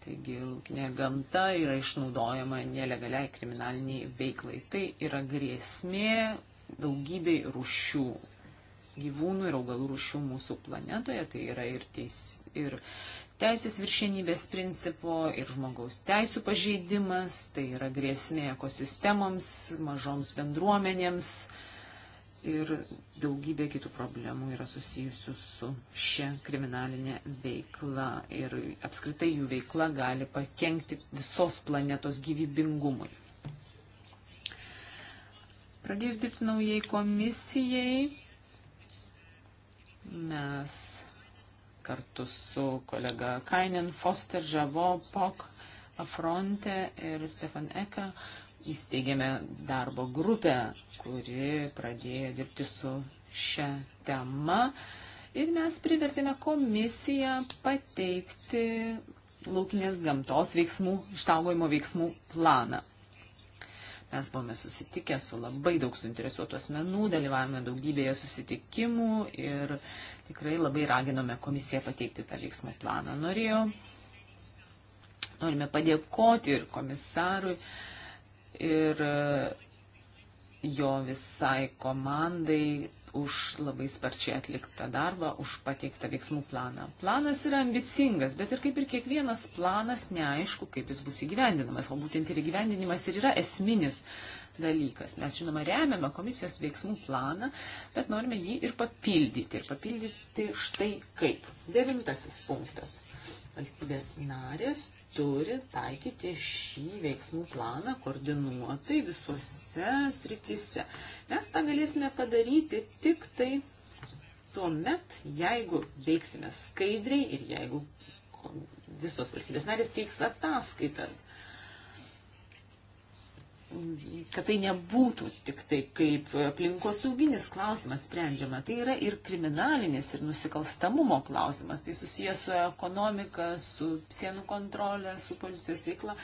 Taigi laukinė gamta yra išnaudojama nelegaliai kriminaliniai veiklai. Tai yra grėsmė daugybei rušių gyvūnų ir augalų rušių mūsų planetoje. Tai yra ir, teis, ir teisės viršienybės principo, ir žmogaus teisų pažeidimas, tai yra grėsmė ekosistemoms, mažoms bendruomenėms. Uh, ir daugybė kitų problemų yra susijusių su šia kriminalinė veikla ir apskritai jų veikla gali pakengti visos planetos gyvybingumui. Pradėjus dirbti naujai komisijai, mes kartu su kolega Kainen, Foster, Žavo, Pok, Afronte ir Stefan Eka įsteigėme darbo grupę, kuri pradėjo dirbti su šią temą. Ir mes privertėme komisiją pateikti laukinės gamtos veiksmų, išsaugojimo veiksmų planą. Mes buvome susitikę su labai daug suinteresuotų asmenų, dalyvavome daugybėje susitikimų ir tikrai labai raginome komisiją pateikti tą veiksmų planą. Norėjau, norime padėkoti ir komisarui, uh, ir e, jo visai komandai už labai sparčiai atliktą darbą, už pateiktą veiksmų planą. Planas yra ambicingas, bet ir kaip ir kiekvienas planas, neaišku, kaip jis bus įgyvendinamas. O būtent ir įgyvendinimas ir yra esminis dalykas. Mes, žinoma, remiame komisijos veiksmų planą, bet norime jį ir papildyti. Ir papildyti štai kaip. Devintasis punktas. Valstybės narės turi taikyti šį veiksmų planą koordinuotai visuose srityse. Mes tą galėsime padaryti tik tai tuomet, jeigu veiksime skaidriai ir jeigu visos valstybės narės teiks ataskaitas kad tai nebūtų tik taip, kaip aplinkosauginis klausimas sprendžiama. Tai yra ir kriminalinis, ir nusikalstamumo klausimas. Tai susijęs su ekonomika, su sienų kontrolė, su policijos veikla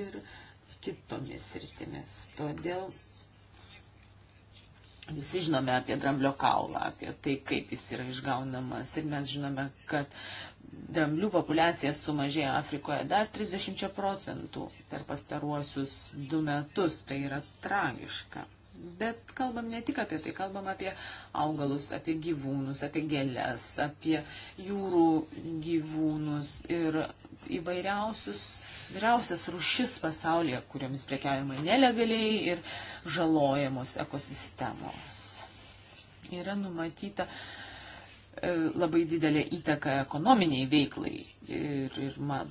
ir kitomis sritimis. Todėl visi žinome apie dramblio kaulą, apie tai, kaip jis yra išgaunamas. Ir mes žinome, kad dramblių populiacija sumažėjo Afrikoje dar 30 procentų per pastaruosius du metus. Tai yra tragiška. Bet kalbam ne tik apie tai, kalbam apie augalus, apie gyvūnus, apie gėlės, apie jūrų gyvūnus ir įvairiausius, vyriausias rušis pasaulyje, kuriamis prekiaujama nelegaliai ir žalojamos ekosistemos. Yra numatyta uh, E, labai didelę įtaką ekonominiai veiklai. Ir, ir man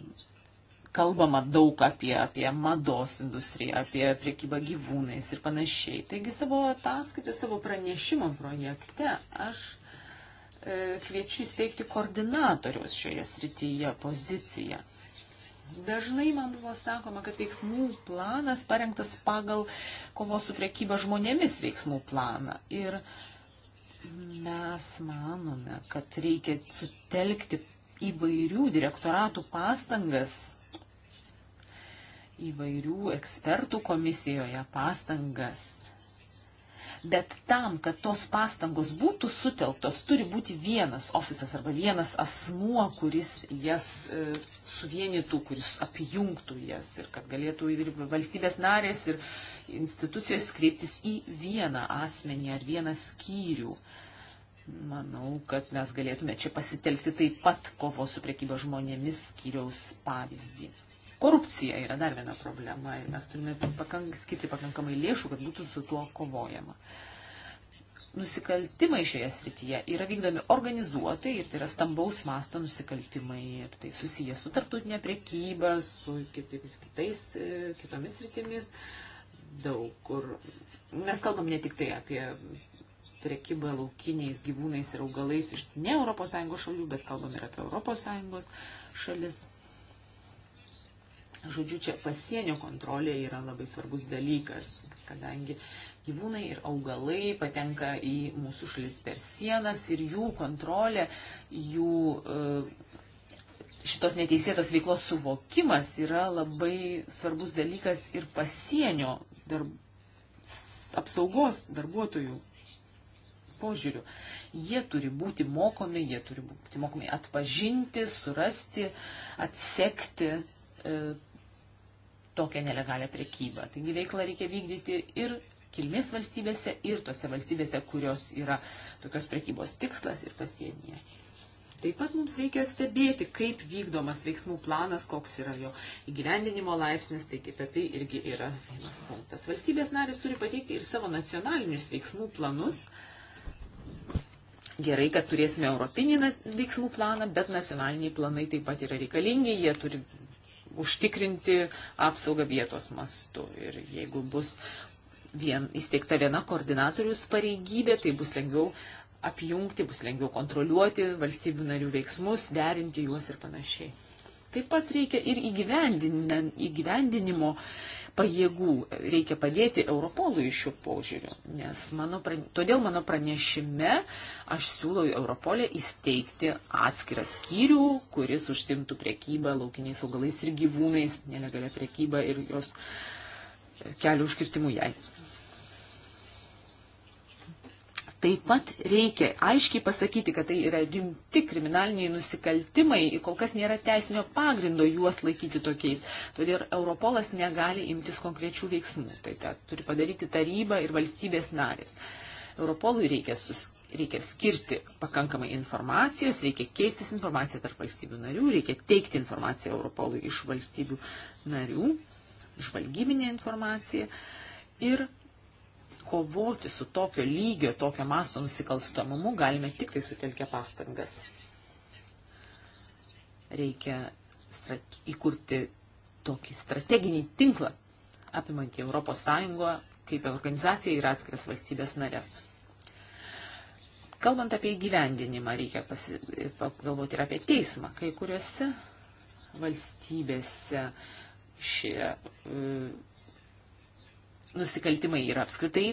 kalbama daug apie, apie mados industriją, apie priekybą gyvūnais ir panašiai. Taigi savo ataskaitą, savo pranešimo projekte aš e, kviečiu įsteigti koordinatoriaus šioje srityje poziciją. Dažnai man buvo sakoma, kad veiksmų planas parengtas pagal kovos su priekyba žmonėmis veiksmų planą. Ir uh, Mes manome, kad reikia sutelkti įvairių direktoratų pastangas, įvairių ekspertų komisijoje pastangas Bet tam, kad tos pastangos būtų sutelktos, turi būti vienas ofisas arba vienas asmuo, kuris jas e, suvienytų, kuris apjungtų jas ir kad galėtų ir valstybės narės, ir institucijos kreiptis į vieną asmenį ar vieną skyrių. Manau, kad mes galėtume čia pasitelkti taip pat kovo su priekybo žmonėmis skyriaus pavyzdį. Korupcija yra dar viena problema ir mes turime pakank, skirti pakankamai lėšų, kad būtų su tuo kovojama. Nusikaltimai šioje srityje yra vykdomi organizuotai ir tai yra stambaus masto nusikaltimai ir tai susiję su tarptautinė priekyba, su kitais, kitais e, kitomis sritimis. Daug kur mes kalbam ne tik tai apie prekybą laukiniais gyvūnais ir augalais iš ne ES šalių, bet kalbam ir apie ES šalis. Žodžiu, čia pasienio kontrolė yra labai svarbus dalykas, kadangi gyvūnai ir augalai patenka į mūsų šalis per sienas ir jų kontrolė, jų e, šitos neteisėtos veiklos suvokimas yra labai svarbus dalykas ir pasienio darb... apsaugos darbuotojų požiūriu. Jie turi būti mokomi, jie turi būti mokomi atpažinti, surasti, atsekti e, tokią nelegalią prekybą. Taigi veiklą reikia vykdyti ir kilmės valstybėse, ir tose valstybėse, kurios yra tokios prekybos tikslas ir pasienyje. Taip pat mums reikia stebėti, kaip vykdomas veiksmų planas, koks yra jo įgyvendinimo laipsnis, taigi apie tai irgi yra vienas punktas. Valstybės narės turi pateikti ir savo nacionalinius veiksmų planus. Gerai, kad turėsime europinį veiksmų planą, bet nacionaliniai planai taip pat yra reikalingi, jie turi užtikrinti apsaugą vietos mastu. Ir jeigu bus vien, įsteigta viena koordinatorius pareigybė, tai bus lengviau apjungti, bus lengviau kontroliuoti valstybių narių veiksmus, derinti juos ir panašiai. Taip pat reikia ir įgyvendinimo pajėgų. Reikia padėti Europolui šiuo požiūriu. Nes mano, todėl mano pranešime aš siūlau Europolė įsteigti atskirą skyrių, kuris užsimtų priekybą laukiniais augalais ir gyvūnais, nelegalia priekyba ir jos kelių užkirtimų jai. Taip pat reikia aiškiai pasakyti, kad tai yra rimti kriminaliniai nusikaltimai ir kol kas nėra teisinio pagrindo juos laikyti tokiais. Todėl Europolas negali imtis konkrečių veiksmų. Tai ta, turi padaryti taryba ir valstybės narės. Europolui reikia, sus, reikia skirti pakankamai informacijos, reikia keistis informaciją tarp valstybių narių, reikia teikti informaciją Europolui iš valstybių narių, žvalgybinę informaciją. Ir kovoti su tokio lygio, tokio masto nusikalstamumu galime tik tai sutelkę pastangas. Reikia įkurti tokį strateginį tinklą, apimantį Europos Sąjungą kaip organizaciją ir atskiras valstybės narės. Kalbant apie įgyvendinimą, reikia pasi, pagalvoti ir apie teismą. Kai kuriuose valstybėse šie e, nusikaltimai yra apskritai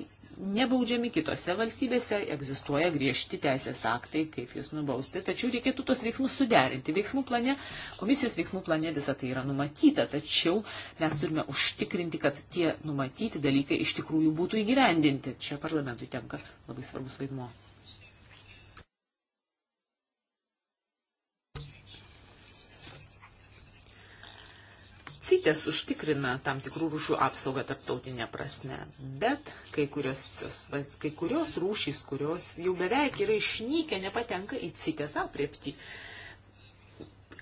nebaudžiami kitose valstybėse, egzistuoja griežti teisės aktai, kaip jūs nubausti, tačiau reikėtų tos veiksmus suderinti. Veiksmų plane, komisijos veiksmų plane visa tai yra numatyta, tačiau mes turime užtikrinti, kad tie numatyti dalykai iš tikrųjų būtų įgyvendinti. Čia parlamentui tenka labai svarbus vaidmo. taisyklės užtikrina tam tikrų rūšių apsaugą tarptautinę prasme, bet kai kurios, kai kurios rūšys, kurios jau beveik yra išnykę, nepatenka į citės apriepti.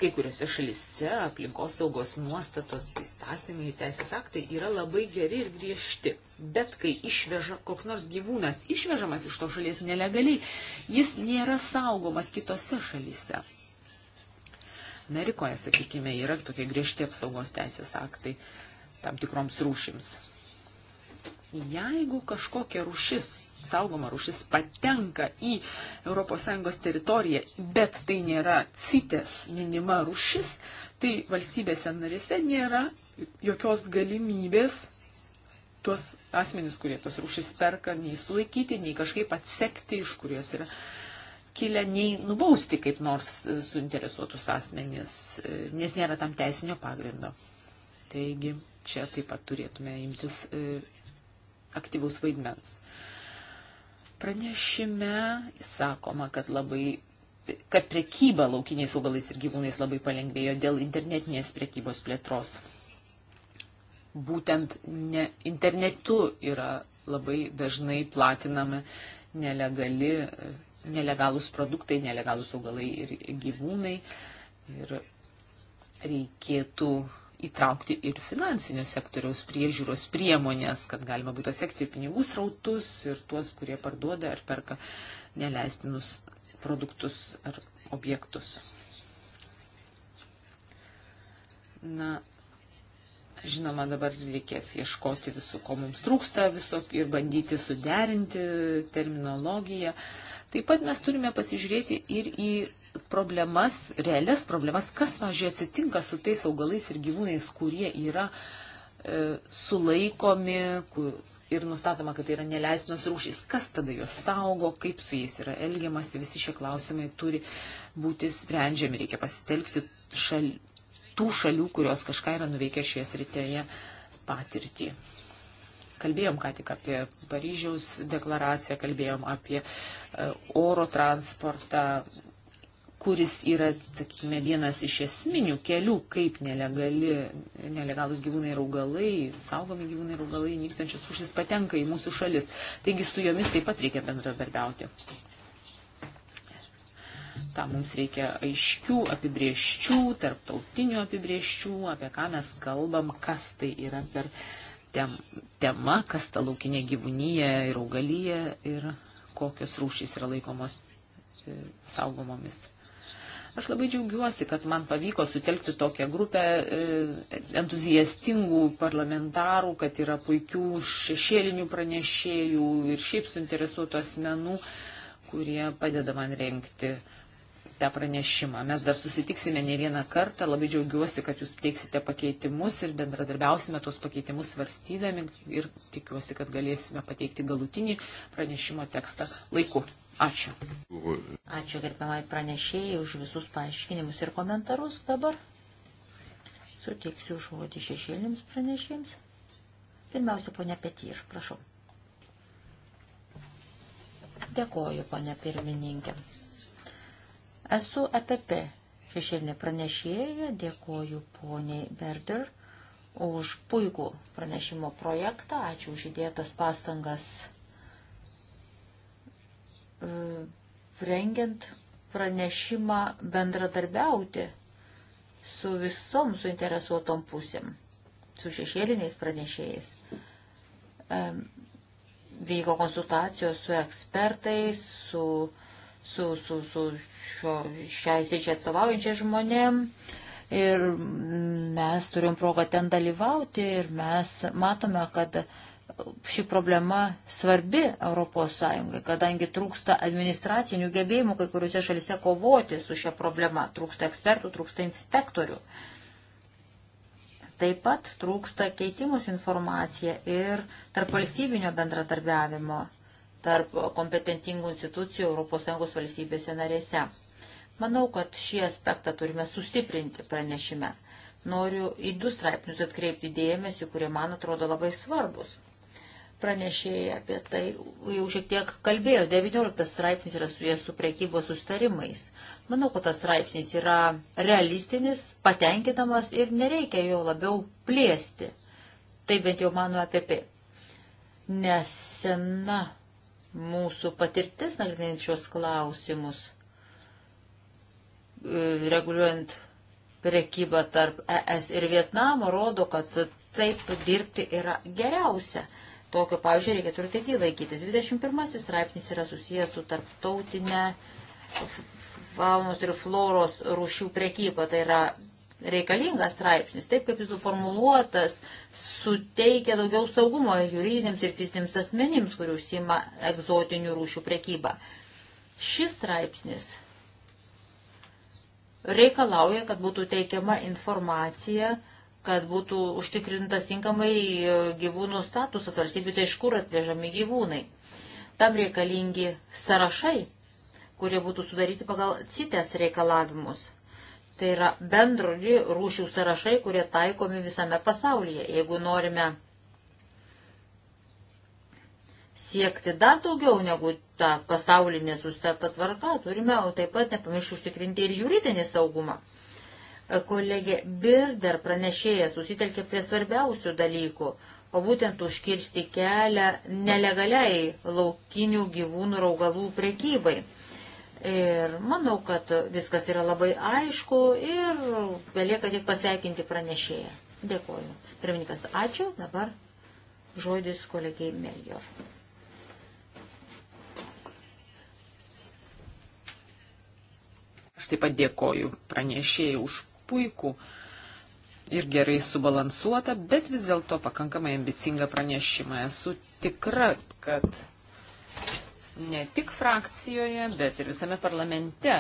Kai kuriuose šalise aplinkos saugos nuostatos, įstatymai ir teisės aktai yra labai geri ir griežti. Bet kai išveža, koks nors gyvūnas išvežamas iš to šalies nelegaliai, jis nėra saugomas kitose šalise Amerikoje, sakykime, yra tokie griežti apsaugos teisės aktai tam tikroms rūšims. Jeigu kažkokia rūšis, saugoma rūšis, patenka į ES teritoriją, bet tai nėra citės minima rūšis, tai valstybėse narėse nėra jokios galimybės tuos asmenys, kurie tos rūšis perka, nei sulaikyti, nei kažkaip atsekti, iš kurios yra kilę nei nubausti kaip nors e, suinteresuotus asmenys, e, nes nėra tam teisinio pagrindo. Taigi čia taip pat turėtume imtis e, aktyvaus vaidmens. Pranešime sakoma, kad labai kad prekyba laukiniais augalais ir gyvūnais labai palengvėjo dėl internetinės prekybos plėtros. Būtent ne, internetu yra labai dažnai platinama nelegali nelegalūs produktai, nelegalūs augalai ir gyvūnai. Ir reikėtų įtraukti ir finansinio sektoriaus priežiūros priemonės, kad galima būtų atsekti pinigų srautus ir tuos, kurie parduoda ar perka neleistinus produktus ar objektus. Na, žinoma, dabar reikės ieškoti visų, ko mums trūksta viso ir bandyti suderinti terminologiją. Taip pat mes turime pasižiūrėti ir į problemas, realias problemas, kas, važiuoju, atsitinka su tais augalais ir gyvūnais, kurie yra e, sulaikomi kur, ir nustatoma, kad tai yra neleisinos rūšys, kas tada juos saugo, kaip su jais yra elgiamasi, visi šie klausimai turi būti sprendžiami, reikia pasitelkti šal, tų šalių, kurios kažką yra nuveikę šioje srityje patirtį. Kalbėjom ką tik apie Paryžiaus deklaraciją, kalbėjom apie e, oro transportą, kuris yra, sakykime, vienas iš esminių kelių, kaip nelegali, nelegalus gyvūnai ir augalai, saugomi gyvūnai ir augalai, nykstančios rūšis patenka į mūsų šalis. Taigi su jomis taip pat reikia bendradarbiauti. Tam mums reikia aiškių apibrieščių, tarptautinių apibrieščių, apie ką mes kalbam, kas tai yra per tem, tema, kas ta laukinė gyvūnyje ir augalyje ir kokios rūšys yra laikomos e, saugomomis. Aš labai džiaugiuosi, kad man pavyko sutelkti tokią grupę e, entuziastingų parlamentarų, kad yra puikių šešėlinių pranešėjų ir šiaip suinteresuotų asmenų, kurie padeda man renkti uh, tą pranešimą. Mes dar susitiksime ne vieną kartą. Labai džiaugiuosi, kad jūs teiksite pakeitimus ir bendradarbiausime tuos pakeitimus svarstydami ir tikiuosi, kad galėsime pateikti galutinį pranešimo tekstą laiku. Ačiū.
Ačiū gerbiamai pranešėjai už visus paaiškinimus ir komentarus dabar. Suteiksiu žodį šešėlėms pranešėjams. Pirmiausia, ponia Petyr, prašau. Dėkoju, ponia pirmininkė. Esu EPP šešėlinė pranešėja, dėkoju poniai Berder už puikų pranešimo projektą, ačiū už įdėtas pastangas e, rengiant pranešimą bendradarbiauti su visom suinteresuotom pusėm, su šešėliniais pranešėjais. Vyko konsultacijos su ekspertais, su uh, su, su, su šio, šiai sėčiai atstovaujančiai žmonėm. Ir mes turim progą ten dalyvauti ir mes matome, kad ši problema svarbi ES, kadangi trūksta administracinių gebėjimų kai kuriuose šalise kovoti su šia problema. Trūksta ekspertų, trūksta inspektorių. Taip pat trūksta keitimus informacija ir tarp valstybinio bendradarbiavimo tarp kompetentingų institucijų ES valstybėse narėse. Manau, kad šį aspektą turime sustiprinti pranešime. Noriu į du straipsnius atkreipti dėmesį, kurie man atrodo labai svarbus. Pranešėjai apie tai jau šiek tiek kalbėjo. 19 straipsnis yra susijęs su priekybos sustarimais. Manau, kad tas straipsnis yra realistinis, patenkinamas ir nereikia jo labiau plėsti. Tai bent jau mano APP. Nesena mūsų patirtis nagrinėjančios klausimus, reguliuojant prekybą tarp ES ir Vietnamo, rodo, kad taip dirbti yra geriausia. Tokio, pavyzdžiui, reikėtų ir ateityje laikytis. 21 straipsnis yra susijęs su tarptautinė faunos ir floros rūšių prekyba. Tai yra reikalingas straipsnis, taip kaip jis suformuluotas, suteikia daugiau saugumo juridiniams ir fiziniams asmenims, kurių užsima egzotinių rūšių prekyba. Šis straipsnis reikalauja, kad būtų teikiama informacija, kad būtų užtikrintas tinkamai gyvūnų statusas valstybėse, iš kur atvežami gyvūnai. Tam reikalingi sąrašai, kurie būtų sudaryti pagal CITES reikalavimus. Tai yra bendro rūšių sąrašai, kurie taikomi visame pasaulyje. Jeigu norime siekti dar daugiau negu ta pasaulinė sustapa tvarka, turime taip pat nepamiršti užtikrinti ir juridinį saugumą. Kolegė Birder pranešėja susitelkė prie svarbiausių dalykų, o būtent užkirsti kelią nelegaliai laukinių gyvūnų ir augalų prekybai. Ir manau, kad viskas yra labai aišku ir belieka tik pasveikinti pranešėją. Dėkuoju. Pirmininkas, ačiū. Dabar žodis kolegiai
Meljor. Aš taip pat dėkoju pranešėjai už puikų ir gerai subalansuotą, bet vis dėlto pakankamai ambicingą pranešimą. Esu tikra, kad ne tik frakcijoje, bet ir visame parlamente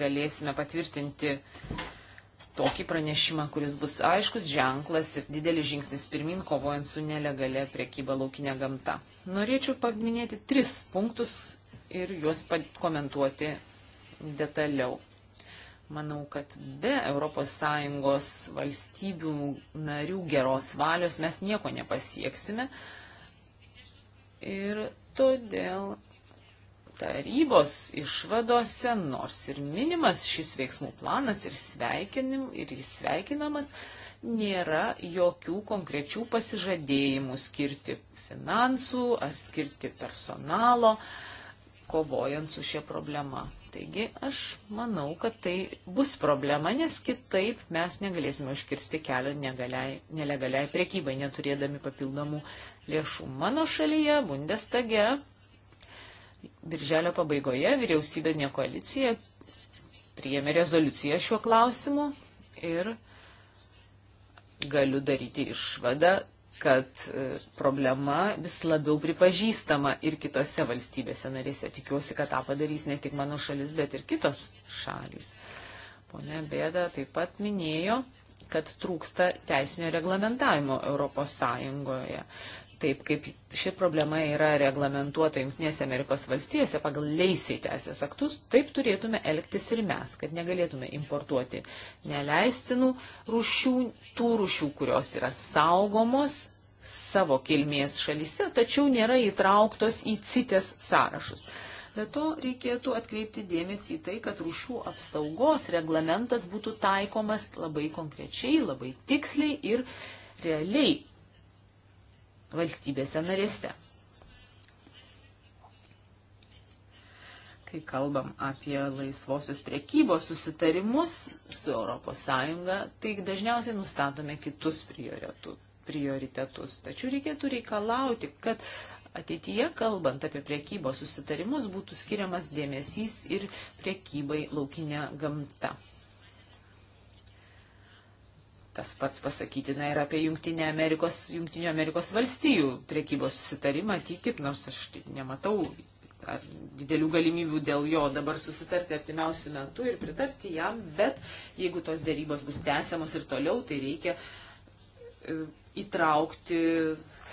galėsime patvirtinti tokį pranešimą, kuris bus aiškus ženklas ir didelis žingsnis pirmin, kovojant su nelegale priekyba laukinė gamta. Norėčiau paminėti tris punktus ir juos komentuoti detaliau. Manau, kad be ES valstybių narių geros valios mes nieko nepasieksime. Ir todėl tarybos išvadose, nors ir minimas šis veiksmų planas ir, sveikinim, ir jis sveikinamas, nėra jokių konkrečių pasižadėjimų skirti finansų ar skirti personalo, kovojant su šia problema. Taigi aš manau, kad tai bus problema, nes kitaip mes negalėsime užkirsti kelio negaliai, nelegaliai priekybai, neturėdami papildomų lėšų. Mano šalyje, Bundestage, Birželio pabaigoje vyriausybinė koalicija priėmė rezoliuciją šiuo klausimu ir galiu daryti išvadą, kad e, problema vis labiau pripažįstama ir kitose valstybėse narėse. Tikiuosi, kad tą padarys ne tik mano šalis, bet ir kitos šalys. Pone Bėda taip pat minėjo, kad trūksta teisinio reglamentavimo Europos Sąjungoje taip kaip ši problema yra reglamentuota Junktinėse Amerikos valstijose pagal leisiai teisės aktus, taip turėtume elgtis ir mes, kad negalėtume importuoti neleistinų rūšių, tų rūšių, kurios yra saugomos savo kilmės šalyse, tačiau nėra įtrauktos į citės sąrašus. Be to reikėtų atkreipti dėmesį į tai, kad rūšių apsaugos reglamentas būtų taikomas labai konkrečiai, labai tiksliai ir realiai valstybėse narėse. kai kalbam apie laisvosios priekybos susitarimus su ES, tai dažniausiai nustatome kitus prioritetus. Tačiau reikėtų reikalauti, kad ateityje, kalbant apie priekybos susitarimus, būtų skiriamas dėmesys ir priekybai laukinė gamta. Tas pats pasakytina ir apie Junktinio Amerikos, Junktinio Amerikos valstijų priekybos susitarimą, TTIP, nors aš tai nematau didelių galimybių dėl jo dabar susitarti artimiausių metų ir pritarti jam, bet jeigu tos dėrybos bus tęsiamos ir toliau, tai reikia e, įtraukti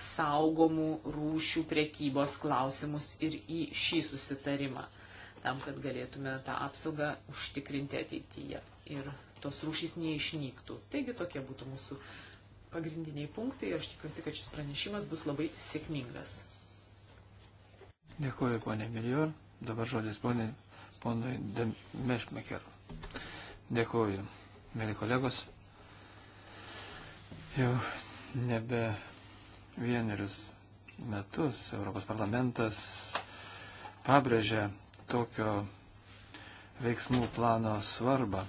saugomų rūšių priekybos klausimus ir į šį susitarimą, tam, kad galėtume tą apsaugą užtikrinti ateityje ir tos rūšys neišnyktų. Taigi tokie būtų mūsų pagrindiniai punktai ir aš tikiuosi, kad šis pranešimas bus labai sėkmingas.
Dėkuoju, ponė Miljor. Dabar žodis ponė, ponui Demešmeker. Dėkuoju, mėly kolegos. Jau nebe vienerius metus Europos parlamentas pabrėžia tokio veiksmų plano svarbą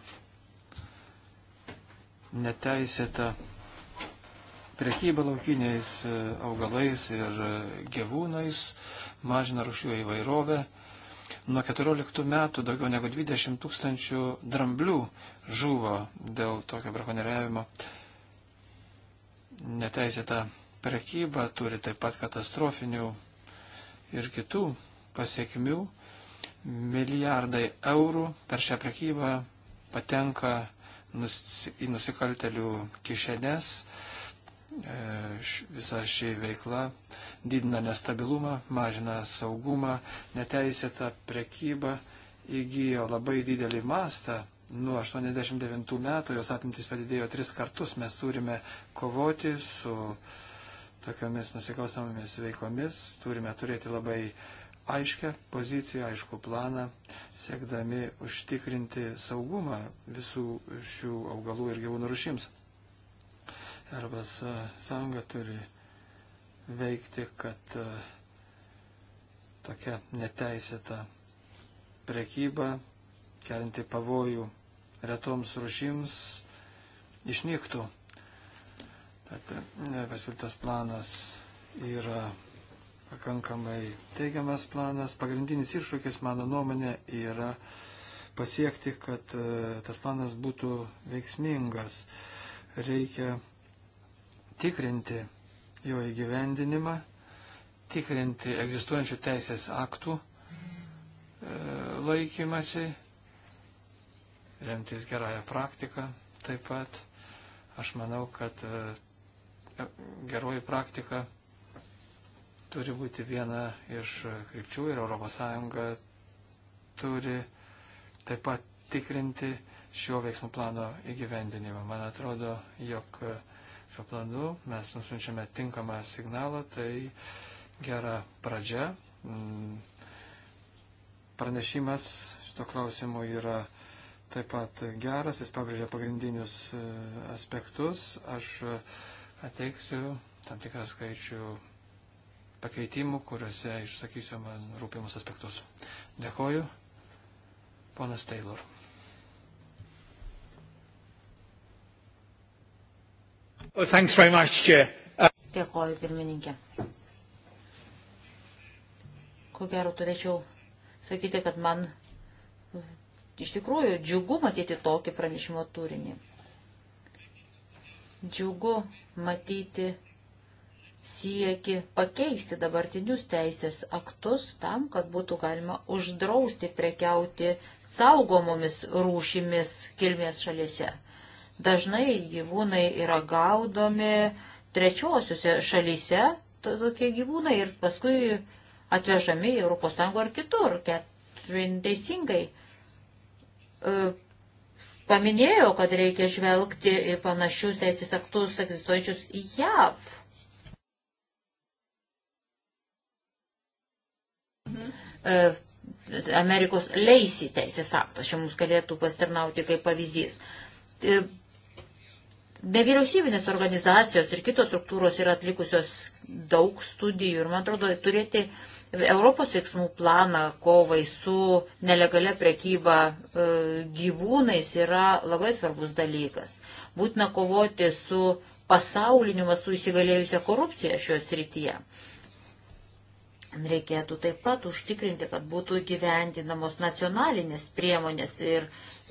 neteisėta prekyba laukiniais e, augalais ir e, gyvūnais, mažina rušių įvairovę. Nuo 14 metų daugiau negu 20 tūkstančių dramblių žuvo dėl tokio brakonieriavimo. Neteisėta prekyba turi taip pat katastrofinių ir kitų pasiekmių. Milijardai eurų per šią prekybą patenka į nusikaltelių kišenės. E, visa ši veikla didina nestabilumą, mažina saugumą, neteisėta prekyba įgyjo labai didelį mastą. Nuo 89 metų jos apimtis padidėjo tris kartus. Mes turime kovoti su tokiomis nusikalstamomis veikomis, turime turėti labai uh, aiškę poziciją, aišku planą, siekdami užtikrinti saugumą visų šių augalų ir gyvūnų rušims. Erbas e, sąjunga turi veikti, kad e, tokia neteisėta prekyba, kelinti pavojų retoms rušims, išnyktų. Tad e, pasiūlytas planas yra pakankamai teigiamas planas. Pagrindinis iššūkis, mano nuomonė, yra pasiekti, kad e, tas planas būtų veiksmingas. Reikia tikrinti jo įgyvendinimą, tikrinti egzistuojančių teisės aktų e, laikymasi, remtis gerąją praktiką taip pat. Aš manau, kad e, geroji praktika turi būti viena iš krypčių ir ES turi taip pat tikrinti šio veiksmų plano įgyvendinimą. Man atrodo, jog šio planu mes nusinčiame tinkamą signalą, tai gera pradžia. Mm, pranešimas šito klausimu yra taip pat geras, jis pabrėžia pagrindinius e, aspektus. Aš e, ateiksiu tam tikrą skaičių pakeitimų, kuriuose išsakysiu man rūpimus aspektus. Dėkoju. Ponas Taylor. Well, thanks very much, Chair.
Uh, Dėkoju, pirmininkė. Ko gero turėčiau sakyti, kad man iš tikrųjų džiugu matyti tokį pranešimo turinį. Džiugu matyti sieki pakeisti dabartinius teisės aktus tam, kad būtų galima uždrausti prekiauti saugomomis rūšimis kilmės šalise. Dažnai gyvūnai yra gaudomi trečiosiuose šalyse, tokie gyvūnai ir paskui atvežami į ES ar kitur. Ketrin teisingai e, paminėjo, kad reikia žvelgti į panašius teisės aktus egzistuojančius JAV E, Amerikos leisi teisės aktas, čia mums galėtų pastarnauti kaip pavyzdys. E, nevyriausybinės organizacijos ir kitos struktūros yra atlikusios daug studijų ir, man atrodo, turėti Europos veiksmų planą kovai su nelegale prekyba e, gyvūnais yra labai svarbus dalykas. Būtina kovoti su pasauliniu mastu įsigalėjusią korupciją šioje srityje. Reikėtų taip pat užtikrinti, kad būtų gyvendinamos nacionalinės priemonės ir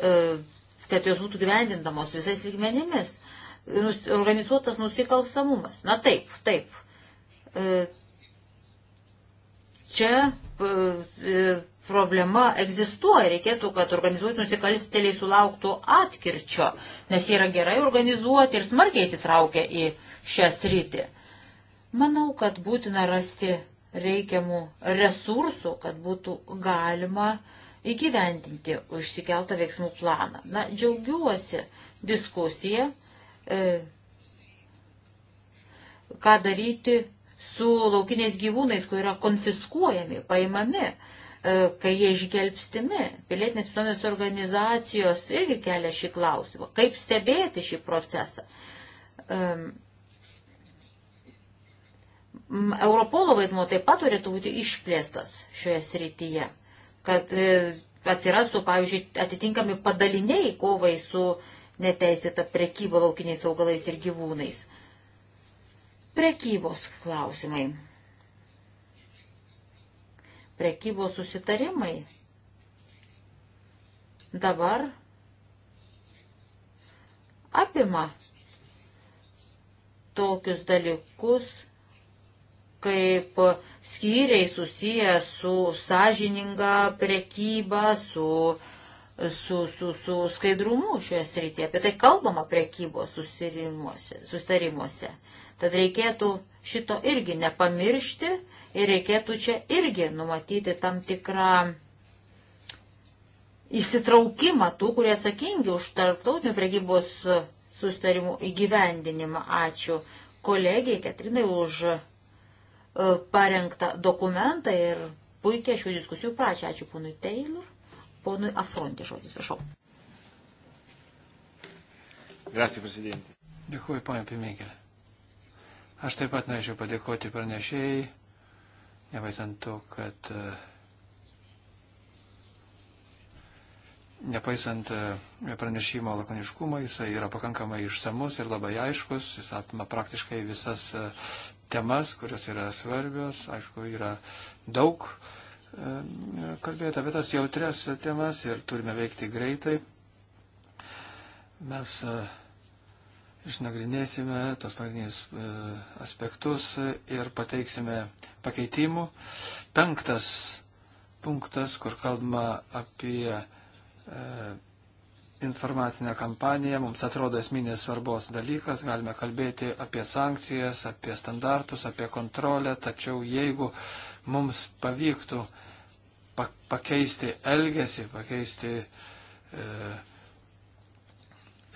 e, kad jos būtų gyvendinamos visais lygmenimis. Nus, organizuotas nusikalstamumas. Na taip, taip. E, čia e, problema egzistuoja. Reikėtų, kad organizuoti nusikalstėliai sulauktų atkirčio, nes jie yra gerai organizuoti ir smarkiai įsitraukia į šią sritį. Manau, kad būtina rasti reikiamų resursų, kad būtų galima įgyvendinti užsikeltą veiksmų planą. Na, džiaugiuosi diskusiją, e, ką daryti su laukiniais gyvūnais, kurie yra konfiskuojami, paimami, e, kai jie išgelbstimi. Pilietinės visuomenės organizacijos irgi kelia šį klausimą. Kaip stebėti šį procesą? E, Europolo vaidmuo taip pat turėtų būti išplėstas šioje srityje, kad e, atsirastų, pavyzdžiui, atitinkami padaliniai kovai su neteisėta prekyba laukiniais augalais ir gyvūnais. Prekybos klausimai. Prekybos susitarimai. Dabar apima tokius dalykus kaip skyriai susiję su sąžininga prekyba, su, su, su, su skaidrumu šioje srityje. Apie tai kalbama prekybos sustarimuose. Tad reikėtų šito irgi nepamiršti ir reikėtų čia irgi numatyti tam tikrą įsitraukimą tų, kurie atsakingi už tarptautinių prekybos sustarimų įgyvendinimą. Ačiū kolegiai Katrinai už E, parengtą dokumentą ir puikia šių diskusijų pradžią. Ačiū ponui Taylor, ponui Afronti
žodis, prašau. Gracias, prezidentė. Dėkuoju, ponia Pimėgelė. Aš taip pat norėčiau padėkoti pranešėjai, nepaisant to, kad e, nepaisant e, pranešimo lakoniškumo, jisai yra pakankamai išsamus ir labai aiškus, jis apima praktiškai visas temas, kurios yra svarbios. Aišku, yra daug e, kalbėta apie tas jautrias temas ir turime veikti greitai. Mes e, išnagrinėsime tos pagrindinius e, aspektus ir pateiksime pakeitimų. Penktas punktas, kur kalbama apie informacinę kampaniją, mums atrodo esminės svarbos dalykas, galime kalbėti apie sankcijas, apie standartus, apie kontrolę, tačiau jeigu mums pavyktų pakeisti elgesį, pakeisti e,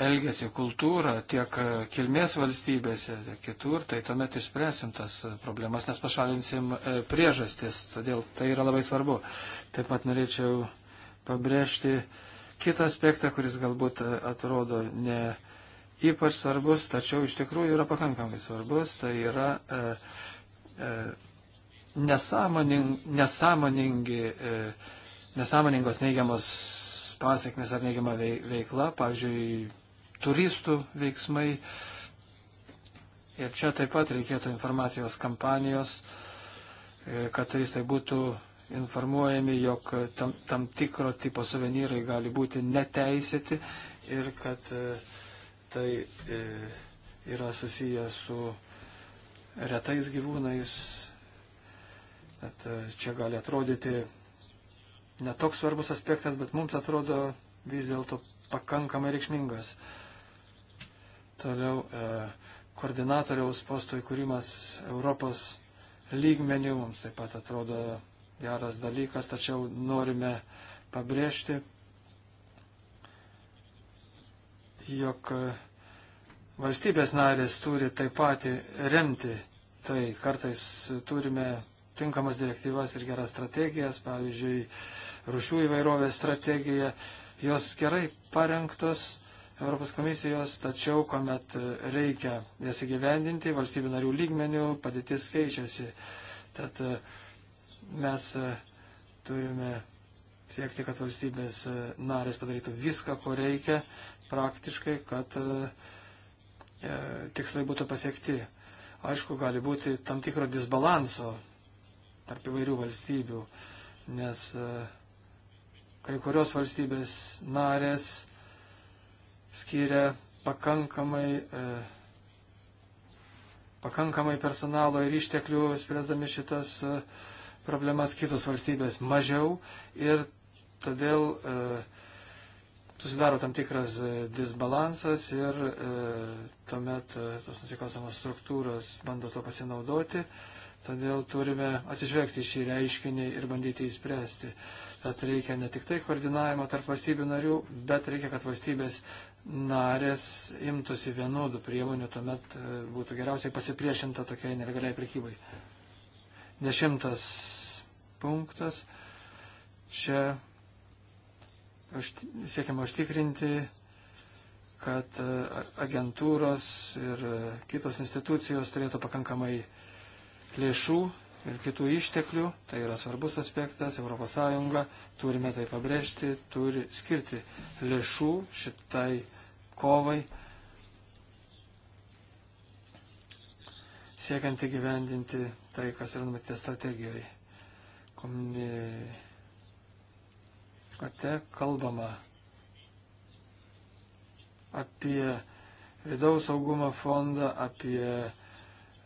elgesį kultūrą tiek kilmės valstybėse, tiek kitur, tai tuomet išspręsim tas problemas, nes pašalinsim e, priežastis, todėl tai yra labai svarbu. Taip pat norėčiau pabrėžti, kitą aspektą, kuris galbūt e, atrodo ne ypač svarbus, tačiau iš tikrųjų yra pakankamai svarbus, tai yra e, e, nesąmoning, nesąmoningi, e, nesąmoningos neigiamos pasiekmes ar neigiama veikla, pavyzdžiui, turistų veiksmai. Ir čia taip pat reikėtų informacijos kampanijos, e, kad turistai būtų informuojami, jog tam, tam tikro tipo suvenyrai gali būti neteisėti ir kad e, tai e, yra susiję su retais gyvūnais. Tad e, čia gali atrodyti netoks svarbus aspektas, bet mums atrodo vis dėlto pakankamai reikšmingas. Toliau e, koordinatoriaus posto įkūrimas Europos lygmenių mums taip pat atrodo geras dalykas, tačiau norime pabrėžti, jog valstybės narės turi taip pat remti tai. Kartais turime tinkamas direktyvas ir geras strategijas, pavyzdžiui, rušių įvairovės strategija, jos gerai parengtos Europos komisijos, tačiau kuomet reikia jas įgyvendinti, valstybių narių lygmenių padėtis keičiasi. Tad Mes e, turime siekti, kad valstybės e, narės padarytų viską, ko reikia praktiškai, kad e, tikslai būtų pasiekti. Aišku, gali būti tam tikro disbalanso tarp įvairių valstybių, nes kai kurios valstybės narės skiria pakankamai, pakankamai personalo ir išteklių spręsdami šitas uh, problemas, kitos valstybės mažiau ir todėl e, susidaro tam tikras e, disbalansas ir e, tuomet e, tos nusikalstamos struktūros bando to pasinaudoti. Todėl turime atsižvelgti šį reiškinį ir bandyti įspręsti. Tad reikia ne tik tai koordinavimo tarp valstybių narių, bet reikia, kad valstybės narės imtųsi vienodų priemonių, tuomet e, būtų geriausiai pasipriešinta tokiai nelegaliai prekybai. Dešimtas punktas. Čia siekiama užtikrinti, kad e, agentūros ir e, kitos institucijos turėtų pakankamai lėšų ir kitų išteklių. Tai yra svarbus aspektas. ES turime tai pabrėžti, turi skirti lėšų šitai kovai, siekiant įgyvendinti tai, kas yra numatyta strategijoje. Komunikate kalbama apie vidaus saugumo fondą, apie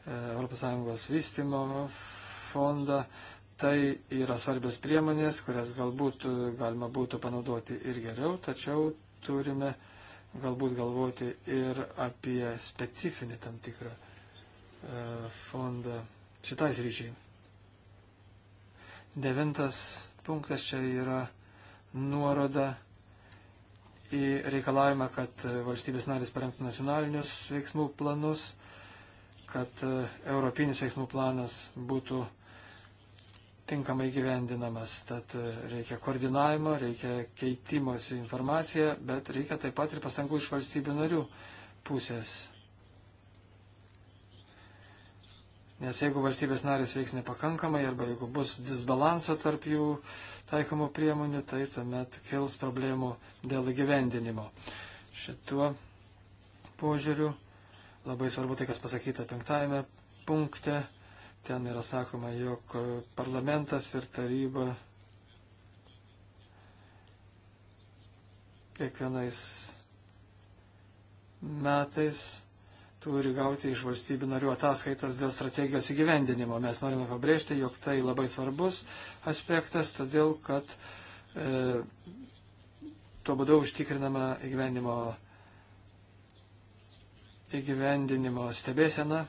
ES vystimo fondą. Tai yra svarbios priemonės, kurias galbūt e, galima būtų panaudoti ir geriau, tačiau turime galbūt galvoti ir apie specifinį tam tikrą e, fondą šitai sryčiai. Devintas punktas čia yra nuoroda į reikalavimą, kad valstybės narės parengtų nacionalinius veiksmų planus, kad e, europinis veiksmų planas būtų tinkamai gyvendinamas. Tad e, reikia koordinavimo, reikia keitimosi informaciją, bet reikia taip pat ir pastangų iš valstybių narių pusės. Nes jeigu valstybės narės veiks nepakankamai arba jeigu bus disbalanso tarp jų taikomų priemonių, tai tuomet kils problemų dėl įgyvendinimo. Šituo požiūriu labai svarbu tai, kas pasakyta penktajame punkte. Ten yra sakoma, jog parlamentas ir taryba kiekvienais metais turi gauti iš valstybių narių ataskaitas dėl strategijos įgyvendinimo. Mes norime pabrėžti, jog tai labai svarbus aspektas, todėl kad e, tuo būdu užtikrinama įgyvendinimo, įgyvendinimo stebėsena,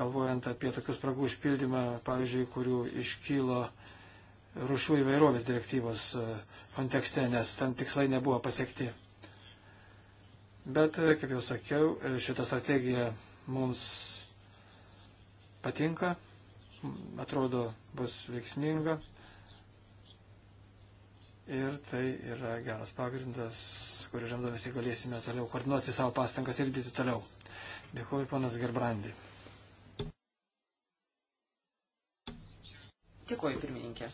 galvojant apie tokius spragų išpildymą, pavyzdžiui, kurių iškylo rušų įvairovės direktyvos e, kontekste, nes ten tikslai nebuvo pasiekti. Bet, e, kaip jau sakiau, e, šita strategija mums patinka, atrodo bus veiksminga ir tai yra geras pagrindas, kurį remdamėsi galėsime toliau koordinuoti savo pastangas ir dėti toliau. Dėkuoju, ponas Gerbrandi.
Dėkuoju, pirmininkė.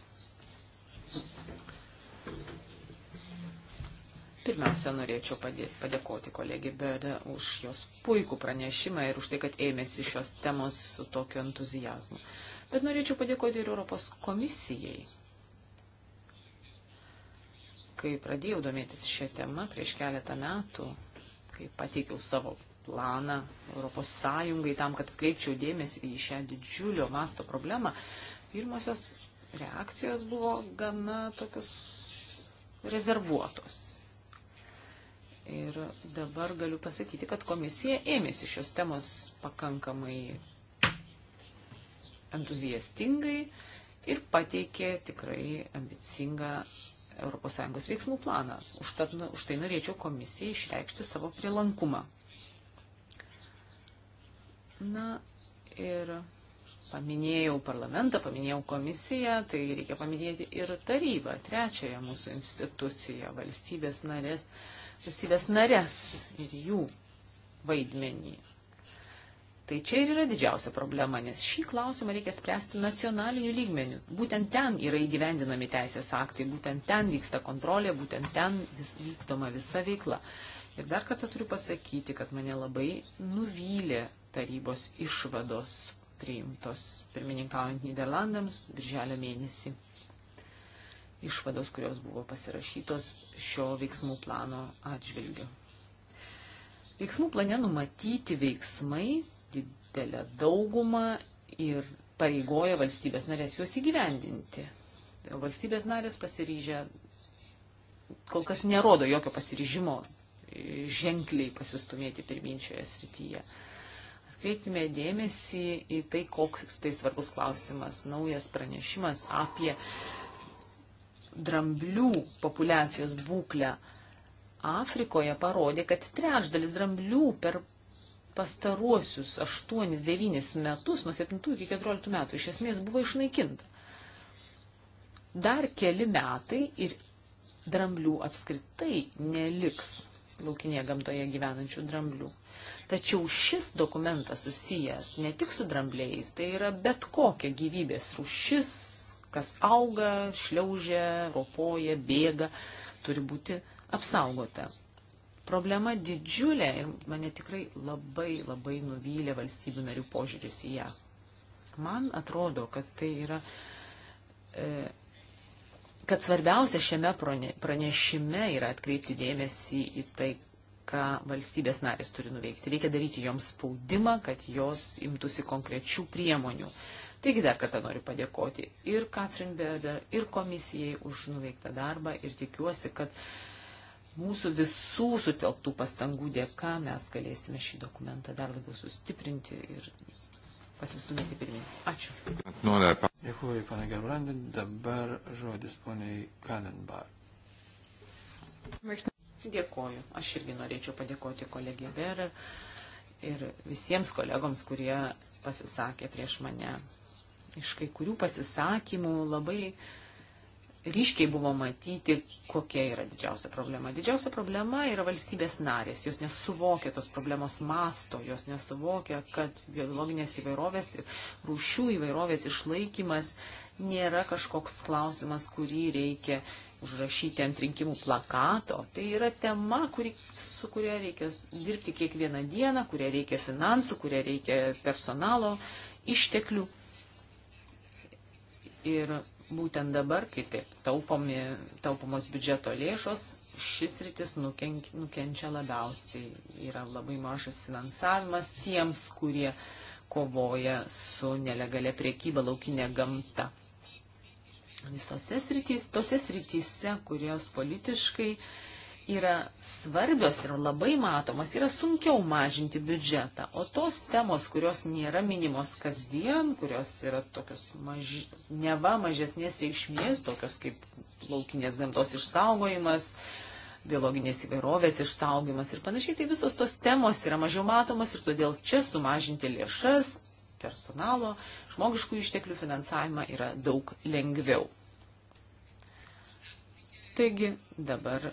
Pirmiausia, norėčiau padėkoti kolegė Berde už jos puikų pranešimą ir už tai, kad ėmėsi šios temos su tokiu entuzijazmu. Bet norėčiau padėkoti ir Europos komisijai. Kai pradėjau domėtis šią temą prieš keletą metų, kai pateikiau savo planą Europos Sąjungai tam, kad atkreipčiau dėmesį į šią didžiulio masto problemą, pirmosios reakcijos buvo gana tokios rezervuotos. Ir dabar galiu pasakyti, kad komisija ėmėsi šios temos pakankamai entuziastingai ir pateikė tikrai ambicingą ES veiksmų planą. Už, tad, nu, už tai norėčiau komisijai išreikšti savo prilankumą. Na ir paminėjau parlamentą, paminėjau komisiją, tai reikia paminėti ir tarybą, trečiąją mūsų instituciją, valstybės narės. Uh, valstybės narės ir jų vaidmenį. Tai čia ir yra didžiausia problema, nes šį klausimą reikia spręsti nacionaliniu lygmeniu. Būtent ten yra įgyvendinami teisės aktai, būtent ten vyksta kontrolė, būtent ten vis, vykdoma visa veikla. Ir dar kartą turiu pasakyti, kad mane labai nuvylė tarybos išvados priimtos pirmininkaujant Niderlandams birželio mėnesį išvados, kurios buvo pasirašytos šio veiksmų plano atžvilgiu. Veiksmų plane numatyti veiksmai didelę daugumą ir pareigoja valstybės narės juos įgyvendinti. Valstybės narės pasiryžę, kol kas nerodo jokio pasiryžimo ženkliai pasistumėti pirminčioje srityje. Atkreipkime dėmesį į tai, koks tai svarbus klausimas, naujas pranešimas apie dramblių populiacijos būklę Afrikoje parodė, kad trečdalis dramblių per pastaruosius 8-9 metus, nuo 7 iki 14 metų, iš esmės buvo išnaikinta. Dar keli metai ir dramblių apskritai neliks laukinėje gamtoje gyvenančių dramblių. Tačiau šis dokumentas susijęs ne tik su drambliais, tai yra bet kokia gyvybės rušis, kas auga, šliaužia, ropoja, bėga, turi būti apsaugota. Problema didžiulė ir mane tikrai labai labai nuvylė valstybių narių požiūris į ją. Man atrodo, kad tai yra, e, kad svarbiausia šiame pranešime yra atkreipti dėmesį į tai, ką valstybės narės turi nuveikti. Reikia daryti joms spaudimą, kad jos imtųsi konkrečių priemonių. Uh, Taigi dar kartą noriu padėkoti ir Katrin Beder, ir komisijai už nuveiktą darbą ir tikiuosi, kad mūsų visų sutelktų pastangų dėka mes galėsime šį dokumentą dar labiau sustiprinti ir pasistumėti pirmin. Ačiū.
Dėkuoju,
pana Gerbrandin. Dabar žodis poniai Kalenbar.
Dėkuoju. Aš irgi norėčiau padėkoti kolegijai Berer ir visiems kolegoms, kurie pasisakė prieš mane iš kai kurių pasisakymų labai ryškiai buvo matyti, kokia yra didžiausia problema. Didžiausia problema yra valstybės narės. Jos nesuvokia tos problemos masto, jos nesuvokia, kad biologinės įvairovės ir rūšių įvairovės išlaikymas nėra kažkoks klausimas, kurį reikia užrašyti ant rinkimų plakato. Tai yra tema, kuri, su kuria reikia dirbti kiekvieną dieną, kuria reikia finansų, kuria reikia personalo išteklių. Ir būtent dabar, kai taip taupomi, taupomos biudžeto lėšos, šis rytis nukenk, nukenčia labiausiai. Yra labai mažas finansavimas tiems, kurie kovoja su nelegalia priekyba laukinė gamta. Visose srityse, tose srityse, kurios politiškai uh, yra svarbios ir labai matomos, yra sunkiau mažinti biudžetą. O tos temos, kurios nėra minimos kasdien, kurios yra tokios maž... neva mažesnės reikšmės, tokios kaip laukinės gamtos išsaugojimas, biologinės įvairovės išsaugojimas ir panašiai, tai visos tos temos yra mažiau matomos ir todėl čia sumažinti lėšas, personalo, žmogiškų išteklių finansavimą yra daug lengviau. Taigi dabar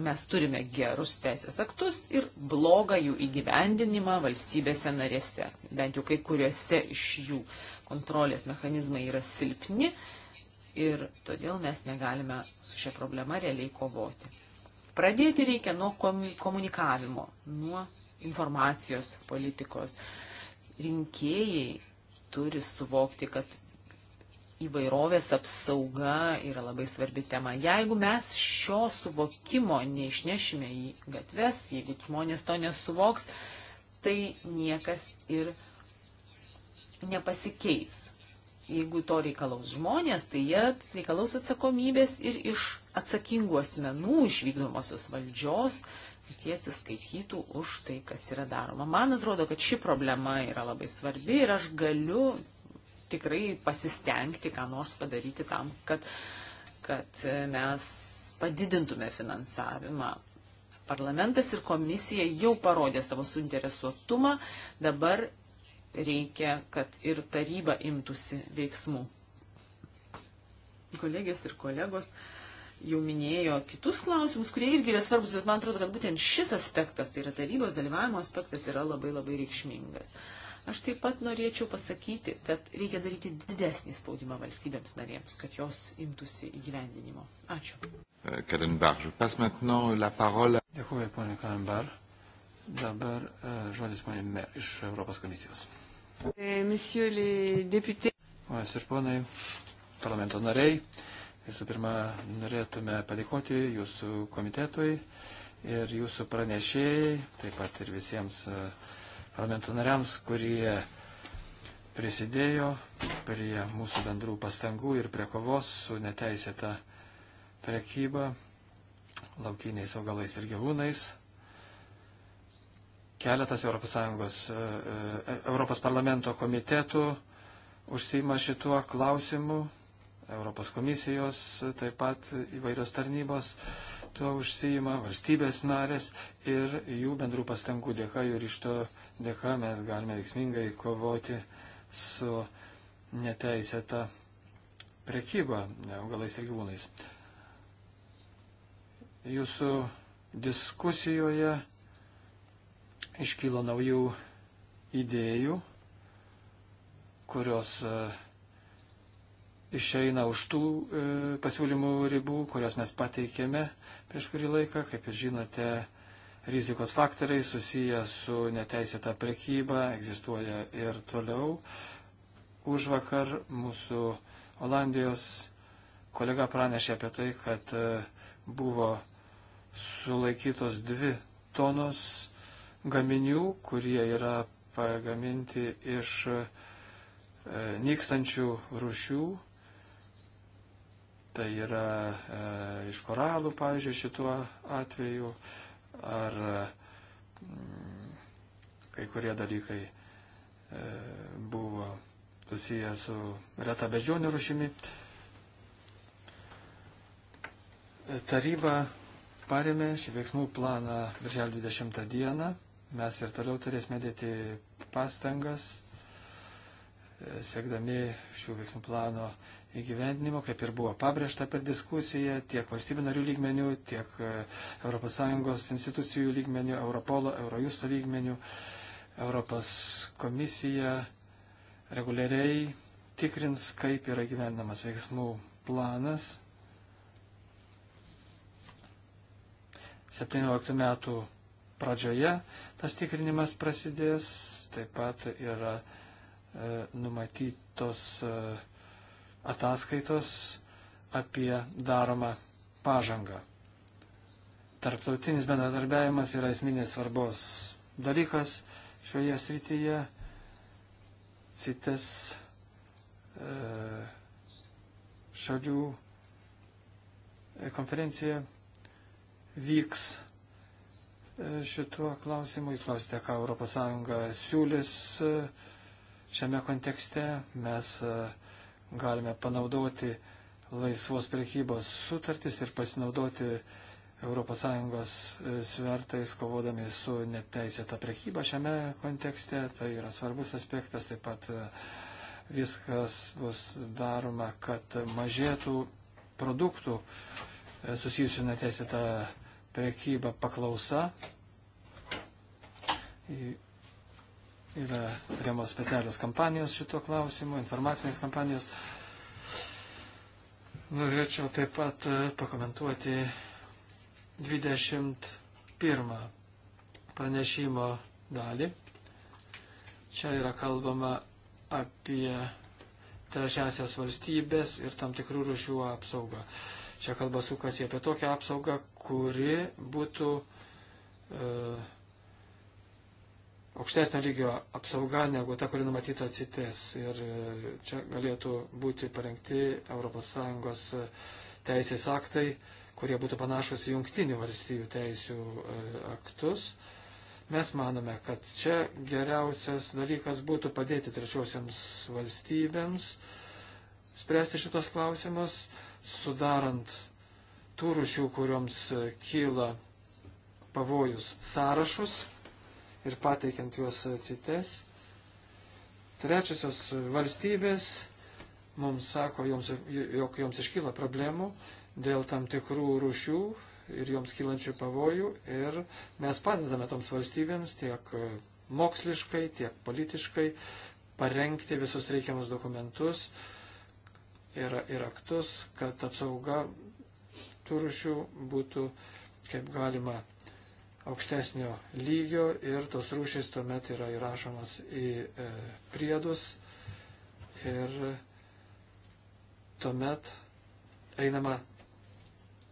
mes turime gerus teisės aktus ir blogą jų įgyvendinimą valstybėse narėse. Bent jau kai kuriuose iš jų kontrolės mechanizmai yra silpni ir todėl mes negalime su šia problema realiai kovoti. Pradėti reikia nuo komunikavimo, nuo informacijos politikos. Rinkėjai turi suvokti, kad įvairovės apsauga yra labai svarbi tema. Jeigu mes šio suvokimo neišnešime į gatves, jeigu žmonės to nesuvoks, tai niekas ir nepasikeis. Jeigu to reikalaus žmonės, tai jie reikalaus atsakomybės ir iš atsakingų asmenų, iš vykdomosios valdžios, kad jie atsiskaitytų už tai, kas yra daroma. Man atrodo, kad ši problema yra labai svarbi ir aš galiu tikrai pasistengti, ką nors padaryti tam, kad, kad e, mes padidintume finansavimą. Parlamentas ir komisija jau parodė savo suinteresuotumą, dabar reikia, kad ir taryba imtųsi veiksmų. Kolegės ir kolegos jau minėjo kitus klausimus, kurie irgi yra svarbus, bet man atrodo, kad būtent šis aspektas, tai yra tarybos dalyvavimo aspektas, yra labai labai reikšmingas. Uh, Aš taip pat norėčiau pasakyti, kad reikia daryti didesnį spaudimą valstybėms narėms, kad jos imtųsi įgyvendinimo.
Ačiū. Euh, Kadenbar, je passe maintenant la parole. Dėkuoju, ponė Kadenbar. Dabar e, žodis ponė Mer iš Europos komisijos. E, monsieur les députés. Ponas ir ponai, parlamento nariai, visų pirma, norėtume padėkoti jūsų komitetui ir jūsų pranešėjai, taip pat ir visiems uh, parlamento nariams, kurie prisidėjo prie mūsų bendrų pastangų ir prie kovos su neteisėta prekyba laukiniais augalais ir gyvūnais. Keletas ES, e, e, Europos parlamento komitetų užsima šituo klausimu, Europos komisijos taip pat įvairios tarnybos tuo užsijima valstybės narės ir jų bendrų pastangų dėka, jų ryšto dėka mes galime veiksmingai kovoti su neteisėta prekyba augalais ir gyvūnais. Jūsų diskusijoje iškylo naujų idėjų, kurios uh, išeina už tų e, pasiūlymų ribų, kurias mes pateikėme prieš kurį laiką. Kaip jūs žinote, rizikos faktoriai susiję su neteisėta prekyba egzistuoja ir toliau. Už vakar mūsų Olandijos kolega pranešė apie tai, kad e, buvo sulaikytos dvi tonos gaminių, kurie yra pagaminti iš e, nykstančių rušių Tai yra e, iš koralų, pavyzdžiui, šituo atveju, ar mm, kai kurie dalykai e, buvo susiję su reta beždžionių rušimi. Taryba paremė šį veiksmų planą birželio 20 dieną. Mes ir toliau turėsime dėti pastangas e, siekdami šių veiksmų plano įgyvendinimo, kaip ir buvo pabrėžta per diskusiją, tiek valstybių narių lygmenių, tiek ES institucijų lygmenių, Europolo, Eurojusto lygmenių, Europos komisija reguliariai tikrins, kaip yra gyvenamas veiksmų planas. 17 metų pradžioje tas tikrinimas prasidės, taip pat yra e, numatytos e, ataskaitos apie daromą pažangą. Tarptautinis bendradarbiavimas yra esminės svarbos dalykas šioje srityje. CITES e, šalių e, konferencija vyks e, šituo klausimu. Jūs klausite, ką ES siūlis šiame kontekste. Mes uh, galime panaudoti laisvos prekybos sutartis ir pasinaudoti ES e, svertais, kovodami su neteisėta prekyba šiame kontekste. Tai yra svarbus aspektas. Taip pat e, viskas bus daroma, kad mažėtų produktų e, susijusių neteisėta prekyba paklausa Yra kuriamos specialios kampanijos šituo klausimu, informacinės kampanijos. Norėčiau taip pat e, pakomentuoti 21 pranešimo dalį. Čia yra kalbama apie trečiasias valstybės ir tam tikrų rušių apsaugą. Čia kalba sukasi apie tokią apsaugą, kuri būtų e, aukštesnio lygio apsauga negu ta, kuri numatyta atsitės. Ir e, čia galėtų būti parengti ES e, teisės aktai, kurie būtų panašus į jungtinių valstybių teisių e, aktus. Mes manome, kad čia geriausias dalykas būtų padėti trečiosiams valstybėms spręsti šitos klausimus, sudarant tų rušių, kuriuoms kyla pavojus sąrašus ir pateikiant juos cites. Trečiosios valstybės mums sako, joms, jog joms iškyla problemų dėl tam tikrų rušių ir joms kylančių pavojų ir mes padedame toms valstybėms tiek e, moksliškai, tiek politiškai parengti visus reikiamus dokumentus ir, ir aktus, kad apsauga turušių būtų kaip galima aukštesnio lygio ir tos rūšys tuomet yra įrašomas į e, priedus ir tuomet einama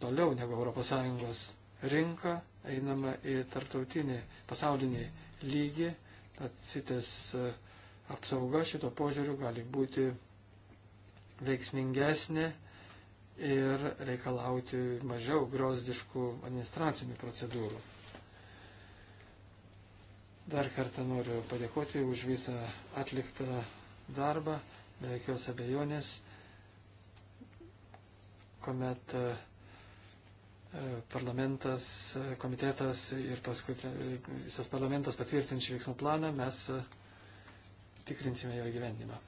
toliau negu ES rinka, einama į tarptautinį pasaulinį lygį, tad sitės e, apsauga šito požiūriu gali būti veiksmingesnė ir reikalauti mažiau grozdiškų administracinių procedūrų. Dar kartą noriu padėkoti už visą atliktą darbą, be jokios abejonės, kuomet e, parlamentas, komitetas ir paskui visas parlamentas patvirtins šį veiksmų planą, mes e, tikrinsime jo gyvenimą.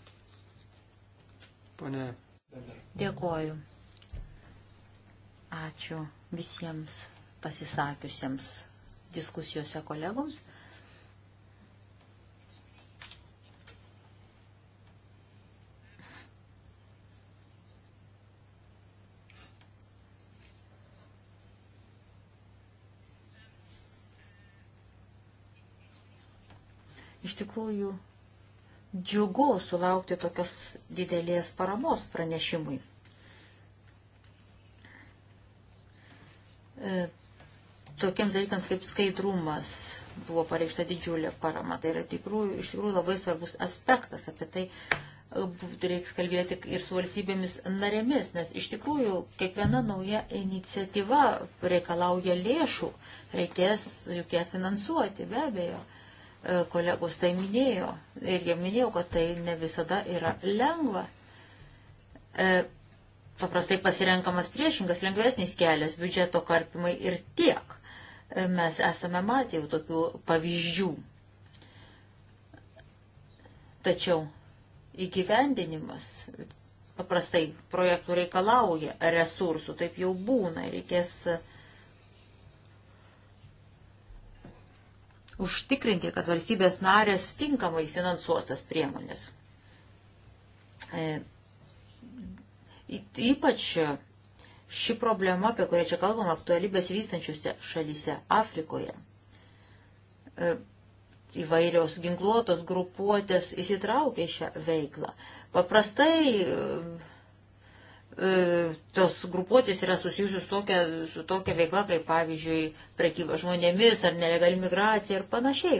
Pone. Dėkoju.
Ačiū visiems pasisakiusiems diskusijose kolegoms. iš tikrųjų džiugu sulaukti tokios didelės paramos pranešimui. E, tokiems dalykams kaip skaidrumas buvo pareikšta didžiulė parama. Tai yra tikrųjų, iš tikrųjų labai svarbus aspektas. Apie tai e, reiks kalbėti ir su valstybėmis narėmis, nes iš tikrųjų kiekviena nauja iniciatyva reikalauja lėšų, reikės juk ją finansuoti, be abejo. E, kolegos tai minėjo. Ir jie minėjo, kad tai ne visada yra lengva. E, paprastai pasirenkamas priešingas, lengvesnis kelias, biudžeto karpimai ir tiek. E, mes esame matę jau tokių pavyzdžių. Tačiau įgyvendinimas paprastai projektų reikalauja resursų, taip jau būna, reikės užtikrinti, kad valstybės narės tinkamai finansuos tas priemonės. E, ypač ši problema, apie kurią čia kalbam, aktuali besivystančiuose šalyse Afrikoje. E, įvairios ginkluotos grupuotės įsitraukia šią veiklą. Paprastai e, E, tos grupuotės yra susijusios tokia, su tokia veikla, kaip pavyzdžiui, prekyba žmonėmis ar nelegali migracija ir panašiai.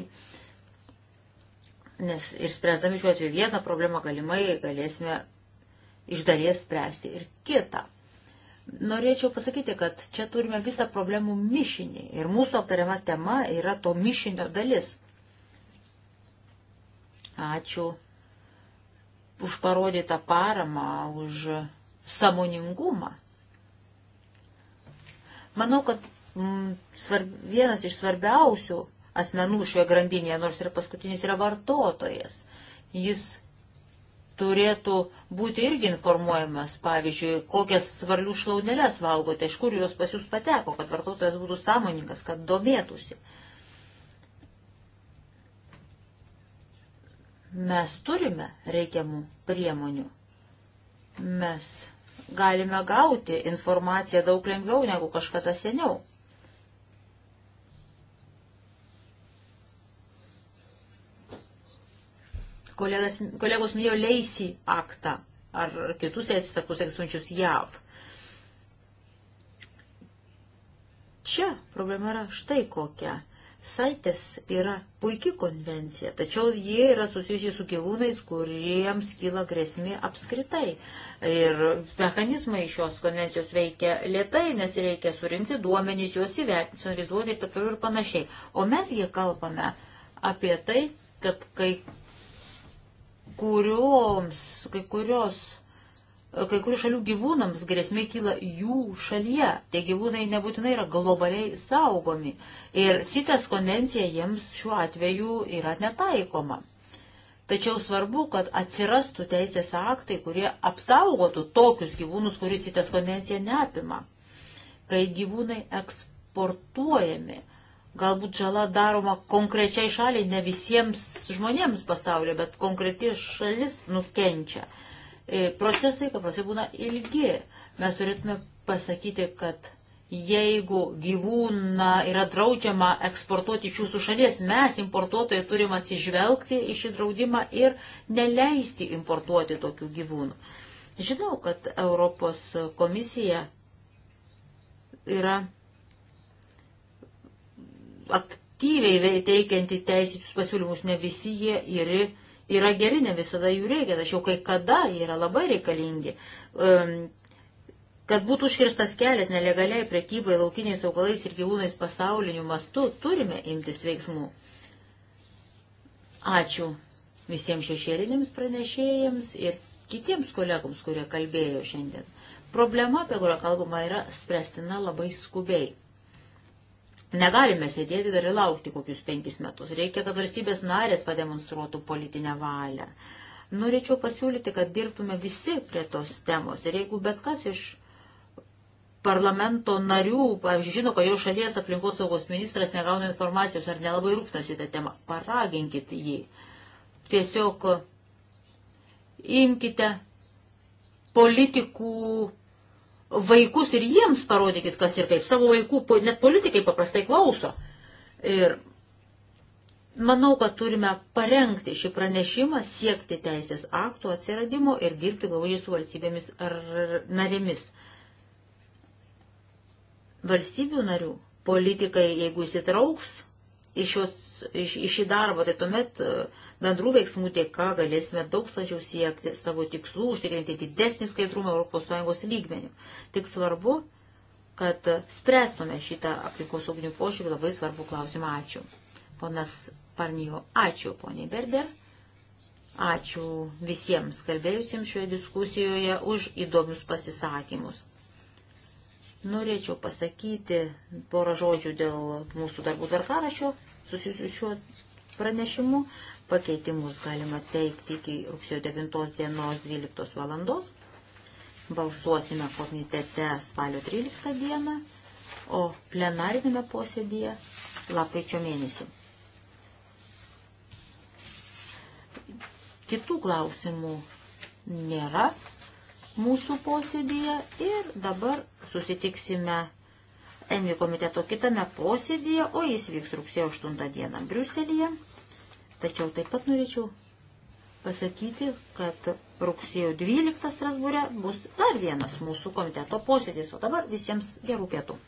Nes ir spręsdami šiuo atveju vieną problemą galimai galėsime iš dalies spręsti ir kitą. Norėčiau pasakyti, kad čia turime visą problemų mišinį ir mūsų aptariama tema yra to mišinio dalis. Ačiū už parodytą paramą, už samoningumą. Manau, kad m, mm, svarb, vienas iš svarbiausių asmenų šioje grandinėje, nors ir paskutinis yra vartotojas. Jis turėtų būti irgi informuojamas, pavyzdžiui, kokias svarlių šlauneles valgote, iš kur jos pas jūs pateko, kad vartotojas būtų sąmoningas, kad domėtųsi. Mes turime reikiamų priemonių. Mes galime gauti informaciją daug lengviau negu kažkada seniau. Kolegas, kolegos minėjo Leisi aktą ar kitus teisės aktus egzistuojančius JAV. Čia problema yra štai kokia Saitės yra puikia konvencija, tačiau jie yra susijusi su gyvūnais, kuriems kyla grėsmė apskritai. Ir mechanizmai šios konvencijos veikia lietai, nes reikia surinkti duomenys, juos įvertinti, sunarizuoti ir taip ir panašiai. O mes jie kalbame apie tai, kad kai kurioms, kai kurios kai kurių šalių gyvūnams grėsmė kyla jų šalyje. Tie gyvūnai nebūtinai yra globaliai saugomi. Ir sitas konvencija jiems šiuo atveju yra netaikoma. Tačiau svarbu, kad atsirastų teisės aktai, kurie apsaugotų tokius gyvūnus, kurių sitas konvencija neapima. Kai gyvūnai eksportuojami, galbūt žala daroma konkrečiai šaliai, ne visiems žmonėms pasaulyje, bet konkreti šalis nukenčia. E, procesai paprastai būna ilgi. Mes turėtume pasakyti, kad jeigu gyvūną yra draudžiama eksportuoti iš jūsų šalies, mes importuotojai turim atsižvelgti į šį draudimą ir neleisti importuoti tokių gyvūnų. Žinau, kad Europos komisija yra aktyviai teikianti teisėtus pasiūlymus, ne visi jie yra yra geri, ne visada jų reikia, tačiau kai kada jie yra labai reikalingi. Kad būtų užkirstas kelias nelegaliai prekybai laukiniais augalais ir gyvūnais pasauliniu mastu, turime imtis veiksmų. Ačiū visiems šešėlinėms pranešėjams ir kitiems kolegams, kurie kalbėjo šiandien. Problema, apie kurią kalbama, yra spręstina labai skubiai. Negalime sėdėti dar ir laukti kokius penkis metus. Reikia, kad valstybės narės pademonstruotų politinę valią. Norėčiau pasiūlyti, kad dirbtume visi prie tos temos. Ir jeigu bet kas iš parlamento narių, pavyzdžiui, žino, kad jo šalies aplinkos saugos ministras negauna informacijos ar nelabai rūpnasi tą temą, paraginkit jį. Tiesiog imkite politikų vaikus ir jiems parodykit, kas ir kaip. Savo vaikų net politikai paprastai klauso. Ir manau, kad turime parengti šį pranešimą, siekti teisės aktų atsiradimo ir dirbti glaudžiai su valstybėmis ar narėmis. Valstybių narių politikai, jeigu įsitrauks į šios į šį darbą, tai tuomet e, bendrų veiksmų dėka galėsime daug sažiau siekti savo tikslų, užtikrinti didesnį skaidrumą ES lygmenių. Tik svarbu, kad spręstume šitą aplinkosauginių požiūrį labai svarbų klausimą. Ačiū. Ponas Parnijo, ačiū, poniai Berder. Ačiū visiems kalbėjusiems šioje diskusijoje už įdomius pasisakymus. Norėčiau pasakyti porą žodžių dėl mūsų darbų tvarkarašio susijusių šiuo pranešimu. Pakeitimus galima teikti iki rugsėjo 9 dienos 12 valandos. Balsuosime komitete spalio 13 dieną, o plenarinėme posėdėje lapkričio mėnesį. Kitų klausimų nėra mūsų posėdėje ir dabar susitiksime Envi komiteto kitame posėdėje, o jis vyks rugsėjo 8 dieną Briuselėje. Tačiau taip pat norėčiau pasakyti, kad rugsėjo 12 Strasbūre bus dar vienas mūsų komiteto posėdis, o dabar visiems gerų pietų.